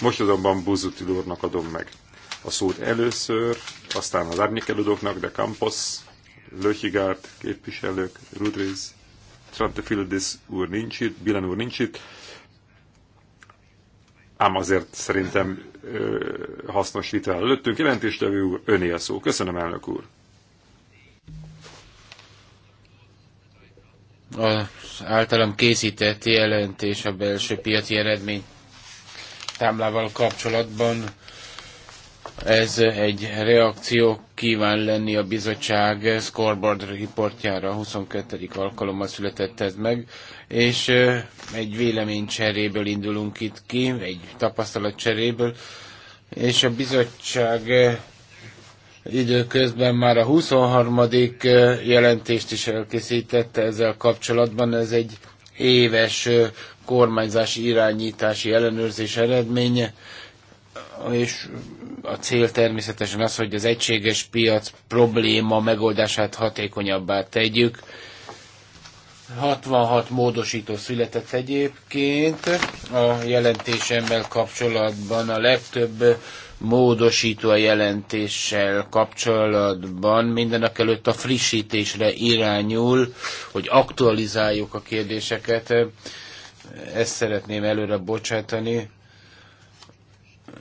Most azonban Buzutil úrnak adom meg a szót először, aztán az árnyékelődőknek, de Campos, Löchigárd képviselők, Rudriz, Trantefildis úr nincs itt, Bilen úr nincs itt, ám azért szerintem ö, hasznos vita előttünk. Jelentéstevő úr, öné a szó. Köszönöm, elnök úr. Az általam készített jelentés a belső piaci eredmény támlával kapcsolatban ez egy reakció kíván lenni a bizottság scoreboard riportjára, a 22. alkalommal született ez meg, és egy véleménycseréből indulunk itt ki, egy tapasztalatcseréből, és a bizottság időközben már a 23. jelentést is elkészítette ezzel kapcsolatban. Ez egy éves kormányzási irányítási ellenőrzés eredménye, és a cél természetesen az, hogy az egységes piac probléma megoldását hatékonyabbá tegyük. 66 módosító született egyébként a jelentésemmel kapcsolatban. A legtöbb módosító a jelentéssel kapcsolatban mindenek előtt a frissítésre irányul, hogy aktualizáljuk a kérdéseket. Ezt szeretném előre bocsátani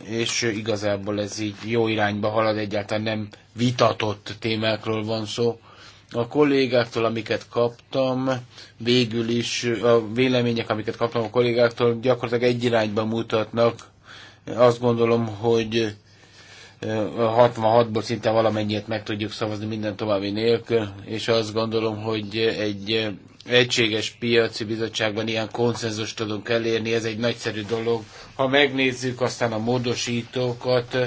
és igazából ez így jó irányba halad, egyáltalán nem vitatott témákról van szó. A kollégáktól, amiket kaptam, végül is a vélemények, amiket kaptam a kollégáktól, gyakorlatilag egy irányba mutatnak. Azt gondolom, hogy 66-ból szinte valamennyit meg tudjuk szavazni minden további nélkül, és azt gondolom, hogy egy egységes piaci bizottságban ilyen konszenzus tudunk elérni, ez egy nagyszerű dolog. Ha megnézzük aztán a módosítókat,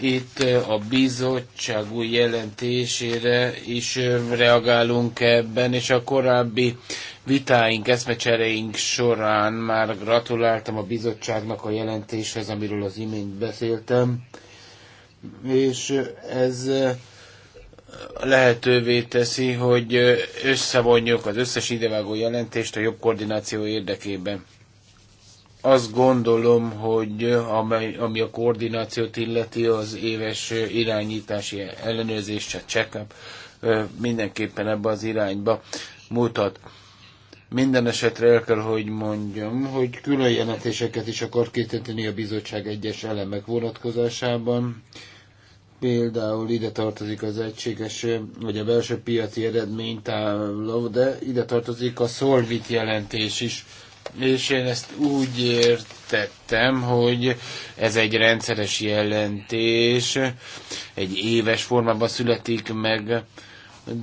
itt a bizottság új jelentésére is reagálunk ebben, és a korábbi vitáink, eszmecsereink során már gratuláltam a bizottságnak a jelentéshez, amiről az imént beszéltem és ez lehetővé teszi, hogy összevonjuk az összes idevágó jelentést a jobb koordináció érdekében. Azt gondolom, hogy amely, ami a koordinációt illeti, az éves irányítási ellenőrzés, a check-up mindenképpen ebbe az irányba mutat. Minden esetre el kell, hogy mondjam, hogy külön jelentéseket is akar készíteni a bizottság egyes elemek vonatkozásában. Például ide tartozik az egységes, vagy a belső piaci eredménytábló, de ide tartozik a szolvit jelentés is. És én ezt úgy értettem, hogy ez egy rendszeres jelentés, egy éves formában születik meg,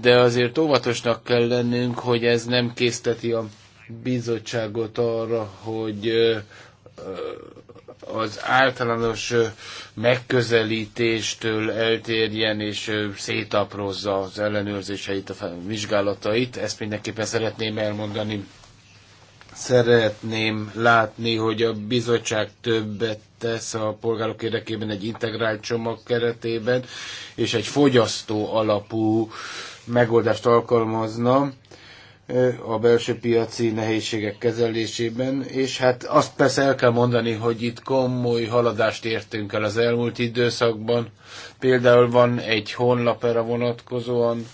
de azért óvatosnak kell lennünk, hogy ez nem készteti a bizottságot arra, hogy az általános megközelítéstől eltérjen és szétaprozza az ellenőrzéseit, a vizsgálatait. Ezt mindenképpen szeretném elmondani. Szeretném látni, hogy a bizottság többet tesz a polgárok érdekében egy integrált csomag keretében, és egy fogyasztó alapú megoldást alkalmazna a belső piaci nehézségek kezelésében, és hát azt persze el kell mondani, hogy itt komoly haladást értünk el az elmúlt időszakban. Például van egy honlap erre vonatkozóan,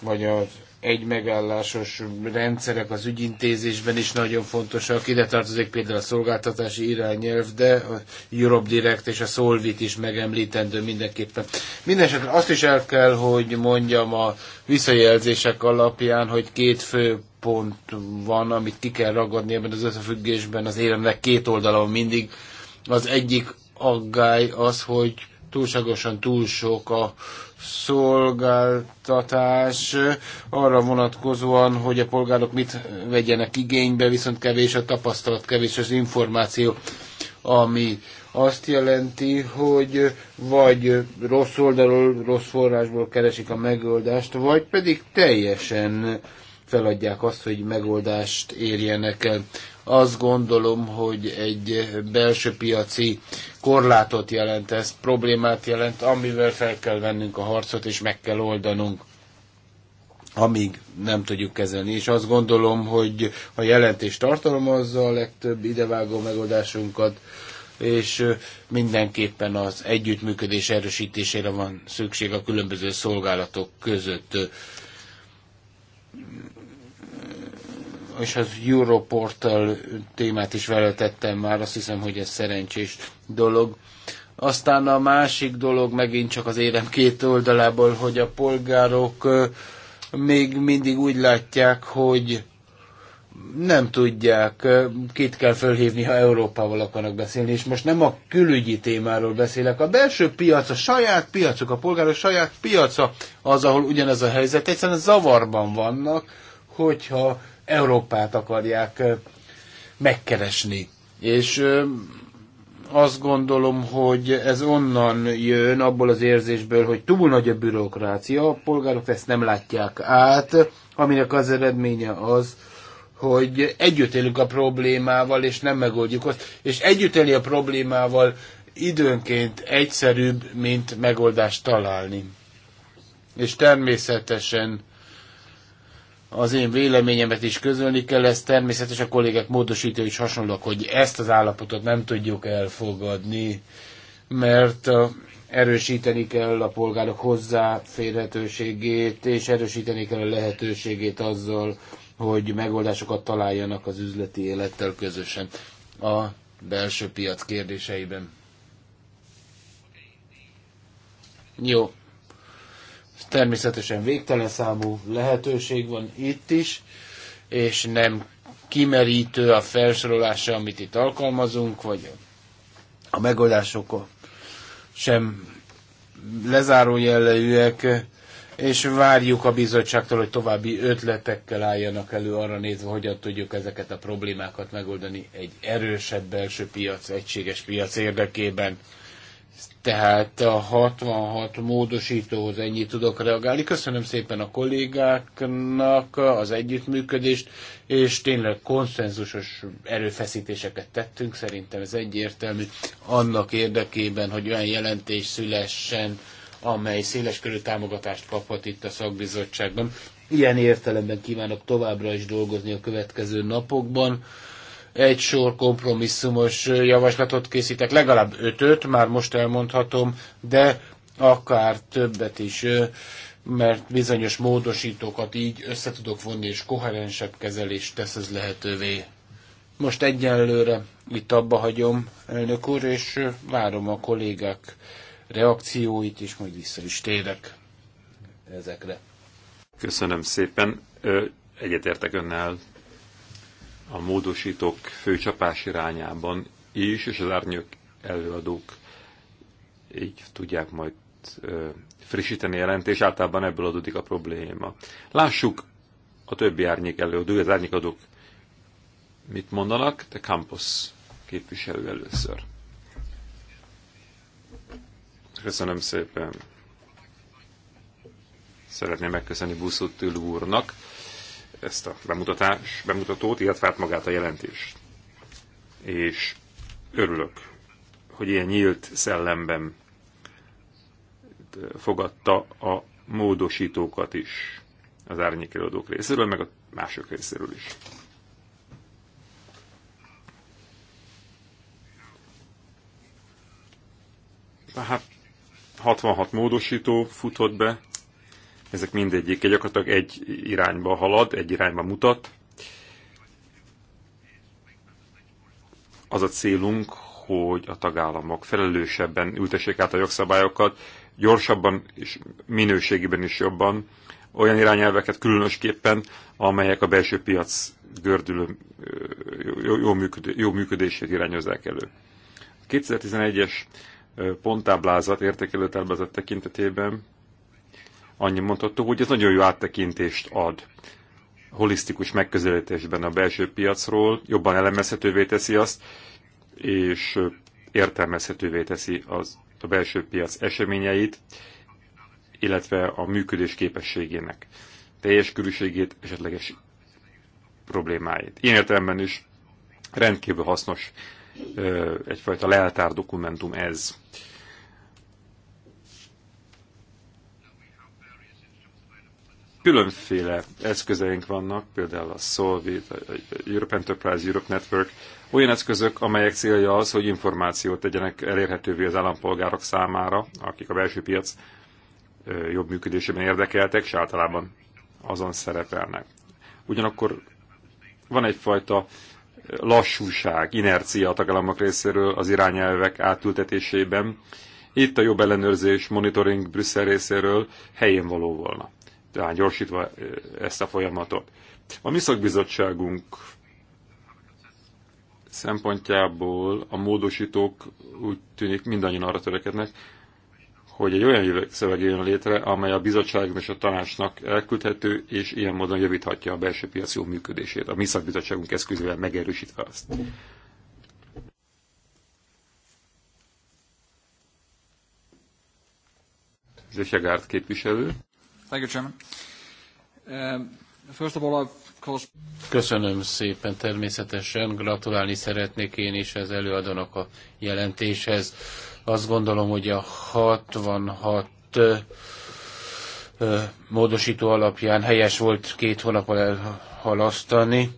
vagy az egy megállásos rendszerek az ügyintézésben is nagyon fontosak. Ide tartozik például a szolgáltatási irányelv, de a Europe Direct és a Solvit is megemlítendő mindenképpen. Mindenesetre azt is el kell, hogy mondjam a visszajelzések alapján, hogy két fő pont van, amit ki kell ragadni ebben az összefüggésben. Az éremnek két oldala van mindig. Az egyik aggály az, hogy túlságosan túl sok a szolgáltatás arra vonatkozóan, hogy a polgárok mit vegyenek igénybe, viszont kevés a tapasztalat, kevés az információ, ami azt jelenti, hogy vagy rossz oldalról, rossz forrásból keresik a megoldást, vagy pedig teljesen feladják azt, hogy megoldást érjenek el. Azt gondolom, hogy egy belső piaci korlátot jelent ez, problémát jelent, amivel fel kell vennünk a harcot, és meg kell oldanunk amíg nem tudjuk kezelni. És azt gondolom, hogy a jelentés tartalmazza a legtöbb idevágó megoldásunkat, és mindenképpen az együttműködés erősítésére van szükség a különböző szolgálatok között. és az Europortal témát is veletettem már, azt hiszem, hogy ez szerencsés dolog. Aztán a másik dolog megint csak az érem két oldalából, hogy a polgárok még mindig úgy látják, hogy nem tudják, kit kell fölhívni, ha Európával akarnak beszélni, és most nem a külügyi témáról beszélek, a belső piac, a saját piacuk, a polgárok saját piaca az, ahol ugyanez a helyzet, egyszerűen zavarban vannak, hogyha Európát akarják megkeresni. És azt gondolom, hogy ez onnan jön, abból az érzésből, hogy túl nagy a bürokrácia, a polgárok ezt nem látják át, aminek az eredménye az, hogy együtt élünk a problémával, és nem megoldjuk azt. És együtt élni a problémával időnként egyszerűbb, mint megoldást találni. És természetesen az én véleményemet is közölni kell, ez természetes a kollégák módosító is hasonlók, hogy ezt az állapotot nem tudjuk elfogadni, mert erősíteni kell a polgárok hozzáférhetőségét, és erősíteni kell a lehetőségét azzal, hogy megoldásokat találjanak az üzleti élettel közösen a belső piac kérdéseiben. Jó, Természetesen végtelen számú lehetőség van itt is, és nem kimerítő a felsorolása, amit itt alkalmazunk, vagy a megoldások sem lezáró jellegűek, és várjuk a bizottságtól, hogy további ötletekkel álljanak elő arra nézve, hogyan tudjuk ezeket a problémákat megoldani egy erősebb belső piac, egységes piac érdekében. Tehát a 66 módosítóhoz ennyit tudok reagálni. Köszönöm szépen a kollégáknak az együttműködést, és tényleg konszenzusos erőfeszítéseket tettünk, szerintem ez egyértelmű, annak érdekében, hogy olyan jelentés szülessen, amely széleskörű támogatást kaphat itt a szakbizottságban. Ilyen értelemben kívánok továbbra is dolgozni a következő napokban egy sor kompromisszumos javaslatot készítek, legalább ötöt, már most elmondhatom, de akár többet is, mert bizonyos módosítókat így össze tudok vonni, és koherensebb kezelést tesz ez lehetővé. Most egyenlőre itt abba hagyom, elnök úr, és várom a kollégák reakcióit, és majd vissza is térek ezekre. Köszönöm szépen. Egyetértek önnel a módosítók főcsapás irányában is, és az árnyok előadók így tudják majd frissíteni a jelentés, általában ebből adódik a probléma. Lássuk a többi árnyék előadó, az adók mit mondanak, de Campos képviselő először. Köszönöm szépen. Szeretném megköszönni Buszottil úrnak ezt a bemutatás, bemutatót, illetve hát magát a jelentést. És örülök, hogy ilyen nyílt szellemben fogadta a módosítókat is az árnyékelődők részéről, meg a mások részéről is. Tehát 66 módosító futott be, ezek mindegyik gyakorlatilag egy irányba halad, egy irányba mutat. Az a célunk, hogy a tagállamok felelősebben ültessék át a jogszabályokat, gyorsabban és minőségében is jobban, olyan irányelveket különösképpen, amelyek a belső piac gördülő jó, jó, működését irányozzák elő. A 2011-es ponttáblázat, értékelő tekintetében annyi mondható, hogy ez nagyon jó áttekintést ad holisztikus megközelítésben a belső piacról, jobban elemezhetővé teszi azt, és értelmezhetővé teszi az, a belső piac eseményeit, illetve a működés képességének teljes körűségét, esetleges problémáit. Ilyen értelemben is rendkívül hasznos egyfajta leltár dokumentum ez. különféle eszközeink vannak, például a Solvit, a Europe Enterprise, Europe Network, olyan eszközök, amelyek célja az, hogy információt tegyenek elérhetővé az állampolgárok számára, akik a belső piac jobb működésében érdekeltek, és általában azon szerepelnek. Ugyanakkor van egyfajta lassúság, inercia a tagállamok részéről az irányelvek átültetésében. Itt a jobb ellenőrzés, monitoring Brüsszel részéről helyén való volna talán gyorsítva ezt a folyamatot. A mi szakbizottságunk szempontjából a módosítók úgy tűnik mindannyian arra törekednek, hogy egy olyan szöveg jön létre, amely a bizottságnak és a tanácsnak elküldhető, és ilyen módon javíthatja a belső piac jó működését. A mi szakbizottságunk eszközével megerősítve azt. Zsesegárd képviselő. Thank you, Chairman. Um, first of all, course... Köszönöm szépen, természetesen gratulálni szeretnék én is az előadónak a jelentéshez. Azt gondolom, hogy a 66 módosító alapján helyes volt két hónappal elhalasztani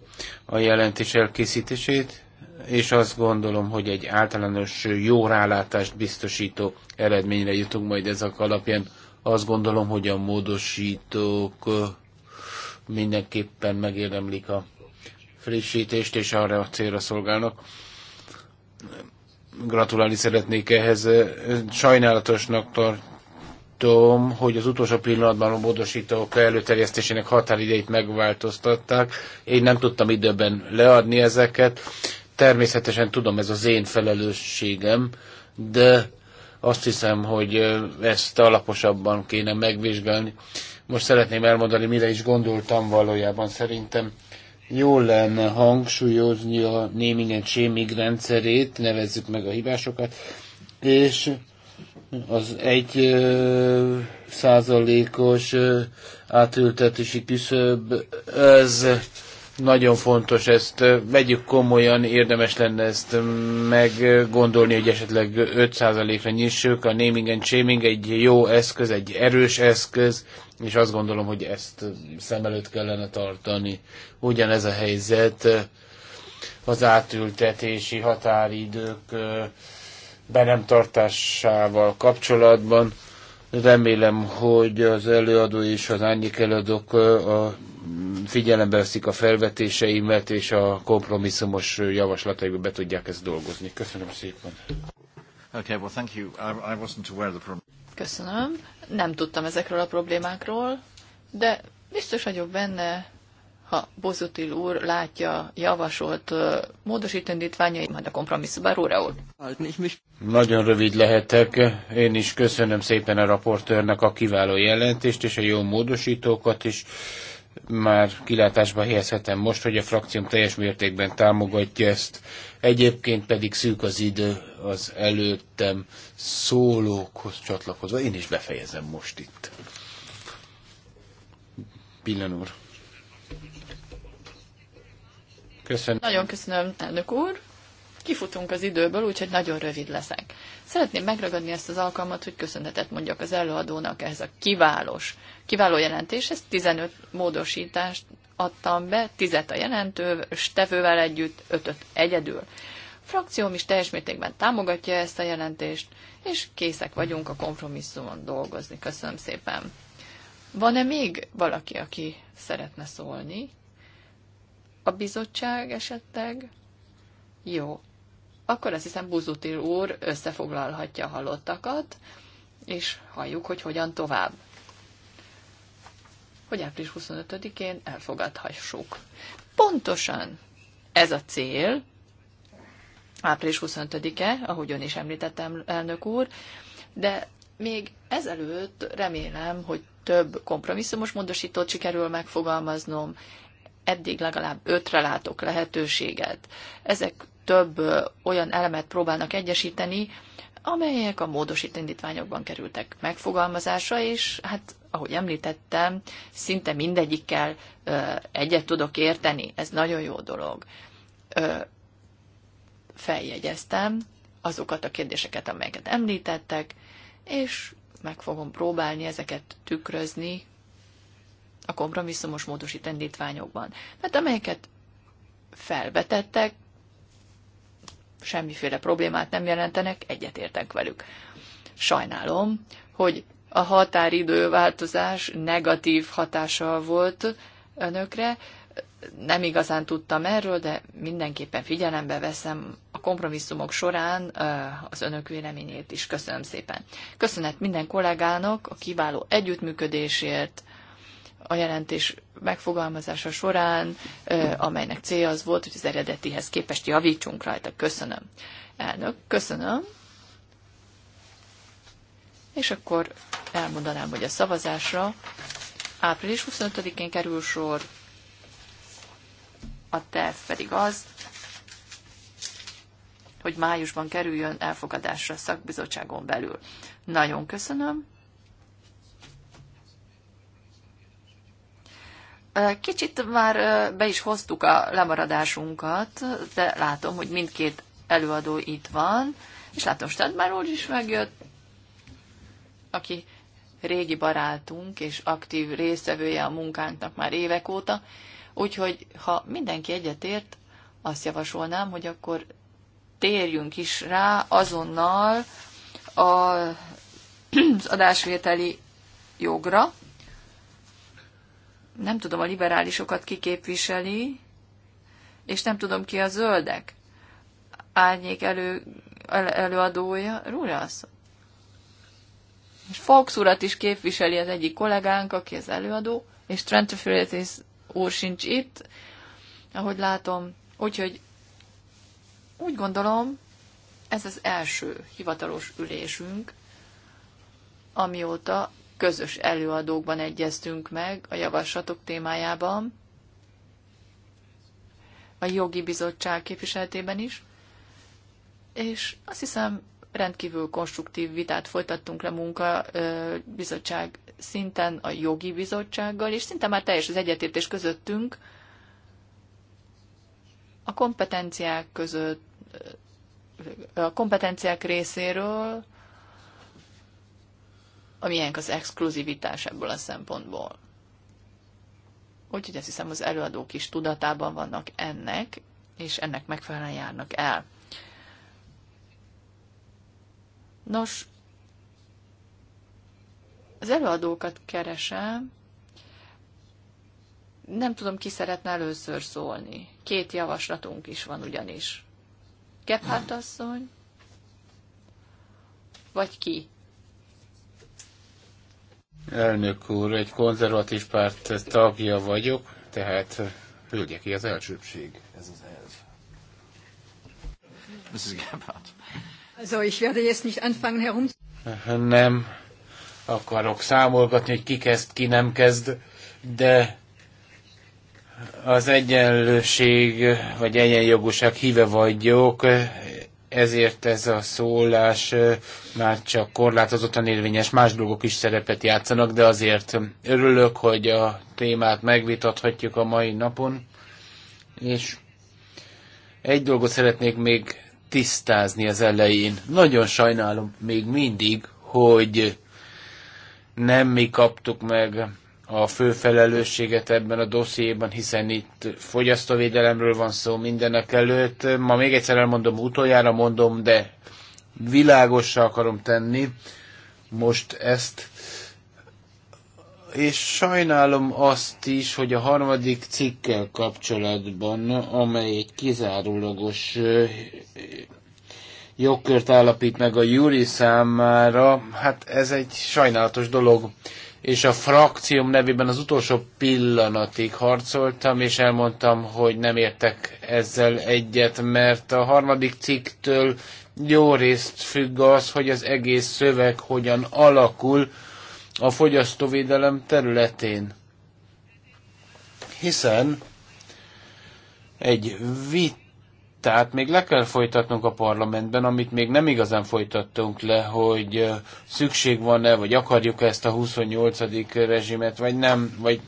a jelentés elkészítését, és azt gondolom, hogy egy általános jó rálátást biztosító eredményre jutunk majd ezek alapján. Azt gondolom, hogy a módosítók mindenképpen megérdemlik a frissítést, és arra a célra szolgálnak. Gratulálni szeretnék ehhez. Sajnálatosnak tartom, hogy az utolsó pillanatban a módosítók előterjesztésének határidejét megváltoztatták. Én nem tudtam időben leadni ezeket. Természetesen tudom, ez az én felelősségem, de azt hiszem, hogy ezt alaposabban kéne megvizsgálni. Most szeretném elmondani, mire is gondoltam valójában. Szerintem jól lenne hangsúlyozni a némingen csémig rendszerét, nevezzük meg a hibásokat, és az egy ö, százalékos ö, átültetési küszöb, ez nagyon fontos ezt, vegyük komolyan, érdemes lenne ezt meggondolni, hogy esetleg 5%-ra nyissuk. A naming and shaming egy jó eszköz, egy erős eszköz, és azt gondolom, hogy ezt szem előtt kellene tartani. Ugyanez a helyzet az átültetési határidők be nem tartásával kapcsolatban. Remélem, hogy az előadó és az ányik előadók a figyelembe veszik a felvetéseimet, és a kompromisszumos javaslataikba be tudják ezt dolgozni. Köszönöm szépen. Okay, well, thank you. I, I wasn't aware of the problem. Köszönöm. Nem tudtam ezekről a problémákról, de biztos vagyok benne, ha Bozutil úr látja javasolt módosítendítványait, majd a kompromisszumban Róra úr. Nagyon rövid lehetek. Én is köszönöm szépen a raportőrnek a kiváló jelentést és a jó módosítókat is. És már kilátásba helyezhetem most, hogy a frakcióm teljes mértékben támogatja ezt. Egyébként pedig szűk az idő az előttem szólókhoz csatlakozva. Én is befejezem most itt. Pillan úr. Köszönöm. Nagyon köszönöm, elnök úr. Kifutunk az időből, úgyhogy nagyon rövid leszek. Szeretném megragadni ezt az alkalmat, hogy köszönetet mondjak az előadónak ehhez a kiválós Kiváló jelentés, ez 15 módosítást adtam be, 10 a jelentő, Stevővel együtt, 5 egyedül. A frakcióm is teljes mértékben támogatja ezt a jelentést, és készek vagyunk a kompromisszumon dolgozni. Köszönöm szépen. Van-e még valaki, aki szeretne szólni? A bizottság esetleg? Jó. Akkor azt hiszem Buzutil úr összefoglalhatja a halottakat, és halljuk, hogy hogyan tovább hogy április 25-én elfogadhassuk. Pontosan ez a cél, április 25-e, ahogy ön is említettem, elnök úr, de még ezelőtt remélem, hogy több kompromisszumos módosítót sikerül megfogalmaznom, eddig legalább ötre látok lehetőséget. Ezek több olyan elemet próbálnak egyesíteni, amelyek a módosít indítványokban kerültek megfogalmazásra, és hát ahogy említettem, szinte mindegyikkel egyet tudok érteni. Ez nagyon jó dolog. Feljegyeztem azokat a kérdéseket, amelyeket említettek, és meg fogom próbálni ezeket tükrözni a kompromisszumos módosítendítványokban. Mert amelyeket felvetettek, semmiféle problémát nem jelentenek, egyetértek velük. Sajnálom, hogy a határidőváltozás negatív hatása volt önökre. Nem igazán tudtam erről, de mindenképpen figyelembe veszem a kompromisszumok során az önök véleményét is. Köszönöm szépen. Köszönet minden kollégának a kiváló együttműködésért, a jelentés megfogalmazása során, amelynek célja az volt, hogy az eredetihez képest javítsunk rajta. Köszönöm. Elnök, köszönöm és akkor elmondanám, hogy a szavazásra április 25-én kerül sor, a terv pedig az, hogy májusban kerüljön elfogadásra a szakbizottságon belül. Nagyon köszönöm. Kicsit már be is hoztuk a lemaradásunkat, de látom, hogy mindkét előadó itt van, és látom, Stadmár úr is megjött, aki régi barátunk és aktív részevője a munkánknak már évek óta, úgyhogy ha mindenki egyetért, azt javasolnám, hogy akkor térjünk is rá azonnal a, az adásvételi jogra. Nem tudom, a liberálisokat kiképviseli, és nem tudom ki a zöldek. Árnyék elő, el, előadója, Rúra és Fox urat is képviseli az egyik kollégánk, aki az előadó, és Trent Filiatis úr sincs itt, ahogy látom. Úgyhogy úgy gondolom, ez az első hivatalos ülésünk, amióta közös előadókban egyeztünk meg a javaslatok témájában, a jogi bizottság képviseletében is, és azt hiszem, rendkívül konstruktív vitát folytattunk le bizottság szinten a jogi bizottsággal, és szinte már teljes az egyetértés közöttünk a kompetenciák között, a kompetenciák részéről, amilyenk az exkluzivitás ebből a szempontból. Úgyhogy azt hiszem, az előadók is tudatában vannak ennek, és ennek megfelelően járnak el. Nos, az előadókat keresem, nem tudom, ki szeretne először szólni. Két javaslatunk is van ugyanis. Gebhardt asszony, vagy ki? Elnök úr, egy konzervatív párt tagja vagyok, tehát hölgyeké az elsőbség. Ez az elv. Mrs. Gebhardt. Also ich werde jetzt nicht anfangen herum. Nem akarok számolgatni, hogy ki kezd, ki nem kezd, de az egyenlőség vagy egyenjogúság híve vagyok, ezért ez a szólás már csak korlátozottan érvényes, más dolgok is szerepet játszanak, de azért örülök, hogy a témát megvitathatjuk a mai napon, és egy dolgot szeretnék még tisztázni az elején. Nagyon sajnálom még mindig, hogy nem mi kaptuk meg a fő felelősséget ebben a dossziéban, hiszen itt fogyasztóvédelemről van szó mindenek előtt. Ma még egyszer elmondom, utoljára mondom, de világossá akarom tenni most ezt, és sajnálom azt is, hogy a harmadik cikkel kapcsolatban, amely egy kizárólagos jogkört állapít meg a júri számára, hát ez egy sajnálatos dolog. És a frakcióm nevében az utolsó pillanatig harcoltam, és elmondtam, hogy nem értek ezzel egyet, mert a harmadik cikktől jó részt függ az, hogy az egész szöveg hogyan alakul, a fogyasztóvédelem területén. Hiszen egy vitát még le kell folytatnunk a parlamentben, amit még nem igazán folytattunk le, hogy szükség van-e, vagy akarjuk ezt a 28. rezsimet, vagy nem, vagy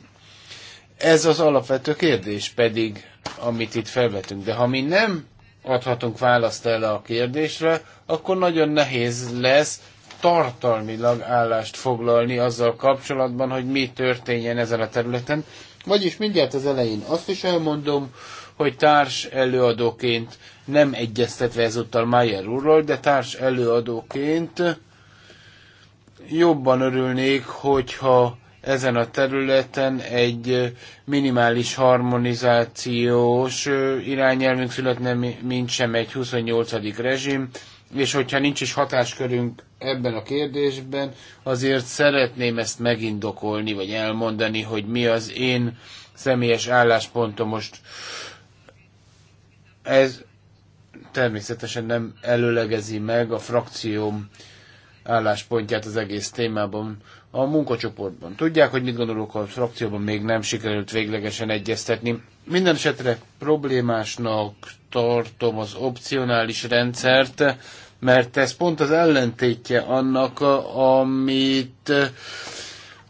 ez az alapvető kérdés pedig, amit itt felvetünk. De ha mi nem adhatunk választ el a kérdésre, akkor nagyon nehéz lesz tartalmilag állást foglalni azzal kapcsolatban, hogy mi történjen ezen a területen. Vagyis mindjárt az elején azt is elmondom, hogy társ előadóként, nem egyeztetve ezúttal Mayer úrról, de társ előadóként jobban örülnék, hogyha ezen a területen egy minimális harmonizációs irányelvünk születne, mint sem egy 28. rezsim, és hogyha nincs is hatáskörünk ebben a kérdésben, azért szeretném ezt megindokolni, vagy elmondani, hogy mi az én személyes álláspontom most. Ez természetesen nem előlegezi meg a frakcióm álláspontját az egész témában a munkacsoportban. Tudják, hogy mit gondolok, a frakcióban még nem sikerült véglegesen egyeztetni minden esetre problémásnak tartom az opcionális rendszert, mert ez pont az ellentétje annak, amit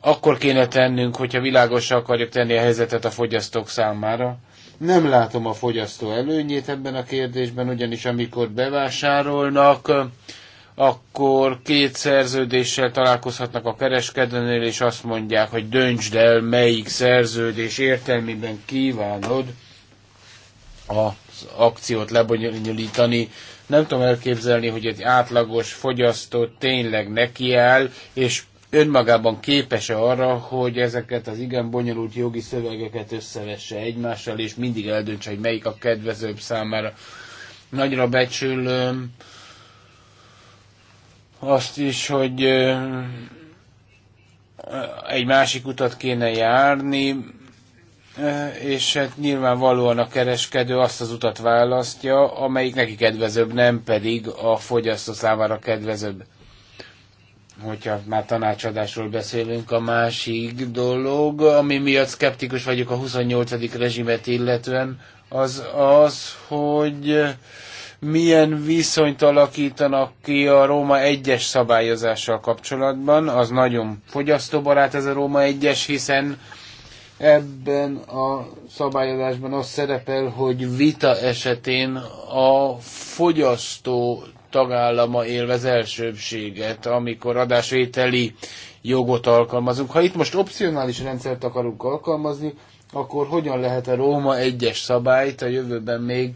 akkor kéne tennünk, hogyha világosra akarjuk tenni a helyzetet a fogyasztók számára. Nem látom a fogyasztó előnyét ebben a kérdésben, ugyanis amikor bevásárolnak, akkor két szerződéssel találkozhatnak a kereskedőnél, és azt mondják, hogy döntsd el, melyik szerződés értelmében kívánod az akciót lebonyolítani. Nem tudom elképzelni, hogy egy átlagos fogyasztó tényleg nekiáll, és önmagában képes -e arra, hogy ezeket az igen bonyolult jogi szövegeket összevesse egymással, és mindig eldöntse, hogy melyik a kedvezőbb számára. Nagyra becsülöm, azt is, hogy egy másik utat kéne járni, és hát nyilvánvalóan a kereskedő azt az utat választja, amelyik neki kedvezőbb, nem pedig a fogyasztó számára kedvezőbb. Hogyha már tanácsadásról beszélünk, a másik dolog, ami miatt szkeptikus vagyok a 28. rezsimet illetően, az az, hogy milyen viszonyt alakítanak ki a Róma 1-es szabályozással kapcsolatban. Az nagyon fogyasztóbarát ez a Róma 1-es, hiszen ebben a szabályozásban az szerepel, hogy vita esetén a fogyasztó tagállama élvez elsőbséget, amikor adásvételi jogot alkalmazunk. Ha itt most opcionális rendszert akarunk alkalmazni, akkor hogyan lehet a Róma egyes szabályt a jövőben még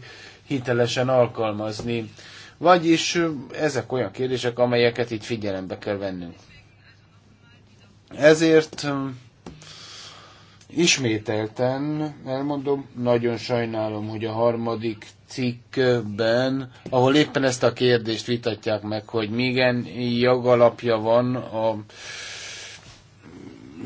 hitelesen alkalmazni. Vagyis ezek olyan kérdések, amelyeket itt figyelembe kell vennünk. Ezért ismételten elmondom, nagyon sajnálom, hogy a harmadik cikkben, ahol éppen ezt a kérdést vitatják meg, hogy igen, jogalapja van a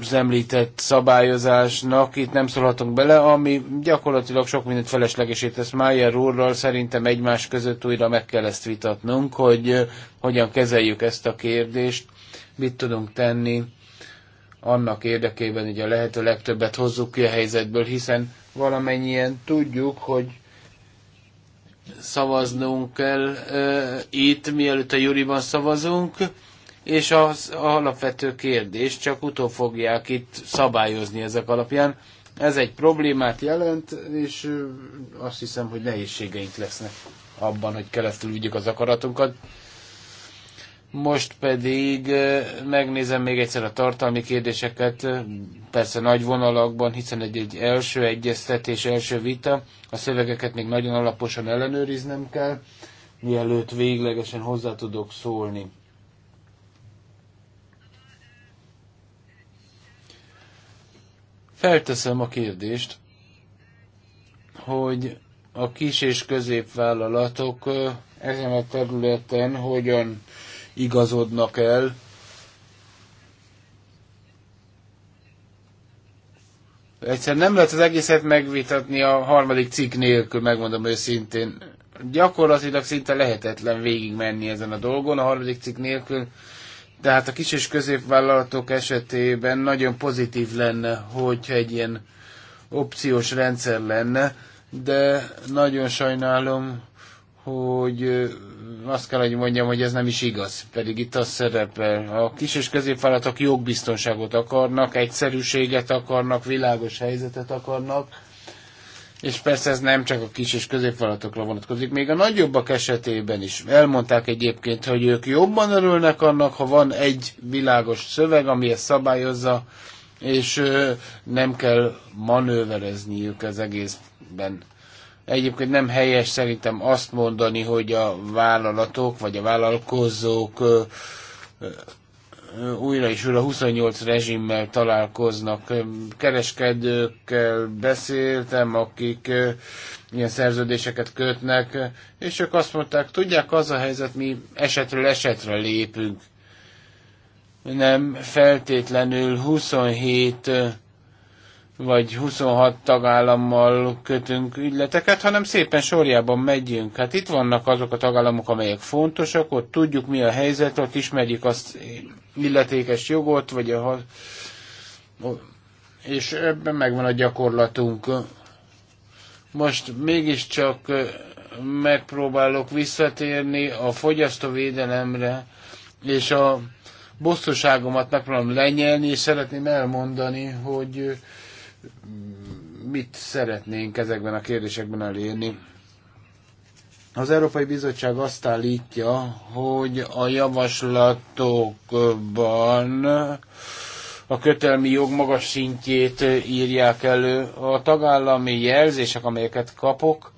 az említett szabályozásnak, itt nem szólhatunk bele, ami gyakorlatilag sok mindent feleslegesít, ezt Májer úrral, szerintem egymás között újra meg kell ezt vitatnunk, hogy hogyan kezeljük ezt a kérdést, mit tudunk tenni annak érdekében, hogy a lehető legtöbbet hozzuk ki a helyzetből, hiszen valamennyien tudjuk, hogy szavaznunk kell e, itt, mielőtt a júriban szavazunk, és az alapvető kérdés csak utol fogják itt szabályozni ezek alapján. Ez egy problémát jelent, és azt hiszem, hogy nehézségeink lesznek abban, hogy keresztül ügyük az akaratunkat. Most pedig megnézem még egyszer a tartalmi kérdéseket, persze nagy vonalakban, hiszen egy, egy első egyeztetés, első vita, a szövegeket még nagyon alaposan ellenőriznem kell, mielőtt véglegesen hozzá tudok szólni Felteszem a kérdést, hogy a kis és középvállalatok ezen a területen hogyan igazodnak el, Egyszerűen nem lehet az egészet megvitatni a harmadik cikk nélkül, megmondom őszintén. Gyakorlatilag szinte lehetetlen végigmenni ezen a dolgon a harmadik cikk nélkül. Tehát a kis és középvállalatok esetében nagyon pozitív lenne, hogyha egy ilyen opciós rendszer lenne, de nagyon sajnálom, hogy azt kell, hogy mondjam, hogy ez nem is igaz. Pedig itt az szerepel. A kis és középvállalatok jogbiztonságot akarnak, egyszerűséget akarnak, világos helyzetet akarnak, és persze ez nem csak a kis és középvállalatokra vonatkozik, még a nagyobbak esetében is. Elmondták egyébként, hogy ők jobban örülnek annak, ha van egy világos szöveg, ami ezt szabályozza, és nem kell manőverezniük az egészben. Egyébként nem helyes szerintem azt mondani, hogy a vállalatok vagy a vállalkozók újra és újra 28 rezsimmel találkoznak. Kereskedőkkel beszéltem, akik ilyen szerződéseket kötnek, és ők azt mondták, tudják, az a helyzet, mi esetről esetre lépünk. Nem feltétlenül 27 vagy 26 tagállammal kötünk ügyleteket, hanem szépen sorjában megyünk. Hát itt vannak azok a tagállamok, amelyek fontosak, ott tudjuk mi a helyzet, ott ismerjük azt illetékes jogot, vagy a, és ebben megvan a gyakorlatunk. Most mégiscsak megpróbálok visszatérni a fogyasztóvédelemre, és a bosszúságomat megpróbálom lenyelni, és szeretném elmondani, hogy mit szeretnénk ezekben a kérdésekben elérni. Az Európai Bizottság azt állítja, hogy a javaslatokban a kötelmi jog magas szintjét írják elő. A tagállami jelzések, amelyeket kapok,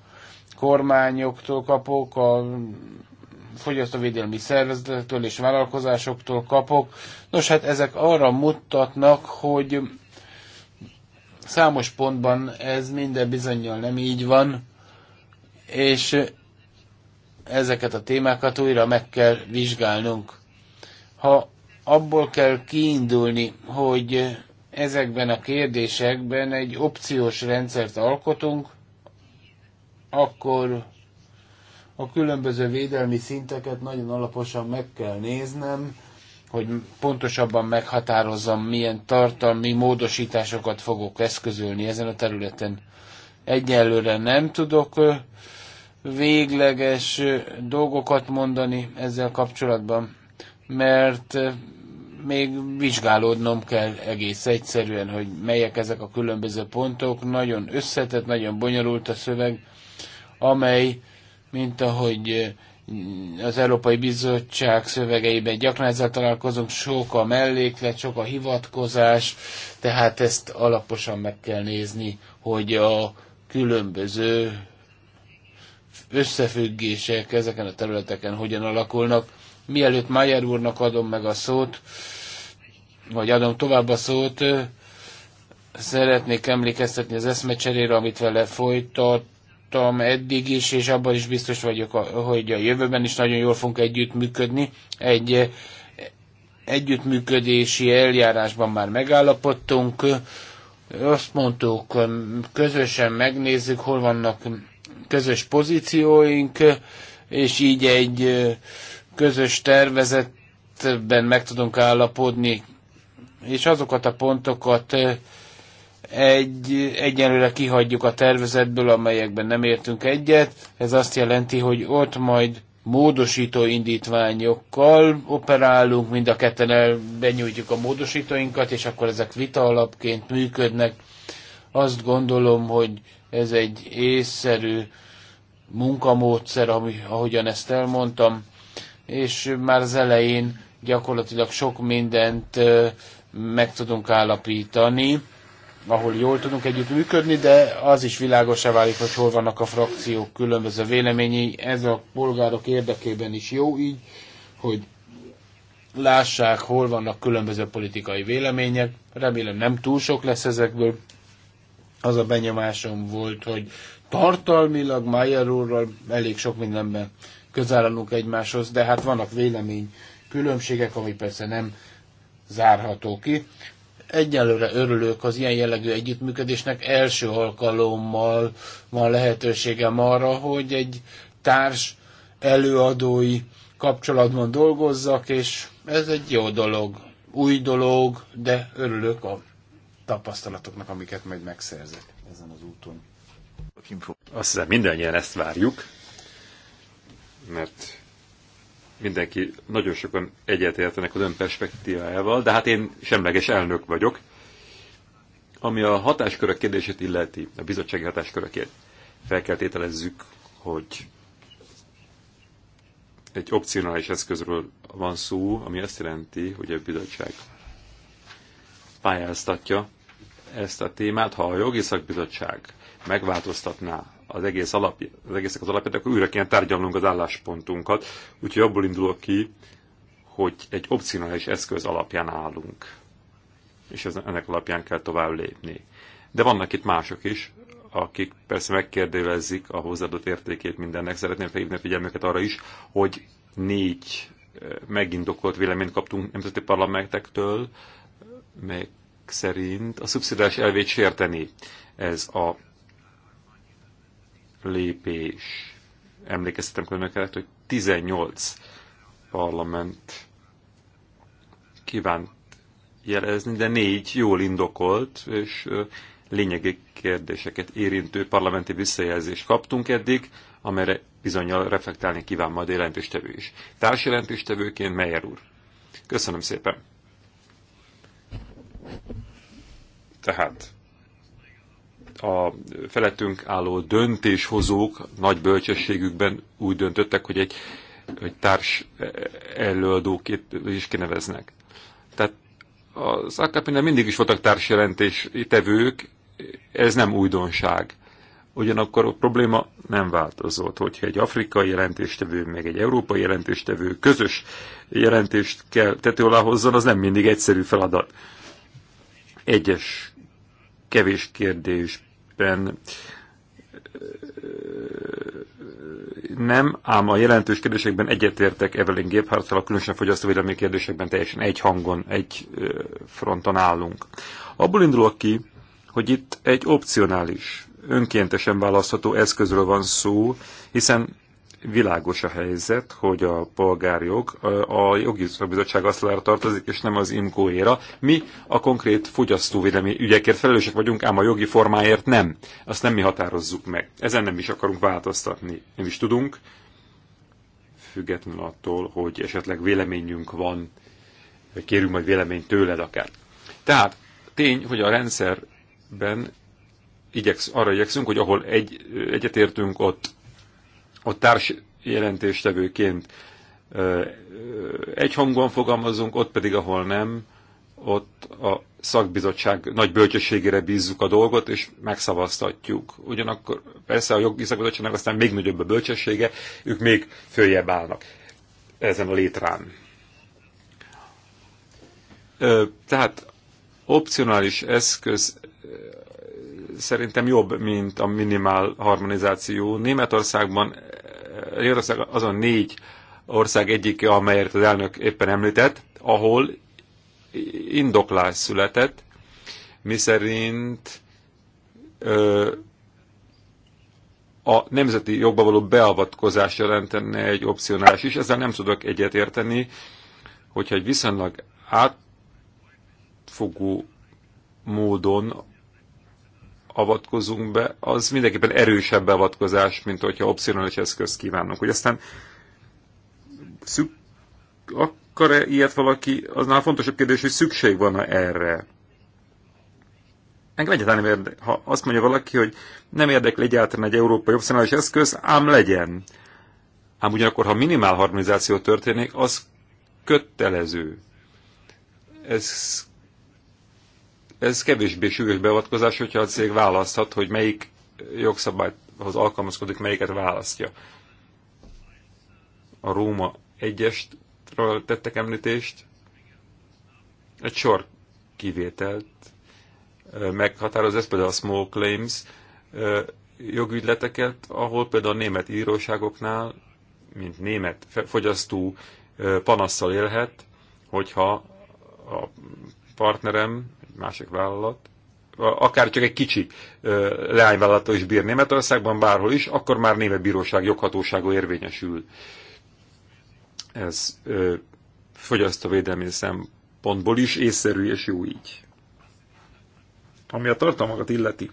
kormányoktól kapok, a fogyasztóvédelmi szervezetektől és vállalkozásoktól kapok. Nos, hát ezek arra mutatnak, hogy Számos pontban ez minden bizonyal nem így van, és ezeket a témákat újra meg kell vizsgálnunk. Ha abból kell kiindulni, hogy ezekben a kérdésekben egy opciós rendszert alkotunk, akkor a különböző védelmi szinteket nagyon alaposan meg kell néznem, hogy pontosabban meghatározzam, milyen tartalmi módosításokat fogok eszközölni ezen a területen. Egyelőre nem tudok végleges dolgokat mondani ezzel kapcsolatban, mert még vizsgálódnom kell egész egyszerűen, hogy melyek ezek a különböző pontok. Nagyon összetett, nagyon bonyolult a szöveg, amely, mint ahogy az Európai Bizottság szövegeiben gyakran ezzel találkozunk, sok a melléklet, sok a hivatkozás, tehát ezt alaposan meg kell nézni, hogy a különböző összefüggések ezeken a területeken hogyan alakulnak. Mielőtt Mayer úrnak adom meg a szót, vagy adom tovább a szót, szeretnék emlékeztetni az eszmecserére, amit vele folytat, voltam eddig is, és abban is biztos vagyok, hogy a jövőben is nagyon jól fogunk együttműködni. Egy eh, együttműködési eljárásban már megállapodtunk. Azt mondtuk, közösen megnézzük, hol vannak közös pozícióink, és így egy eh, közös tervezetben meg tudunk állapodni, és azokat a pontokat eh, egy, egyenlőre kihagyjuk a tervezetből, amelyekben nem értünk egyet. Ez azt jelenti, hogy ott majd módosító indítványokkal operálunk, mind a ketten el benyújtjuk a módosítóinkat, és akkor ezek vita alapként működnek. Azt gondolom, hogy ez egy észszerű munkamódszer, ami, ahogyan ezt elmondtam, és már az elején gyakorlatilag sok mindent meg tudunk állapítani ahol jól tudunk együtt működni, de az is világosá válik, hogy hol vannak a frakciók különböző véleményei. Ez a polgárok érdekében is jó így, hogy lássák, hol vannak különböző politikai vélemények. Remélem nem túl sok lesz ezekből. Az a benyomásom volt, hogy tartalmilag Mayer úrral elég sok mindenben közállunk egymáshoz, de hát vannak vélemény különbségek, ami persze nem zárható ki. Egyelőre örülök az ilyen jellegű együttműködésnek. Első alkalommal van lehetőségem arra, hogy egy társ előadói kapcsolatban dolgozzak, és ez egy jó dolog, új dolog, de örülök a tapasztalatoknak, amiket majd megszerzek ezen az úton. Azt hiszem mindannyian ezt várjuk, mert mindenki, nagyon sokan egyetértenek az ön perspektívájával, de hát én semleges elnök vagyok. Ami a hatáskörök kérdését illeti, a bizottsági hatáskörökért, fel kell tételezzük, hogy egy opcionális eszközről van szó, ami azt jelenti, hogy a bizottság pályáztatja ezt a témát, ha a jogi szakbizottság megváltoztatná az, egész alap, az egésznek az alapját, akkor újra kéne tárgyalnunk az álláspontunkat. Úgyhogy abból indulok ki, hogy egy opcionális eszköz alapján állunk. És ez, ennek alapján kell tovább lépni. De vannak itt mások is, akik persze megkérdőlezzik a hozzáadott értékét mindennek. Szeretném felhívni a figyelmüket arra is, hogy négy eh, megindokolt véleményt kaptunk nemzeti parlamentektől, meg szerint a szubszidás elvét sérteni ez a lépés. Emlékeztetem önöket, hogy 18 parlament kívánt jelezni, de négy jól indokolt és lényegi kérdéseket érintő parlamenti visszajelzést kaptunk eddig, amelyre bizonyal reflektálni kíván majd a jelentéstevő is. jelentéstevőként Meyer úr. Köszönöm szépen. Tehát a felettünk álló döntéshozók nagy bölcsességükben úgy döntöttek, hogy egy, egy társ előadókét is kineveznek. Tehát az akp mindig is voltak társjelentés tevők, ez nem újdonság. Ugyanakkor a probléma nem változott, hogyha egy afrikai jelentéstevő, meg egy európai jelentéstevő közös jelentést kell tető alá hozzon, az nem mindig egyszerű feladat. Egyes kevés kérdés tulajdonképpen nem, ám a jelentős kérdésekben egyetértek Evelyn a különösen fogyasztóvédelmi kérdésekben teljesen egy hangon, egy fronton állunk. Abból indulok ki, hogy itt egy opcionális, önkéntesen választható eszközről van szó, hiszen világos a helyzet, hogy a polgárjog a jogi szakbizottság asztalára tartozik, és nem az imkóéra. Mi a konkrét fogyasztóvédelmi ügyekért felelősek vagyunk, ám a jogi formáért nem. Azt nem mi határozzuk meg. Ezen nem is akarunk változtatni. Nem is tudunk, függetlenül attól, hogy esetleg véleményünk van, vagy kérünk majd véleményt tőled akár. Tehát tény, hogy a rendszerben igyeksz, arra igyekszünk, hogy ahol egy, egyetértünk, ott a társ jelentéstevőként egy hangon fogalmazunk, ott pedig, ahol nem, ott a szakbizottság nagy bölcsességére bízzuk a dolgot, és megszavaztatjuk. Ugyanakkor persze a jogi szakbizottságnak aztán még nagyobb a bölcsessége, ők még följebb állnak ezen a létrán. Tehát opcionális eszköz szerintem jobb, mint a minimál harmonizáció. Németországban, Németország azon négy ország egyike, amelyet az elnök éppen említett, ahol indoklás született, miszerint ö, a nemzeti jogba való beavatkozás jelentene egy opcionális is. Ezzel nem tudok egyetérteni, hogyha egy viszonylag átfogó módon avatkozunk be, az mindenképpen erősebb beavatkozás, mint hogyha opcionális eszközt kívánunk. Hogy aztán szük, akar-e ilyet valaki, aznál fontosabb kérdés, hogy szükség van-e erre. Engem egyáltalán nem érde, ha azt mondja valaki, hogy nem érdekel egyáltalán egy európai opcionális eszköz, ám legyen. Ám ugyanakkor, ha minimál harmonizáció történik, az kötelező. Ez ez kevésbé súlyos beavatkozás, hogyha a cég választhat, hogy melyik jogszabályhoz alkalmazkodik, melyiket választja. A Róma 1-estről tettek említést, egy sor kivételt meghatároz, ez például a small claims jogügyleteket, ahol például a német íróságoknál, mint német fogyasztó panasszal élhet, hogyha a partnerem, egy másik vállalat, akár csak egy kicsi leányvállalattal is bír Németországban, bárhol is, akkor már német bíróság joghatósága érvényesül. Ez ö, fogyasztóvédelmi szempontból is észszerű és jó így. Ami a tartalmakat illeti,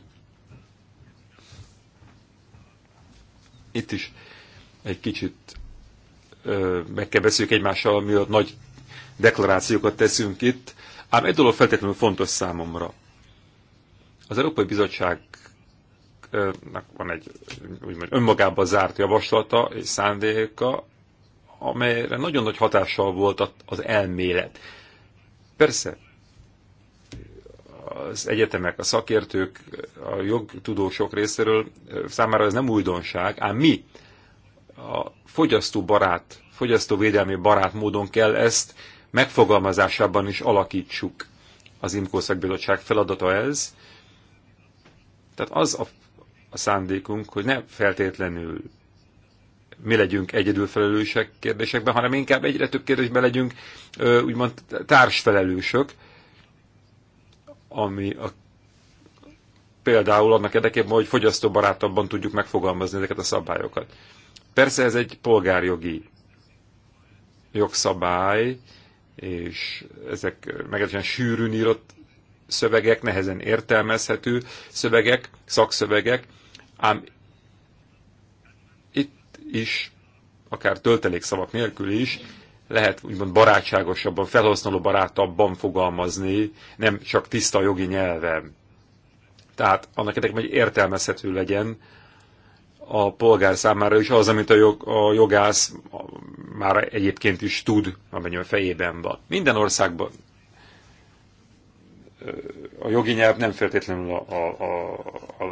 itt is egy kicsit ö, meg kell beszéljük egymással, mielőtt nagy deklarációkat teszünk itt, Ám egy dolog feltétlenül fontos számomra. Az Európai Bizottság van egy úgymond önmagában zárt javaslata és szándéka, amelyre nagyon nagy hatással volt az elmélet. Persze, az egyetemek, a szakértők, a jogtudósok részéről számára ez nem újdonság, ám mi a fogyasztó védelmi barát módon kell ezt megfogalmazásában is alakítsuk. Az IMKO feladata ez. Tehát az a, a szándékunk, hogy ne feltétlenül mi legyünk egyedülfelelősek kérdésekben, hanem inkább egyre több kérdésben legyünk úgymond társfelelősök, ami a, például annak érdekében, hogy fogyasztóbarátabban tudjuk megfogalmazni ezeket a szabályokat. Persze ez egy polgárjogi jogszabály, és ezek meglehetősen sűrűn írott szövegek, nehezen értelmezhető szövegek, szakszövegek, ám itt is, akár töltelék szavak nélkül is, lehet úgymond barátságosabban, felhasználó barátabban fogalmazni, nem csak tiszta jogi nyelven. Tehát annak érdekében, hogy értelmezhető legyen a polgár számára is az, amit a, jog, a jogász már egyébként is tud, amennyi a fejében van. Minden országban a jogi nyelv nem feltétlenül a, a, a, a,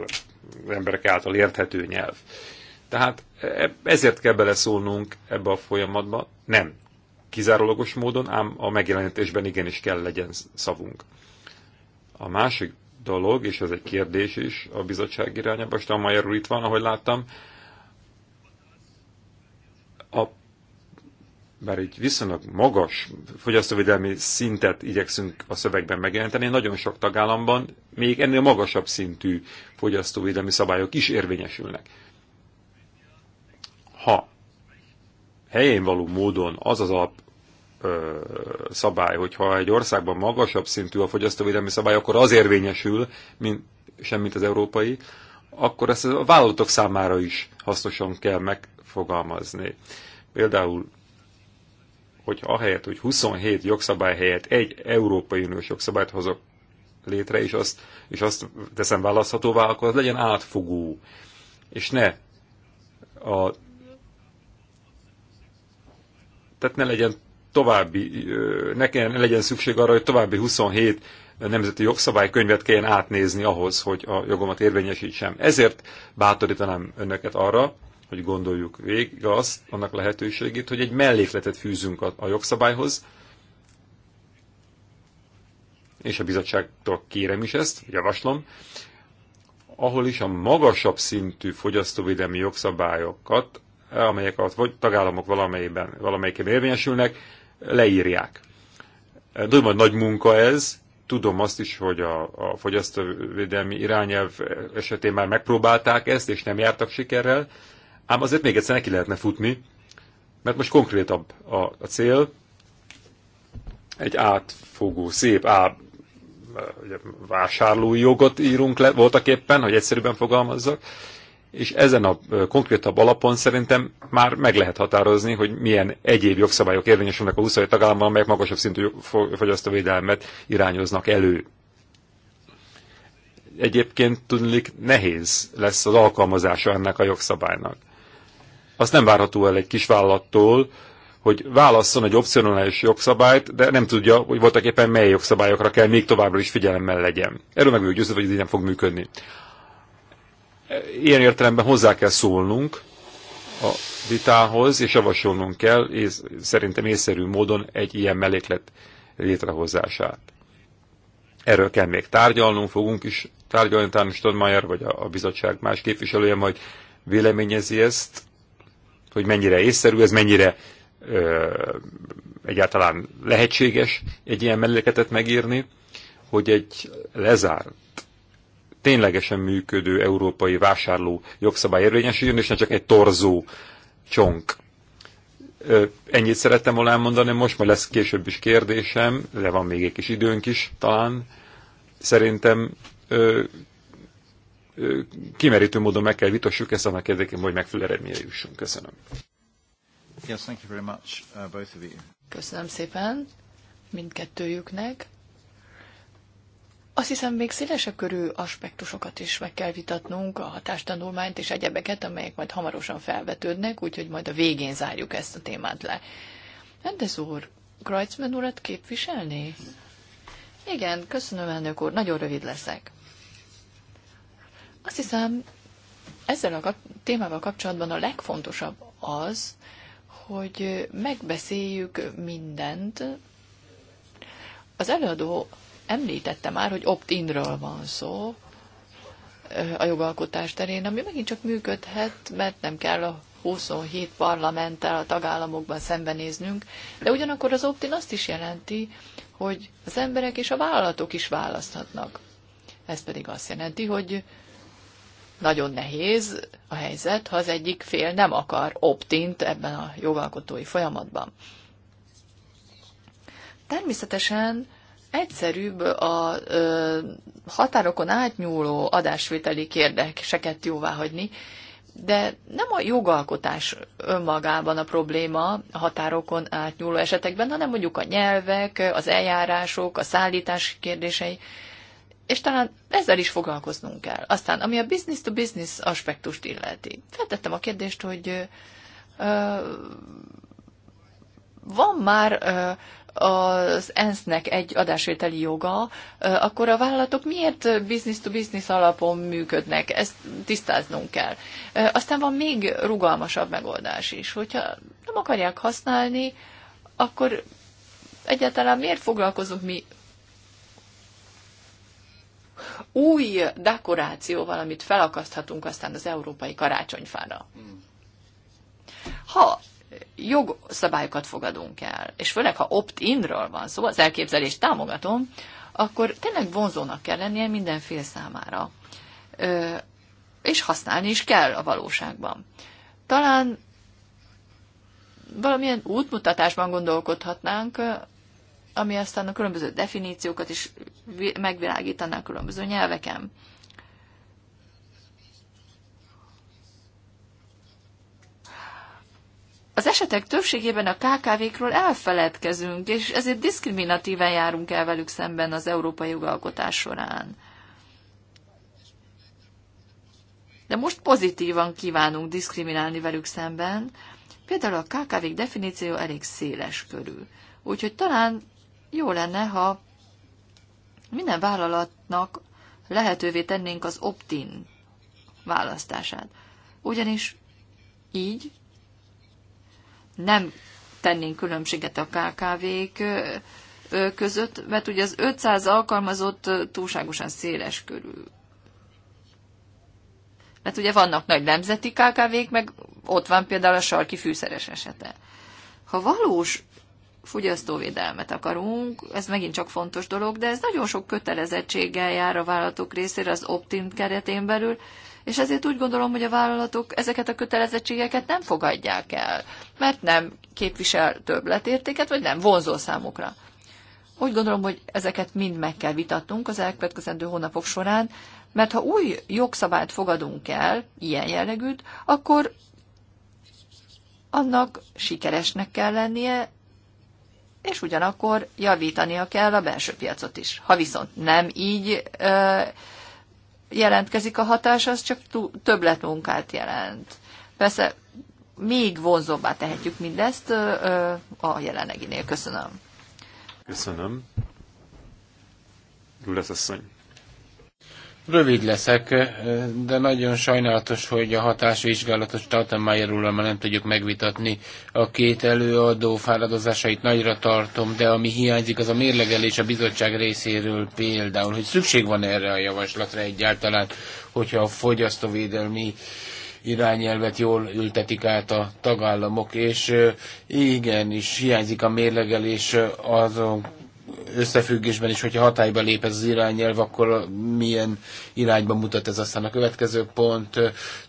az emberek által érthető nyelv. Tehát e, ezért kell beleszólnunk ebbe a folyamatba. Nem kizárólagos módon, ám a megjelenítésben igenis kell legyen szavunk. A másik dolog, és ez egy kérdés is a bizottság irányába, és a úr itt van, ahogy láttam. A, bár egy viszonylag magas fogyasztóvédelmi szintet igyekszünk a szövegben megjelenteni, nagyon sok tagállamban még ennél magasabb szintű fogyasztóvédelmi szabályok is érvényesülnek. Ha helyén való módon az az alap ö, szabály, hogyha egy országban magasabb szintű a fogyasztóvédelmi szabály, akkor az érvényesül, mint, mint az európai, akkor ezt a vállalatok számára is hasznosan kell megfogalmazni. Például, hogy ahelyett, hogy 27 jogszabály helyett egy Európai Uniós jogszabályt hozok létre, és azt, és azt teszem választhatóvá, akkor az legyen átfogó, és ne a tehát ne legyen további, ne, kell, ne legyen szükség arra, hogy további 27 nemzeti jogszabálykönyvet kelljen átnézni ahhoz, hogy a jogomat érvényesítsem. Ezért bátorítanám önöket arra, hogy gondoljuk végig azt, annak lehetőségét, hogy egy mellékletet fűzünk a, a jogszabályhoz, és a bizottságtól kérem is ezt, javaslom, ahol is a magasabb szintű fogyasztóvédelmi jogszabályokat, amelyek a tagállamok valamelyikben, valamelyikben érvényesülnek, leírják. Nagyon nagy munka ez, tudom azt is, hogy a, a fogyasztóvédelmi irányelv esetén már megpróbálták ezt, és nem jártak sikerrel, ám azért még egyszer neki lehetne futni, mert most konkrétabb a, a cél, egy átfogó, szép á, vásárlói jogot írunk le, voltak éppen, hogy egyszerűbben fogalmazzak, és ezen a konkrétabb alapon szerintem már meg lehet határozni, hogy milyen egyéb jogszabályok érvényesülnek a 27 tagállamban, amelyek magasabb szintű fogyasztóvédelmet irányoznak elő. Egyébként tudnék nehéz lesz az alkalmazása ennek a jogszabálynak. Azt nem várható el egy kis vállattól, hogy válasszon egy opcionális jogszabályt, de nem tudja, hogy voltak éppen mely jogszabályokra kell még továbbra is figyelemmel legyen. Erről meg vagyok győződve, hogy ez így nem fog működni ilyen értelemben hozzá kell szólnunk a vitához, és javasolnunk kell, és szerintem észszerű módon egy ilyen melléklet létrehozását. Erről kell még tárgyalnunk, fogunk is tárgyalni, talán Stodmayer vagy a, a bizottság más képviselője majd véleményezi ezt, hogy mennyire észszerű, ez mennyire ö, egyáltalán lehetséges egy ilyen melléketet megírni, hogy egy lezárt ténylegesen működő európai vásárló jogszabály érvényesüljön, és ne csak egy torzó csonk. Ennyit szerettem volna elmondani most, majd lesz később is kérdésem, de van még egy kis időnk is talán. Szerintem ö, ö, kimerítő módon meg kell vitassuk ezt annak érdekében, hogy megfelelő eredményre jussunk. Köszönöm. Yes, thank you very much, uh, both of you. Köszönöm szépen mindkettőjüknek. Azt hiszem, még szélesebb körű aspektusokat is meg kell vitatnunk, a hatástanulmányt és egyebeket, amelyek majd hamarosan felvetődnek, úgyhogy majd a végén zárjuk ezt a témát le. Endez úr, Kreuzmann urat képviselni? Igen, köszönöm, elnök úr, nagyon rövid leszek. Azt hiszem, ezzel a témával kapcsolatban a legfontosabb az, hogy megbeszéljük mindent. Az előadó Említette már, hogy opt-inről van szó a jogalkotás terén, ami megint csak működhet, mert nem kell a 27 parlamenttel a tagállamokban szembenéznünk, de ugyanakkor az optin azt is jelenti, hogy az emberek és a vállalatok is választhatnak. Ez pedig azt jelenti, hogy nagyon nehéz a helyzet, ha az egyik fél nem akar optint ebben a jogalkotói folyamatban. Természetesen egyszerűbb a ö, határokon átnyúló adásvételi kérdéseket jóváhagyni, de nem a jogalkotás önmagában a probléma a határokon átnyúló esetekben, hanem mondjuk a nyelvek, az eljárások, a szállítás kérdései, és talán ezzel is foglalkoznunk kell. Aztán, ami a business-to-business business aspektust illeti. Feltettem a kérdést, hogy ö, van már az ENSZ-nek egy adásvételi joga, akkor a vállalatok miért business-to-business alapon működnek? Ezt tisztáznunk kell. Aztán van még rugalmasabb megoldás is. Hogyha nem akarják használni, akkor egyáltalán miért foglalkozunk mi új dekorációval, amit felakaszthatunk aztán az európai karácsonyfára? Hmm. Ha jogszabályokat fogadunk el, és főleg, ha opt-inről van szó, az elképzelést támogatom, akkor tényleg vonzónak kell lennie minden számára. Ö, és használni is kell a valóságban. Talán valamilyen útmutatásban gondolkodhatnánk, ami aztán a különböző definíciókat is megvilágítaná a különböző nyelveken. az esetek többségében a KKV-król elfeledkezünk, és ezért diszkriminatíven járunk el velük szemben az európai jogalkotás során. De most pozitívan kívánunk diszkriminálni velük szemben, például a kkv definíció elég széles körül. Úgyhogy talán jó lenne, ha minden vállalatnak lehetővé tennénk az opt-in választását. Ugyanis így nem tennénk különbséget a KKV-k között, mert ugye az 500 alkalmazott túlságosan széles körül. Mert ugye vannak nagy nemzeti KKV-k, meg ott van például a sarki fűszeres esete. Ha valós fogyasztóvédelmet akarunk, ez megint csak fontos dolog, de ez nagyon sok kötelezettséggel jár a vállalatok részére az Optim keretén belül, és ezért úgy gondolom, hogy a vállalatok ezeket a kötelezettségeket nem fogadják el, mert nem képvisel többletértéket, vagy nem vonzó számukra. Úgy gondolom, hogy ezeket mind meg kell vitatnunk az elkövetkezendő hónapok során, mert ha új jogszabályt fogadunk el, ilyen jellegűt, akkor annak sikeresnek kell lennie, és ugyanakkor javítania kell a belső piacot is. Ha viszont nem így jelentkezik a hatás, az csak többletmunkát jelent. Persze még vonzóbbá tehetjük mindezt a jelenleginél. Köszönöm. Köszönöm. Gyulasz asszony. Rövid leszek, de nagyon sajnálatos, hogy a hatásvizsgálatos Stautenmayer úrral már nem tudjuk megvitatni. A két előadó fáradozásait nagyra tartom, de ami hiányzik, az a mérlegelés a bizottság részéről például, hogy szükség van erre a javaslatra egyáltalán, hogyha a fogyasztóvédelmi irányelvet jól ültetik át a tagállamok, és igen, is hiányzik a mérlegelés azon összefüggésben is, hogyha hatályba lép ez az irányelv, akkor milyen irányba mutat ez aztán a következő pont.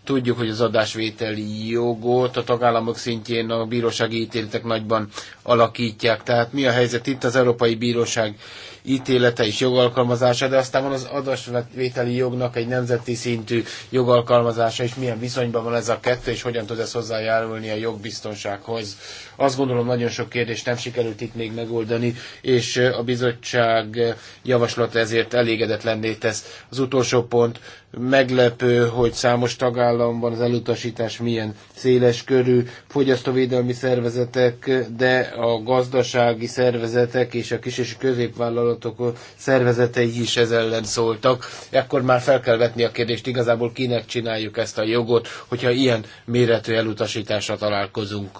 Tudjuk, hogy az adásvételi jogot a tagállamok szintjén a bírósági ítéletek nagyban alakítják. Tehát mi a helyzet itt az Európai Bíróság ítélete és jogalkalmazása, de aztán van az adásvételi jognak egy nemzeti szintű jogalkalmazása, és milyen viszonyban van ez a kettő, és hogyan tud ez hozzájárulni a jogbiztonsághoz azt gondolom, nagyon sok kérdést nem sikerült itt még megoldani, és a bizottság javaslata ezért elégedetlenné tesz. Az utolsó pont meglepő, hogy számos tagállamban az elutasítás milyen széles körű fogyasztóvédelmi szervezetek, de a gazdasági szervezetek és a kis és középvállalatok szervezetei is ez ellen szóltak. Ekkor már fel kell vetni a kérdést, igazából kinek csináljuk ezt a jogot, hogyha ilyen méretű elutasításra találkozunk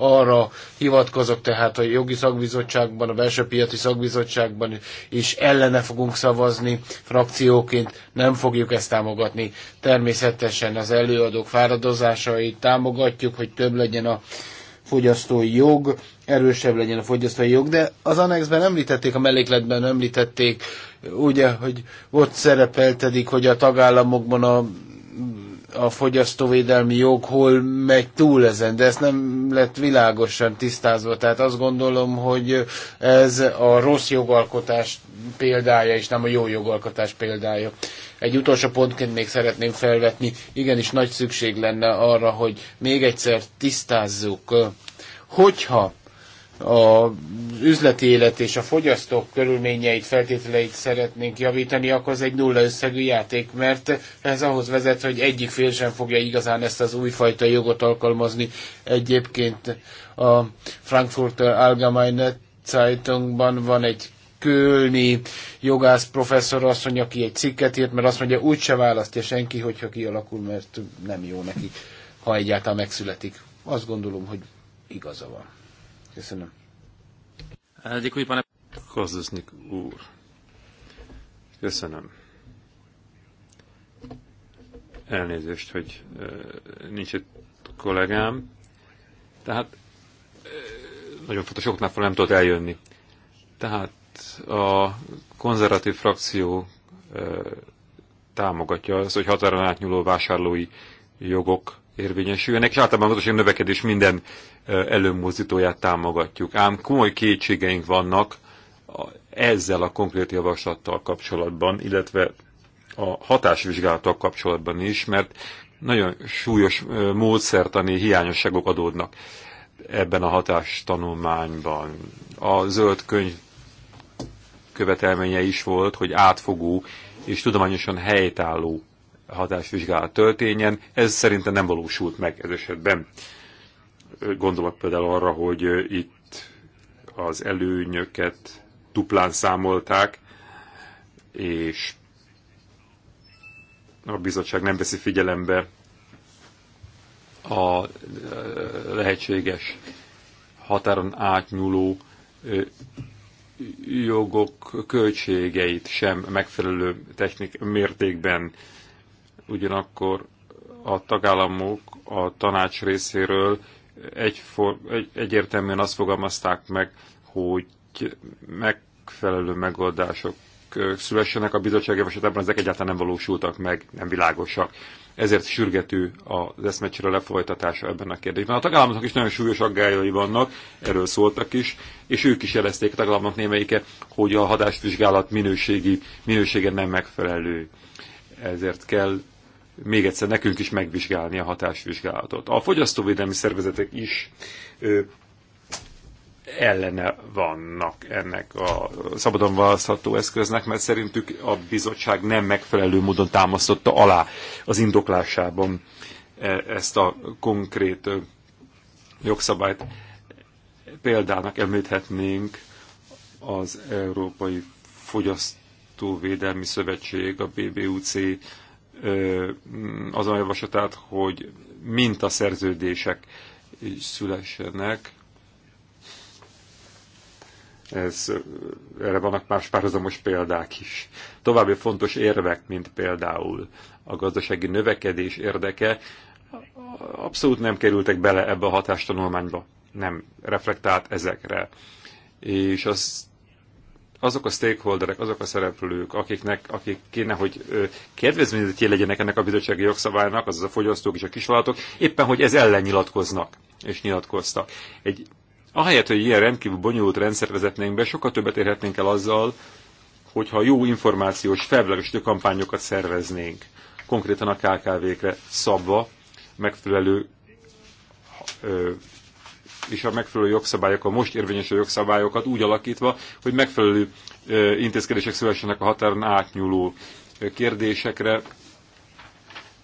arra hivatkozok, tehát a jogi szakbizottságban, a belső piaci szakbizottságban is ellene fogunk szavazni frakcióként, nem fogjuk ezt támogatni. Természetesen az előadók fáradozásait támogatjuk, hogy több legyen a fogyasztói jog, erősebb legyen a fogyasztói jog, de az annexben említették, a mellékletben említették, ugye, hogy ott szerepeltedik, hogy a tagállamokban a a fogyasztóvédelmi jog hol megy túl ezen, de ezt nem lett világosan tisztázva. Tehát azt gondolom, hogy ez a rossz jogalkotás példája, és nem a jó jogalkotás példája. Egy utolsó pontként még szeretném felvetni, igenis nagy szükség lenne arra, hogy még egyszer tisztázzuk, hogyha a üzleti élet és a fogyasztók körülményeit, feltételeit szeretnénk javítani, akkor az egy nulla összegű játék, mert ez ahhoz vezet, hogy egyik fél sem fogja igazán ezt az újfajta jogot alkalmazni. Egyébként a Frankfurter Allgemeine Zeitungban van egy kölni jogász professzor asszony, aki egy cikket írt, mert azt mondja, úgyse választja senki, hogyha kialakul, mert nem jó neki, ha egyáltalán megszületik. Azt gondolom, hogy igaza van. Köszönöm. Děkuji, pane... úr. Köszönöm. Elnézést, hogy e, nincs itt kollégám. Tehát e, nagyon fontos oknál fel nem tudott eljönni. Tehát a konzervatív frakció e, támogatja az, hogy határon átnyúló vásárlói jogok érvényesüljenek, és általában a gazdasági növekedés minden előmozdítóját támogatjuk. Ám komoly kétségeink vannak ezzel a konkrét javaslattal kapcsolatban, illetve a hatásvizsgálattal kapcsolatban is, mert nagyon súlyos módszertani hiányosságok adódnak ebben a hatástanulmányban. A zöld könyv követelménye is volt, hogy átfogó és tudományosan helytálló hatásvizsgálat történjen. Ez szerintem nem valósult meg ez esetben. Gondolok például arra, hogy itt az előnyöket duplán számolták, és a bizottság nem veszi figyelembe a eh, lehetséges határon átnyúló eh, jogok költségeit sem megfelelő technik mértékben ugyanakkor a tagállamok a tanács részéről egyfor, egy, egyértelműen azt fogalmazták meg, hogy megfelelő megoldások szülessenek a bizottság javaslatában, ezek egyáltalán nem valósultak meg, nem világosak. Ezért sürgető az eszmecsere lefolytatása ebben a kérdésben. A tagállamoknak is nagyon súlyos aggályai vannak, erről szóltak is, és ők is jelezték a tagállamok némelyike, hogy a hadásvizsgálat minőségi, minősége nem megfelelő. Ezért kell még egyszer nekünk is megvizsgálni a hatásvizsgálatot. A fogyasztóvédelmi szervezetek is ö, ellene vannak ennek a szabadon választható eszköznek, mert szerintük a bizottság nem megfelelő módon támasztotta alá az indoklásában e, ezt a konkrét jogszabályt. Példának említhetnénk az Európai Fogyasztóvédelmi Szövetség, a BBUC az a javaslatát, hogy mint mintaszerződések szülessenek. Ez, erre vannak más párhuzamos példák is. További fontos érvek, mint például a gazdasági növekedés érdeke, abszolút nem kerültek bele ebbe a hatástanulmányba. Nem reflektált ezekre. És azt azok a stakeholderek, azok a szereplők, akiknek, akik kéne, hogy kedvezményezetjé legyenek ennek a bizottsági jogszabálynak, azaz a fogyasztók és a kisvállalatok, éppen hogy ez ellen nyilatkoznak és nyilatkoztak. Egy, ahelyett, hogy ilyen rendkívül bonyolult rendszert vezetnénk be, sokkal többet érhetnénk el azzal, hogyha jó információs, felvelegesítő kampányokat szerveznénk, konkrétan a KKV-kre szabva, megfelelő ö, és a megfelelő jogszabályok, a most érvényes jogszabályokat úgy alakítva, hogy megfelelő intézkedések szülessenek a határon átnyúló kérdésekre,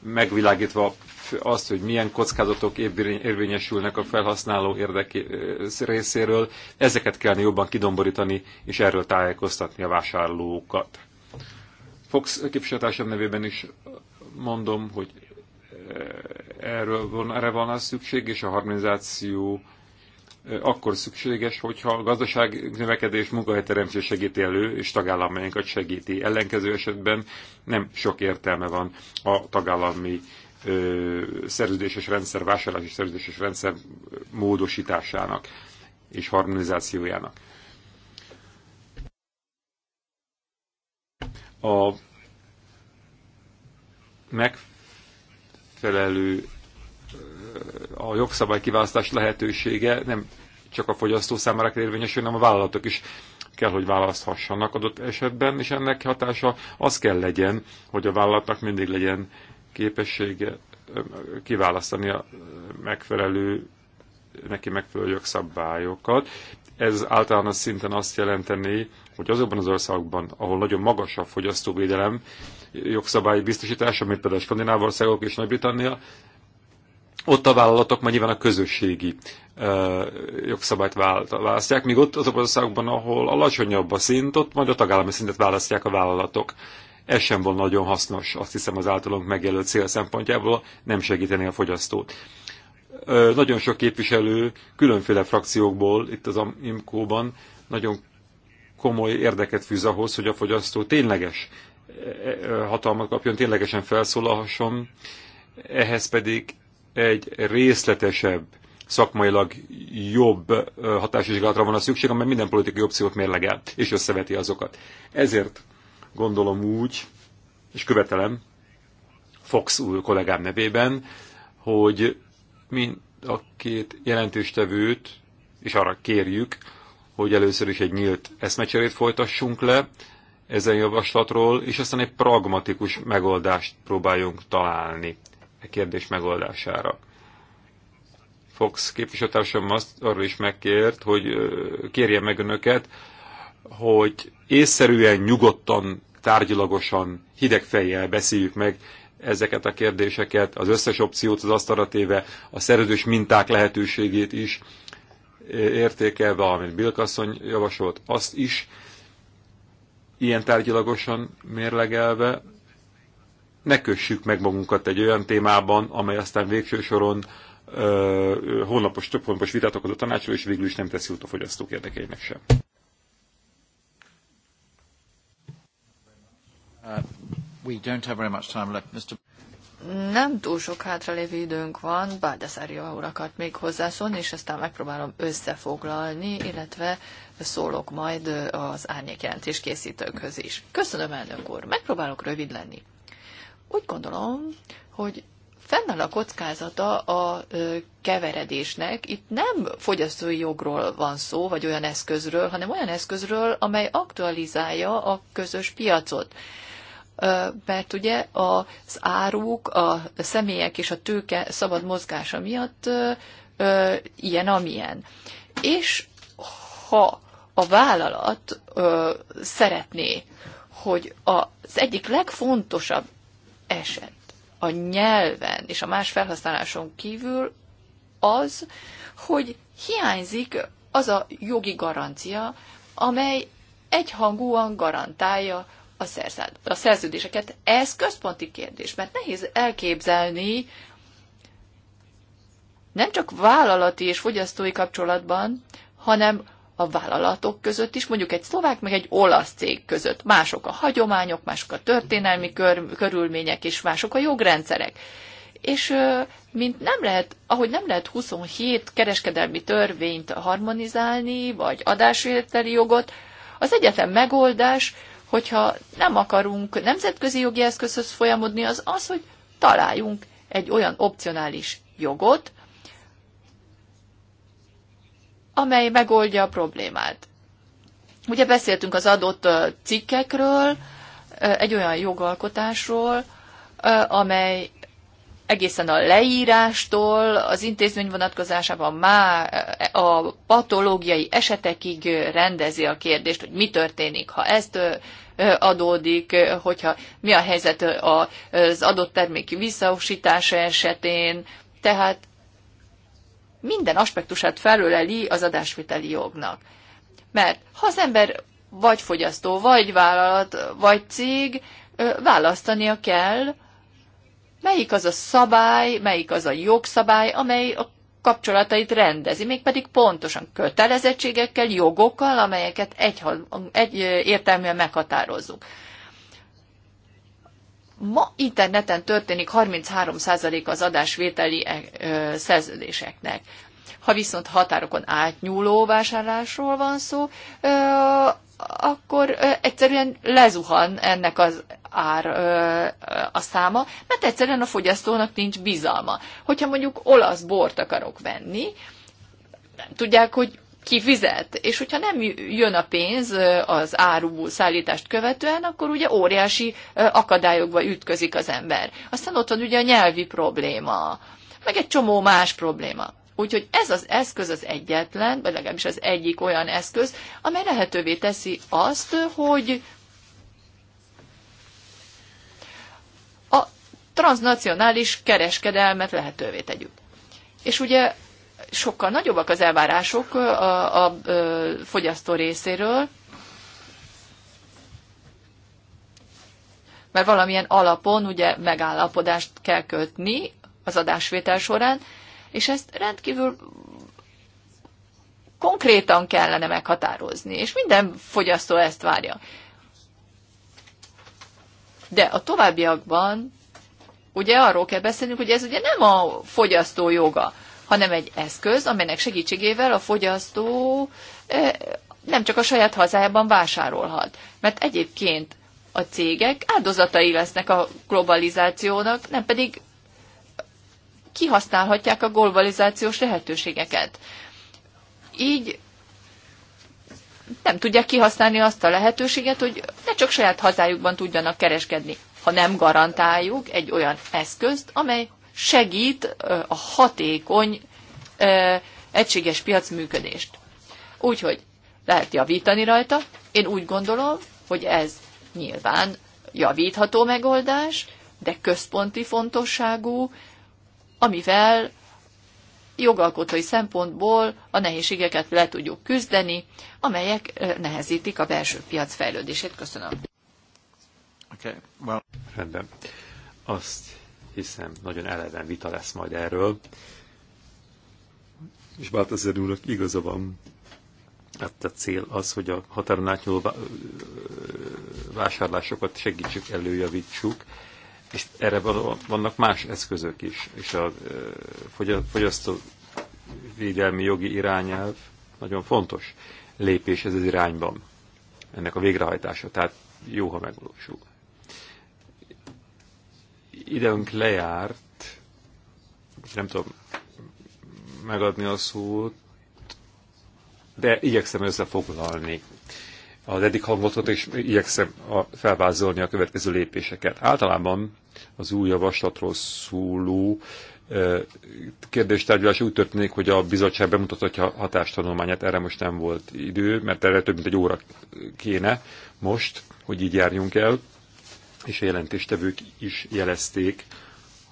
megvilágítva azt, hogy milyen kockázatok érvényesülnek a felhasználó érdeké részéről, ezeket kellene jobban kidomborítani, és erről tájékoztatni a vásárlókat. Fox képviselőtársam nevében is mondom, hogy erről van, erre van az szükség, és a harmonizáció akkor szükséges, hogyha a gazdaság növekedés munkahelyteremtés segíti elő, és tagállamainkat segíti. Ellenkező esetben nem sok értelme van a tagállami ö, szerződéses rendszer, vásárlási szerződéses rendszer módosításának és harmonizációjának. A megfelelő a jogszabály kiválasztás lehetősége nem csak a fogyasztó számára kell érvényesülni, hanem a vállalatok is kell, hogy választhassanak adott esetben, és ennek hatása az kell legyen, hogy a vállalatnak mindig legyen képessége kiválasztani a megfelelő, neki megfelelő jogszabályokat. Ez általános szinten azt jelenteni, hogy azokban az országokban, ahol nagyon magas a fogyasztóvédelem jogszabályi biztosítása, mint például Skandinávországok és Nagy-Britannia, ott a vállalatok majd nyilván a közösségi jogszabályt választják, míg ott az országban, ahol alacsonyabb a szint, ott majd a tagállami szintet választják a vállalatok. Ez sem volt nagyon hasznos, azt hiszem az általunk megjelölt cél szempontjából nem segíteni a fogyasztót. nagyon sok képviselő különféle frakciókból itt az IMCO-ban nagyon komoly érdeket fűz ahhoz, hogy a fogyasztó tényleges e, e, hatalmat kapjon, ténylegesen felszólalhasson, ehhez pedig egy részletesebb, szakmailag jobb hatásvizsgálatra van a szükség, amely minden politikai opciót mérlegel, és összeveti azokat. Ezért gondolom úgy, és követelem Fox úr kollégám nevében, hogy mind a két jelentéstevőt, és arra kérjük, hogy először is egy nyílt eszmecserét folytassunk le ezen javaslatról, és aztán egy pragmatikus megoldást próbáljunk találni kérdés megoldására. Fox képviselőtársam azt arról is megkért, hogy kérje meg önöket, hogy észszerűen, nyugodtan, tárgyilagosan, hideg fejjel beszéljük meg ezeket a kérdéseket, az összes opciót az asztalra téve, a szerződés minták lehetőségét is értékelve, amit Bilkasszony javasolt, azt is ilyen tárgyilagosan mérlegelve, ne kössük meg magunkat egy olyan témában, amely aztán végső soron ö, hónapos, több hónapos vitát okoz a tanácsról, és végül is nem teszi út a fogyasztók érdekeinek sem. Uh, we don't have very much time left, Mr. Nem túl sok hátralévő időnk van, Báldeszária úr akart még hozzászólni, és aztán megpróbálom összefoglalni, illetve szólok majd az árnyékjelentés készítőkhöz is. Köszönöm, elnök úr, megpróbálok rövid lenni. Úgy gondolom, hogy fennáll a kockázata a keveredésnek. Itt nem fogyasztói jogról van szó, vagy olyan eszközről, hanem olyan eszközről, amely aktualizálja a közös piacot. Mert ugye az áruk, a személyek és a tőke szabad mozgása miatt ilyen, amilyen. És ha a vállalat szeretné, hogy az egyik legfontosabb eset a nyelven és a más felhasználáson kívül az, hogy hiányzik az a jogi garancia, amely egyhangúan garantálja a, a szerződéseket. Ez központi kérdés, mert nehéz elképzelni nem csak vállalati és fogyasztói kapcsolatban, hanem a vállalatok között is, mondjuk egy szlovák, meg egy olasz cég között. Mások a hagyományok, mások a történelmi kör, körülmények, és mások a jogrendszerek. És mint nem lehet, ahogy nem lehet 27 kereskedelmi törvényt harmonizálni, vagy adásvételi jogot, az egyetlen megoldás, hogyha nem akarunk nemzetközi jogi eszközhöz folyamodni, az az, hogy találjunk egy olyan opcionális jogot, amely megoldja a problémát. Ugye beszéltünk az adott cikkekről, egy olyan jogalkotásról, amely egészen a leírástól, az intézmény vonatkozásában már a patológiai esetekig rendezi a kérdést, hogy mi történik, ha ezt adódik, hogyha mi a helyzet az adott termék visszaosítása esetén, tehát minden aspektusát felöleli az adásviteli jognak. Mert ha az ember vagy fogyasztó, vagy vállalat, vagy cég, választania kell, melyik az a szabály, melyik az a jogszabály, amely a kapcsolatait rendezi, mégpedig pontosan kötelezettségekkel, jogokkal, amelyeket egy, egy értelműen meghatározzuk. Ma interneten történik 33% az adásvételi eh, szerződéseknek. Ha viszont határokon átnyúló vásárlásról van szó, akkor egyszerűen lezuhan ennek az ár a száma, mert egyszerűen a fogyasztónak nincs bizalma. Hogyha mondjuk olasz bort akarok venni, nem tudják, hogy ki fizet. És hogyha nem jön a pénz az áru szállítást követően, akkor ugye óriási akadályokba ütközik az ember. Aztán ott van ugye a nyelvi probléma, meg egy csomó más probléma. Úgyhogy ez az eszköz az egyetlen, vagy legalábbis az egyik olyan eszköz, amely lehetővé teszi azt, hogy a transnacionális kereskedelmet lehetővé tegyük. És ugye sokkal nagyobbak az elvárások a, a fogyasztó részéről, mert valamilyen alapon ugye megállapodást kell kötni az adásvétel során, és ezt rendkívül konkrétan kellene meghatározni, és minden fogyasztó ezt várja. De a továbbiakban ugye arról kell beszélnünk, hogy ez ugye nem a fogyasztó joga hanem egy eszköz, amelynek segítségével a fogyasztó nem csak a saját hazájában vásárolhat. Mert egyébként a cégek áldozatai lesznek a globalizációnak, nem pedig kihasználhatják a globalizációs lehetőségeket. Így nem tudják kihasználni azt a lehetőséget, hogy ne csak saját hazájukban tudjanak kereskedni, ha nem garantáljuk egy olyan eszközt, amely segít a hatékony egységes piac működést. Úgyhogy lehet javítani rajta. Én úgy gondolom, hogy ez nyilván javítható megoldás, de központi fontosságú, amivel jogalkotói szempontból a nehézségeket le tudjuk küzdeni, amelyek nehezítik a belső piac fejlődését. Köszönöm. Okay, well. Rendben. Azt hiszen nagyon eleven vita lesz majd erről. És Bátazer úrnak igaza van. Hát a cél az, hogy a határon átnyúló vásárlásokat segítsük, előjavítsuk, és erre vannak más eszközök is, és a fogyasztó védelmi jogi irányelv nagyon fontos lépés ez az irányban, ennek a végrehajtása, tehát jó, ha megvalósul időnk lejárt, nem tudom megadni a szót, de igyekszem összefoglalni az eddig hangotot, és igyekszem a, felvázolni a következő lépéseket. Általában az új javaslatról szóló kérdéstárgyalás úgy történik, hogy a bizottság bemutatja a hatástanulmányát, erre most nem volt idő, mert erre több mint egy óra kéne most, hogy így járjunk el és a jelentéstevők is jelezték,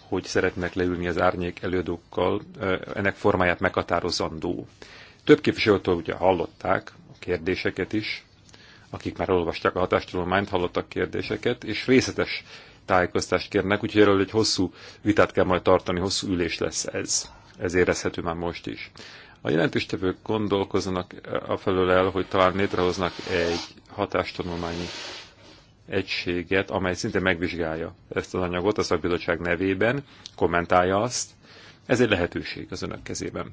hogy szeretnek leülni az árnyék előadókkal, ennek formáját meghatározandó. Több képviselőtől ugye hallották a kérdéseket is, akik már olvasták a hatástudományt, hallottak kérdéseket, és részletes tájékoztást kérnek, úgyhogy erről egy hosszú vitát kell majd tartani, hosszú ülés lesz ez. Ez érezhető már most is. A jelentéstevők gondolkoznak a felől el, hogy talán létrehoznak egy hatástanulmányi egységet, amely szinte megvizsgálja ezt az anyagot a szakbizottság nevében, kommentálja azt. Ez egy lehetőség az önök kezében.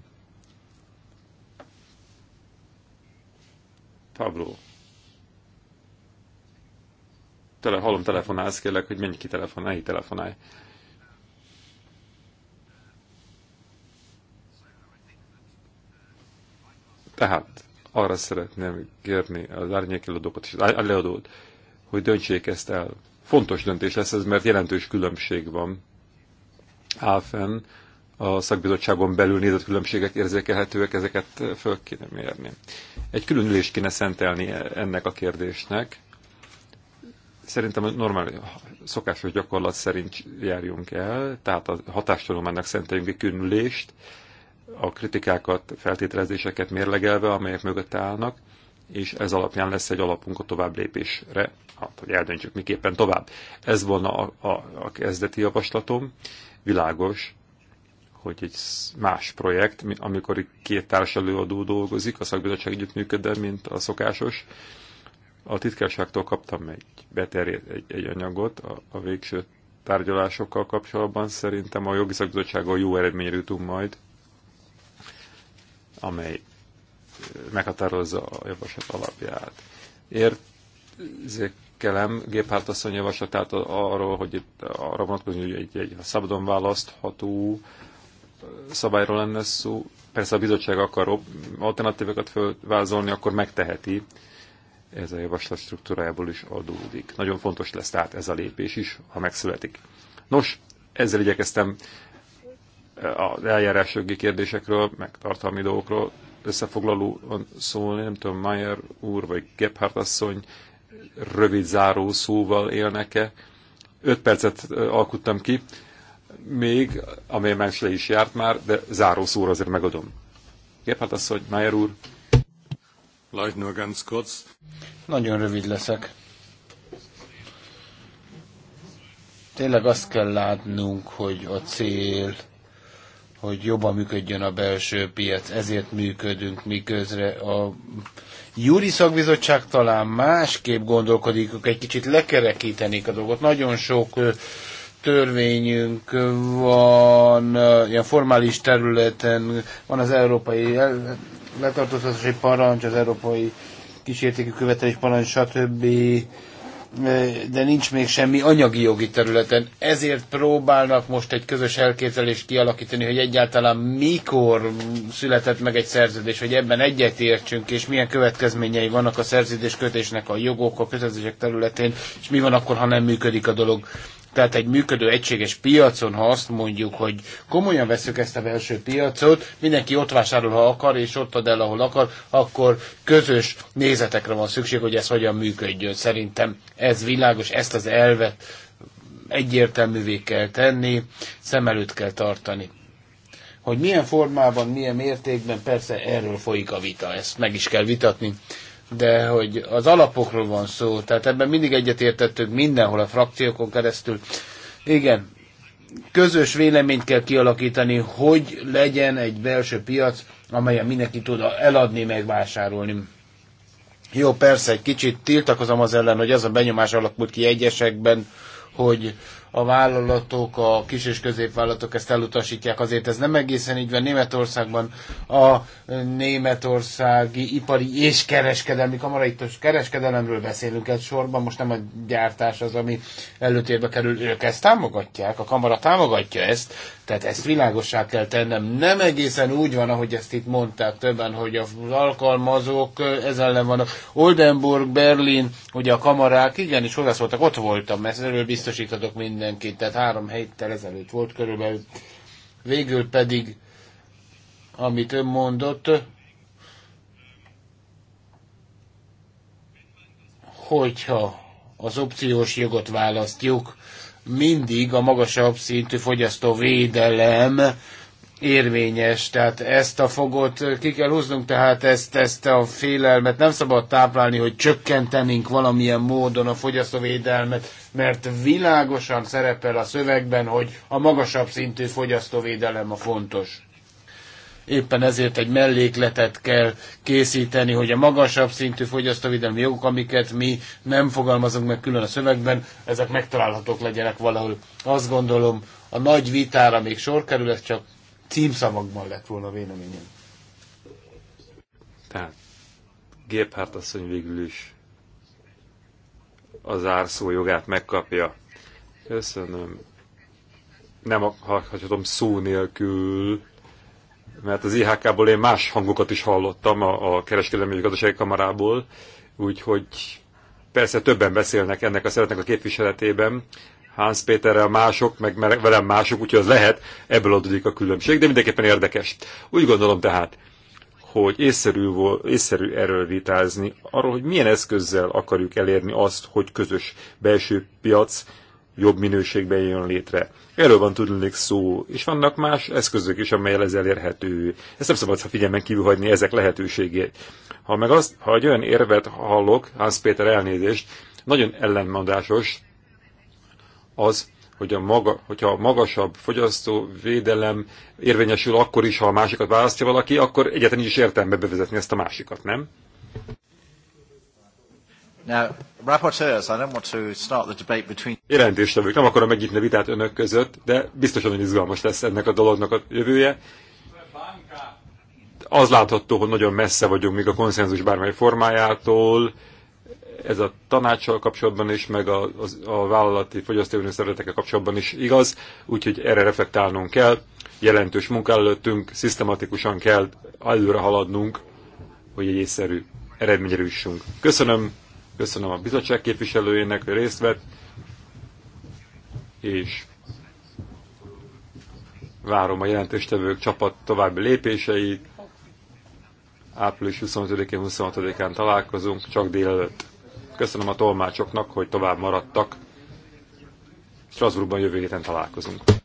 Pablo. Tele, hallom, telefonálsz, kérlek, hogy menj ki telefonál, ne telefonálj. Tehát arra szeretném kérni az árnyékelődókat és az leadót, hogy döntsék ezt el. Fontos döntés lesz ez, mert jelentős különbség van. Áll fenn, a szakbizottságon belül nézett különbségek érzékelhetőek, ezeket föl kéne mérni. Egy külön ülést kéne szentelni e- ennek a kérdésnek. Szerintem normál szokásos gyakorlat szerint járjunk el, tehát a hatástalománynak szenteljünk egy külön ülést, a kritikákat, feltételezéseket mérlegelve, amelyek mögött állnak, és ez alapján lesz egy alapunk a tovább lépésre, hát, hogy eldöntsük miképpen tovább. Ez volna a, a, a kezdeti javaslatom. Világos, hogy egy más projekt, amikor két társ előadó dolgozik, a szakbizottság együttműködve, mint a szokásos. A titkárságtól kaptam egy beterjed egy, egy anyagot a, a végső tárgyalásokkal kapcsolatban. Szerintem a jogi szakbizottsággal jó eredményre jutunk majd, amely meghatározza a javaslat alapját. Érzékelem géphártasszony javaslatát arról, hogy itt arra vonatkozni, hogy egy, egy szabadon választható szabályról lenne szó. Persze a bizottság akar alternatívokat felvázolni, akkor megteheti. Ez a javaslat struktúrájából is adódik. Nagyon fontos lesz tehát ez a lépés is, ha megszületik. Nos, ezzel igyekeztem az eljárásjogi kérdésekről, meg tartalmi dolgokról összefoglalóan szólni, nem tudom, Mayer úr vagy Gebhardt asszony rövid záró szóval élneke. Öt percet alkuttam ki, még, amely más le is járt már, de záró szóra azért megadom. Gebhardt asszony, Mayer úr. nur ganz kurz. Nagyon rövid leszek. Tényleg azt kell látnunk, hogy a cél hogy jobban működjön a belső piac, ezért működünk mi közre. A Júri szakbizottság talán másképp gondolkodik, ők egy kicsit lekerekítenék a dolgot. Nagyon sok törvényünk van, ilyen formális területen van az európai letartóztatási parancs, az európai kísértékű követelés parancs, stb de nincs még semmi anyagi jogi területen. Ezért próbálnak most egy közös elképzelést kialakítani, hogy egyáltalán mikor született meg egy szerződés, hogy ebben egyetértsünk, és milyen következményei vannak a szerződéskötésnek a jogok, a kötelezések területén, és mi van akkor, ha nem működik a dolog. Tehát egy működő egységes piacon, ha azt mondjuk, hogy komolyan veszük ezt a belső piacot, mindenki ott vásárol, ha akar, és ott ad el, ahol akar, akkor közös nézetekre van szükség, hogy ez hogyan működjön. Szerintem ez világos, ezt az elvet egyértelművé kell tenni, szem előtt kell tartani. Hogy milyen formában, milyen mértékben, persze erről folyik a vita, ezt meg is kell vitatni de hogy az alapokról van szó, tehát ebben mindig egyetértettünk mindenhol a frakciókon keresztül. Igen, közös véleményt kell kialakítani, hogy legyen egy belső piac, amelyen mindenki tud eladni, megvásárolni. Jó, persze, egy kicsit tiltakozom az ellen, hogy ez a benyomás alakult ki egyesekben, hogy a vállalatok, a kis és középvállalatok ezt elutasítják. Azért ez nem egészen így van. Németországban a németországi ipari és kereskedelmi kamara, itt a kereskedelemről beszélünk egy sorban, most nem a gyártás az, ami előtérbe kerül. Ők ezt támogatják, a kamara támogatja ezt, tehát ezt világossá kell tennem. Nem egészen úgy van, ahogy ezt itt mondták többen, hogy az alkalmazók ez ellen vannak. Oldenburg, Berlin, ugye a kamarák, igenis hozzászóltak, ott voltam, mert erről biztosítatok mind mindenkit, tehát három héttel ezelőtt volt körülbelül. Végül pedig, amit ön mondott, hogyha az opciós jogot választjuk, mindig a magasabb szintű fogyasztóvédelem érvényes, tehát ezt a fogot ki kell húznunk, tehát ezt, ezt a félelmet nem szabad táplálni, hogy csökkentenénk valamilyen módon a fogyasztóvédelmet, mert világosan szerepel a szövegben, hogy a magasabb szintű fogyasztóvédelem a fontos. Éppen ezért egy mellékletet kell készíteni, hogy a magasabb szintű fogyasztóvédelmi jogok, amiket mi nem fogalmazunk meg külön a szövegben, ezek megtalálhatók legyenek valahol. Azt gondolom, a nagy vitára még sor kerül, ez csak címszavakban lett volna a véleményem. Tehát Géphárt asszony végül is a zárszó jogát megkapja. Köszönöm. Nem hagyhatom szó nélkül, mert az IHK-ból én más hangokat is hallottam a, a kereskedelmi gazdasági kamarából, úgyhogy persze többen beszélnek ennek a szeretnek a képviseletében, Hans Péterrel mások, meg velem mások, úgyhogy az lehet, ebből adódik a különbség, de mindenképpen érdekes. Úgy gondolom tehát, hogy észszerű, volt, észszerű erről vitázni, arról, hogy milyen eszközzel akarjuk elérni azt, hogy közös belső piac jobb minőségben jön létre. Erről van tudnék szó, és vannak más eszközök is, amelyel ez elérhető. Ezt nem szabad figyelmen kívül hagyni ezek lehetőségét. Ha meg azt, ha egy olyan érvet hallok, Hans Péter elnézést, nagyon ellenmondásos, az, hogy a maga, hogyha a magasabb fogyasztóvédelem érvényesül akkor is, ha a másikat választja valaki, akkor egyetlen is értelme bevezetni ezt a másikat, nem? Now, rapporteurs, I don't want to start the debate between... Jelentéstevők, nem akarom megnyitni a vitát önök között, de biztosan, hogy izgalmas lesz ennek a dolognak a jövője. Az látható, hogy nagyon messze vagyunk még a konszenzus bármely formájától, ez a tanácssal kapcsolatban is, meg a, a, a vállalati fogyasztói szeretekkel kapcsolatban is igaz, úgyhogy erre reflektálnunk kell, jelentős munka előttünk, szisztematikusan kell előre haladnunk, hogy egy észszerű eredményre jussunk. Köszönöm, köszönöm a bizottság képviselőjének, hogy részt vett, és várom a jelentéstevők csapat további lépéseit, április 25-én, 26-án találkozunk, csak délelőtt. Köszönöm a tolmácsoknak, hogy tovább maradtak. Strasbourgban jövő héten találkozunk.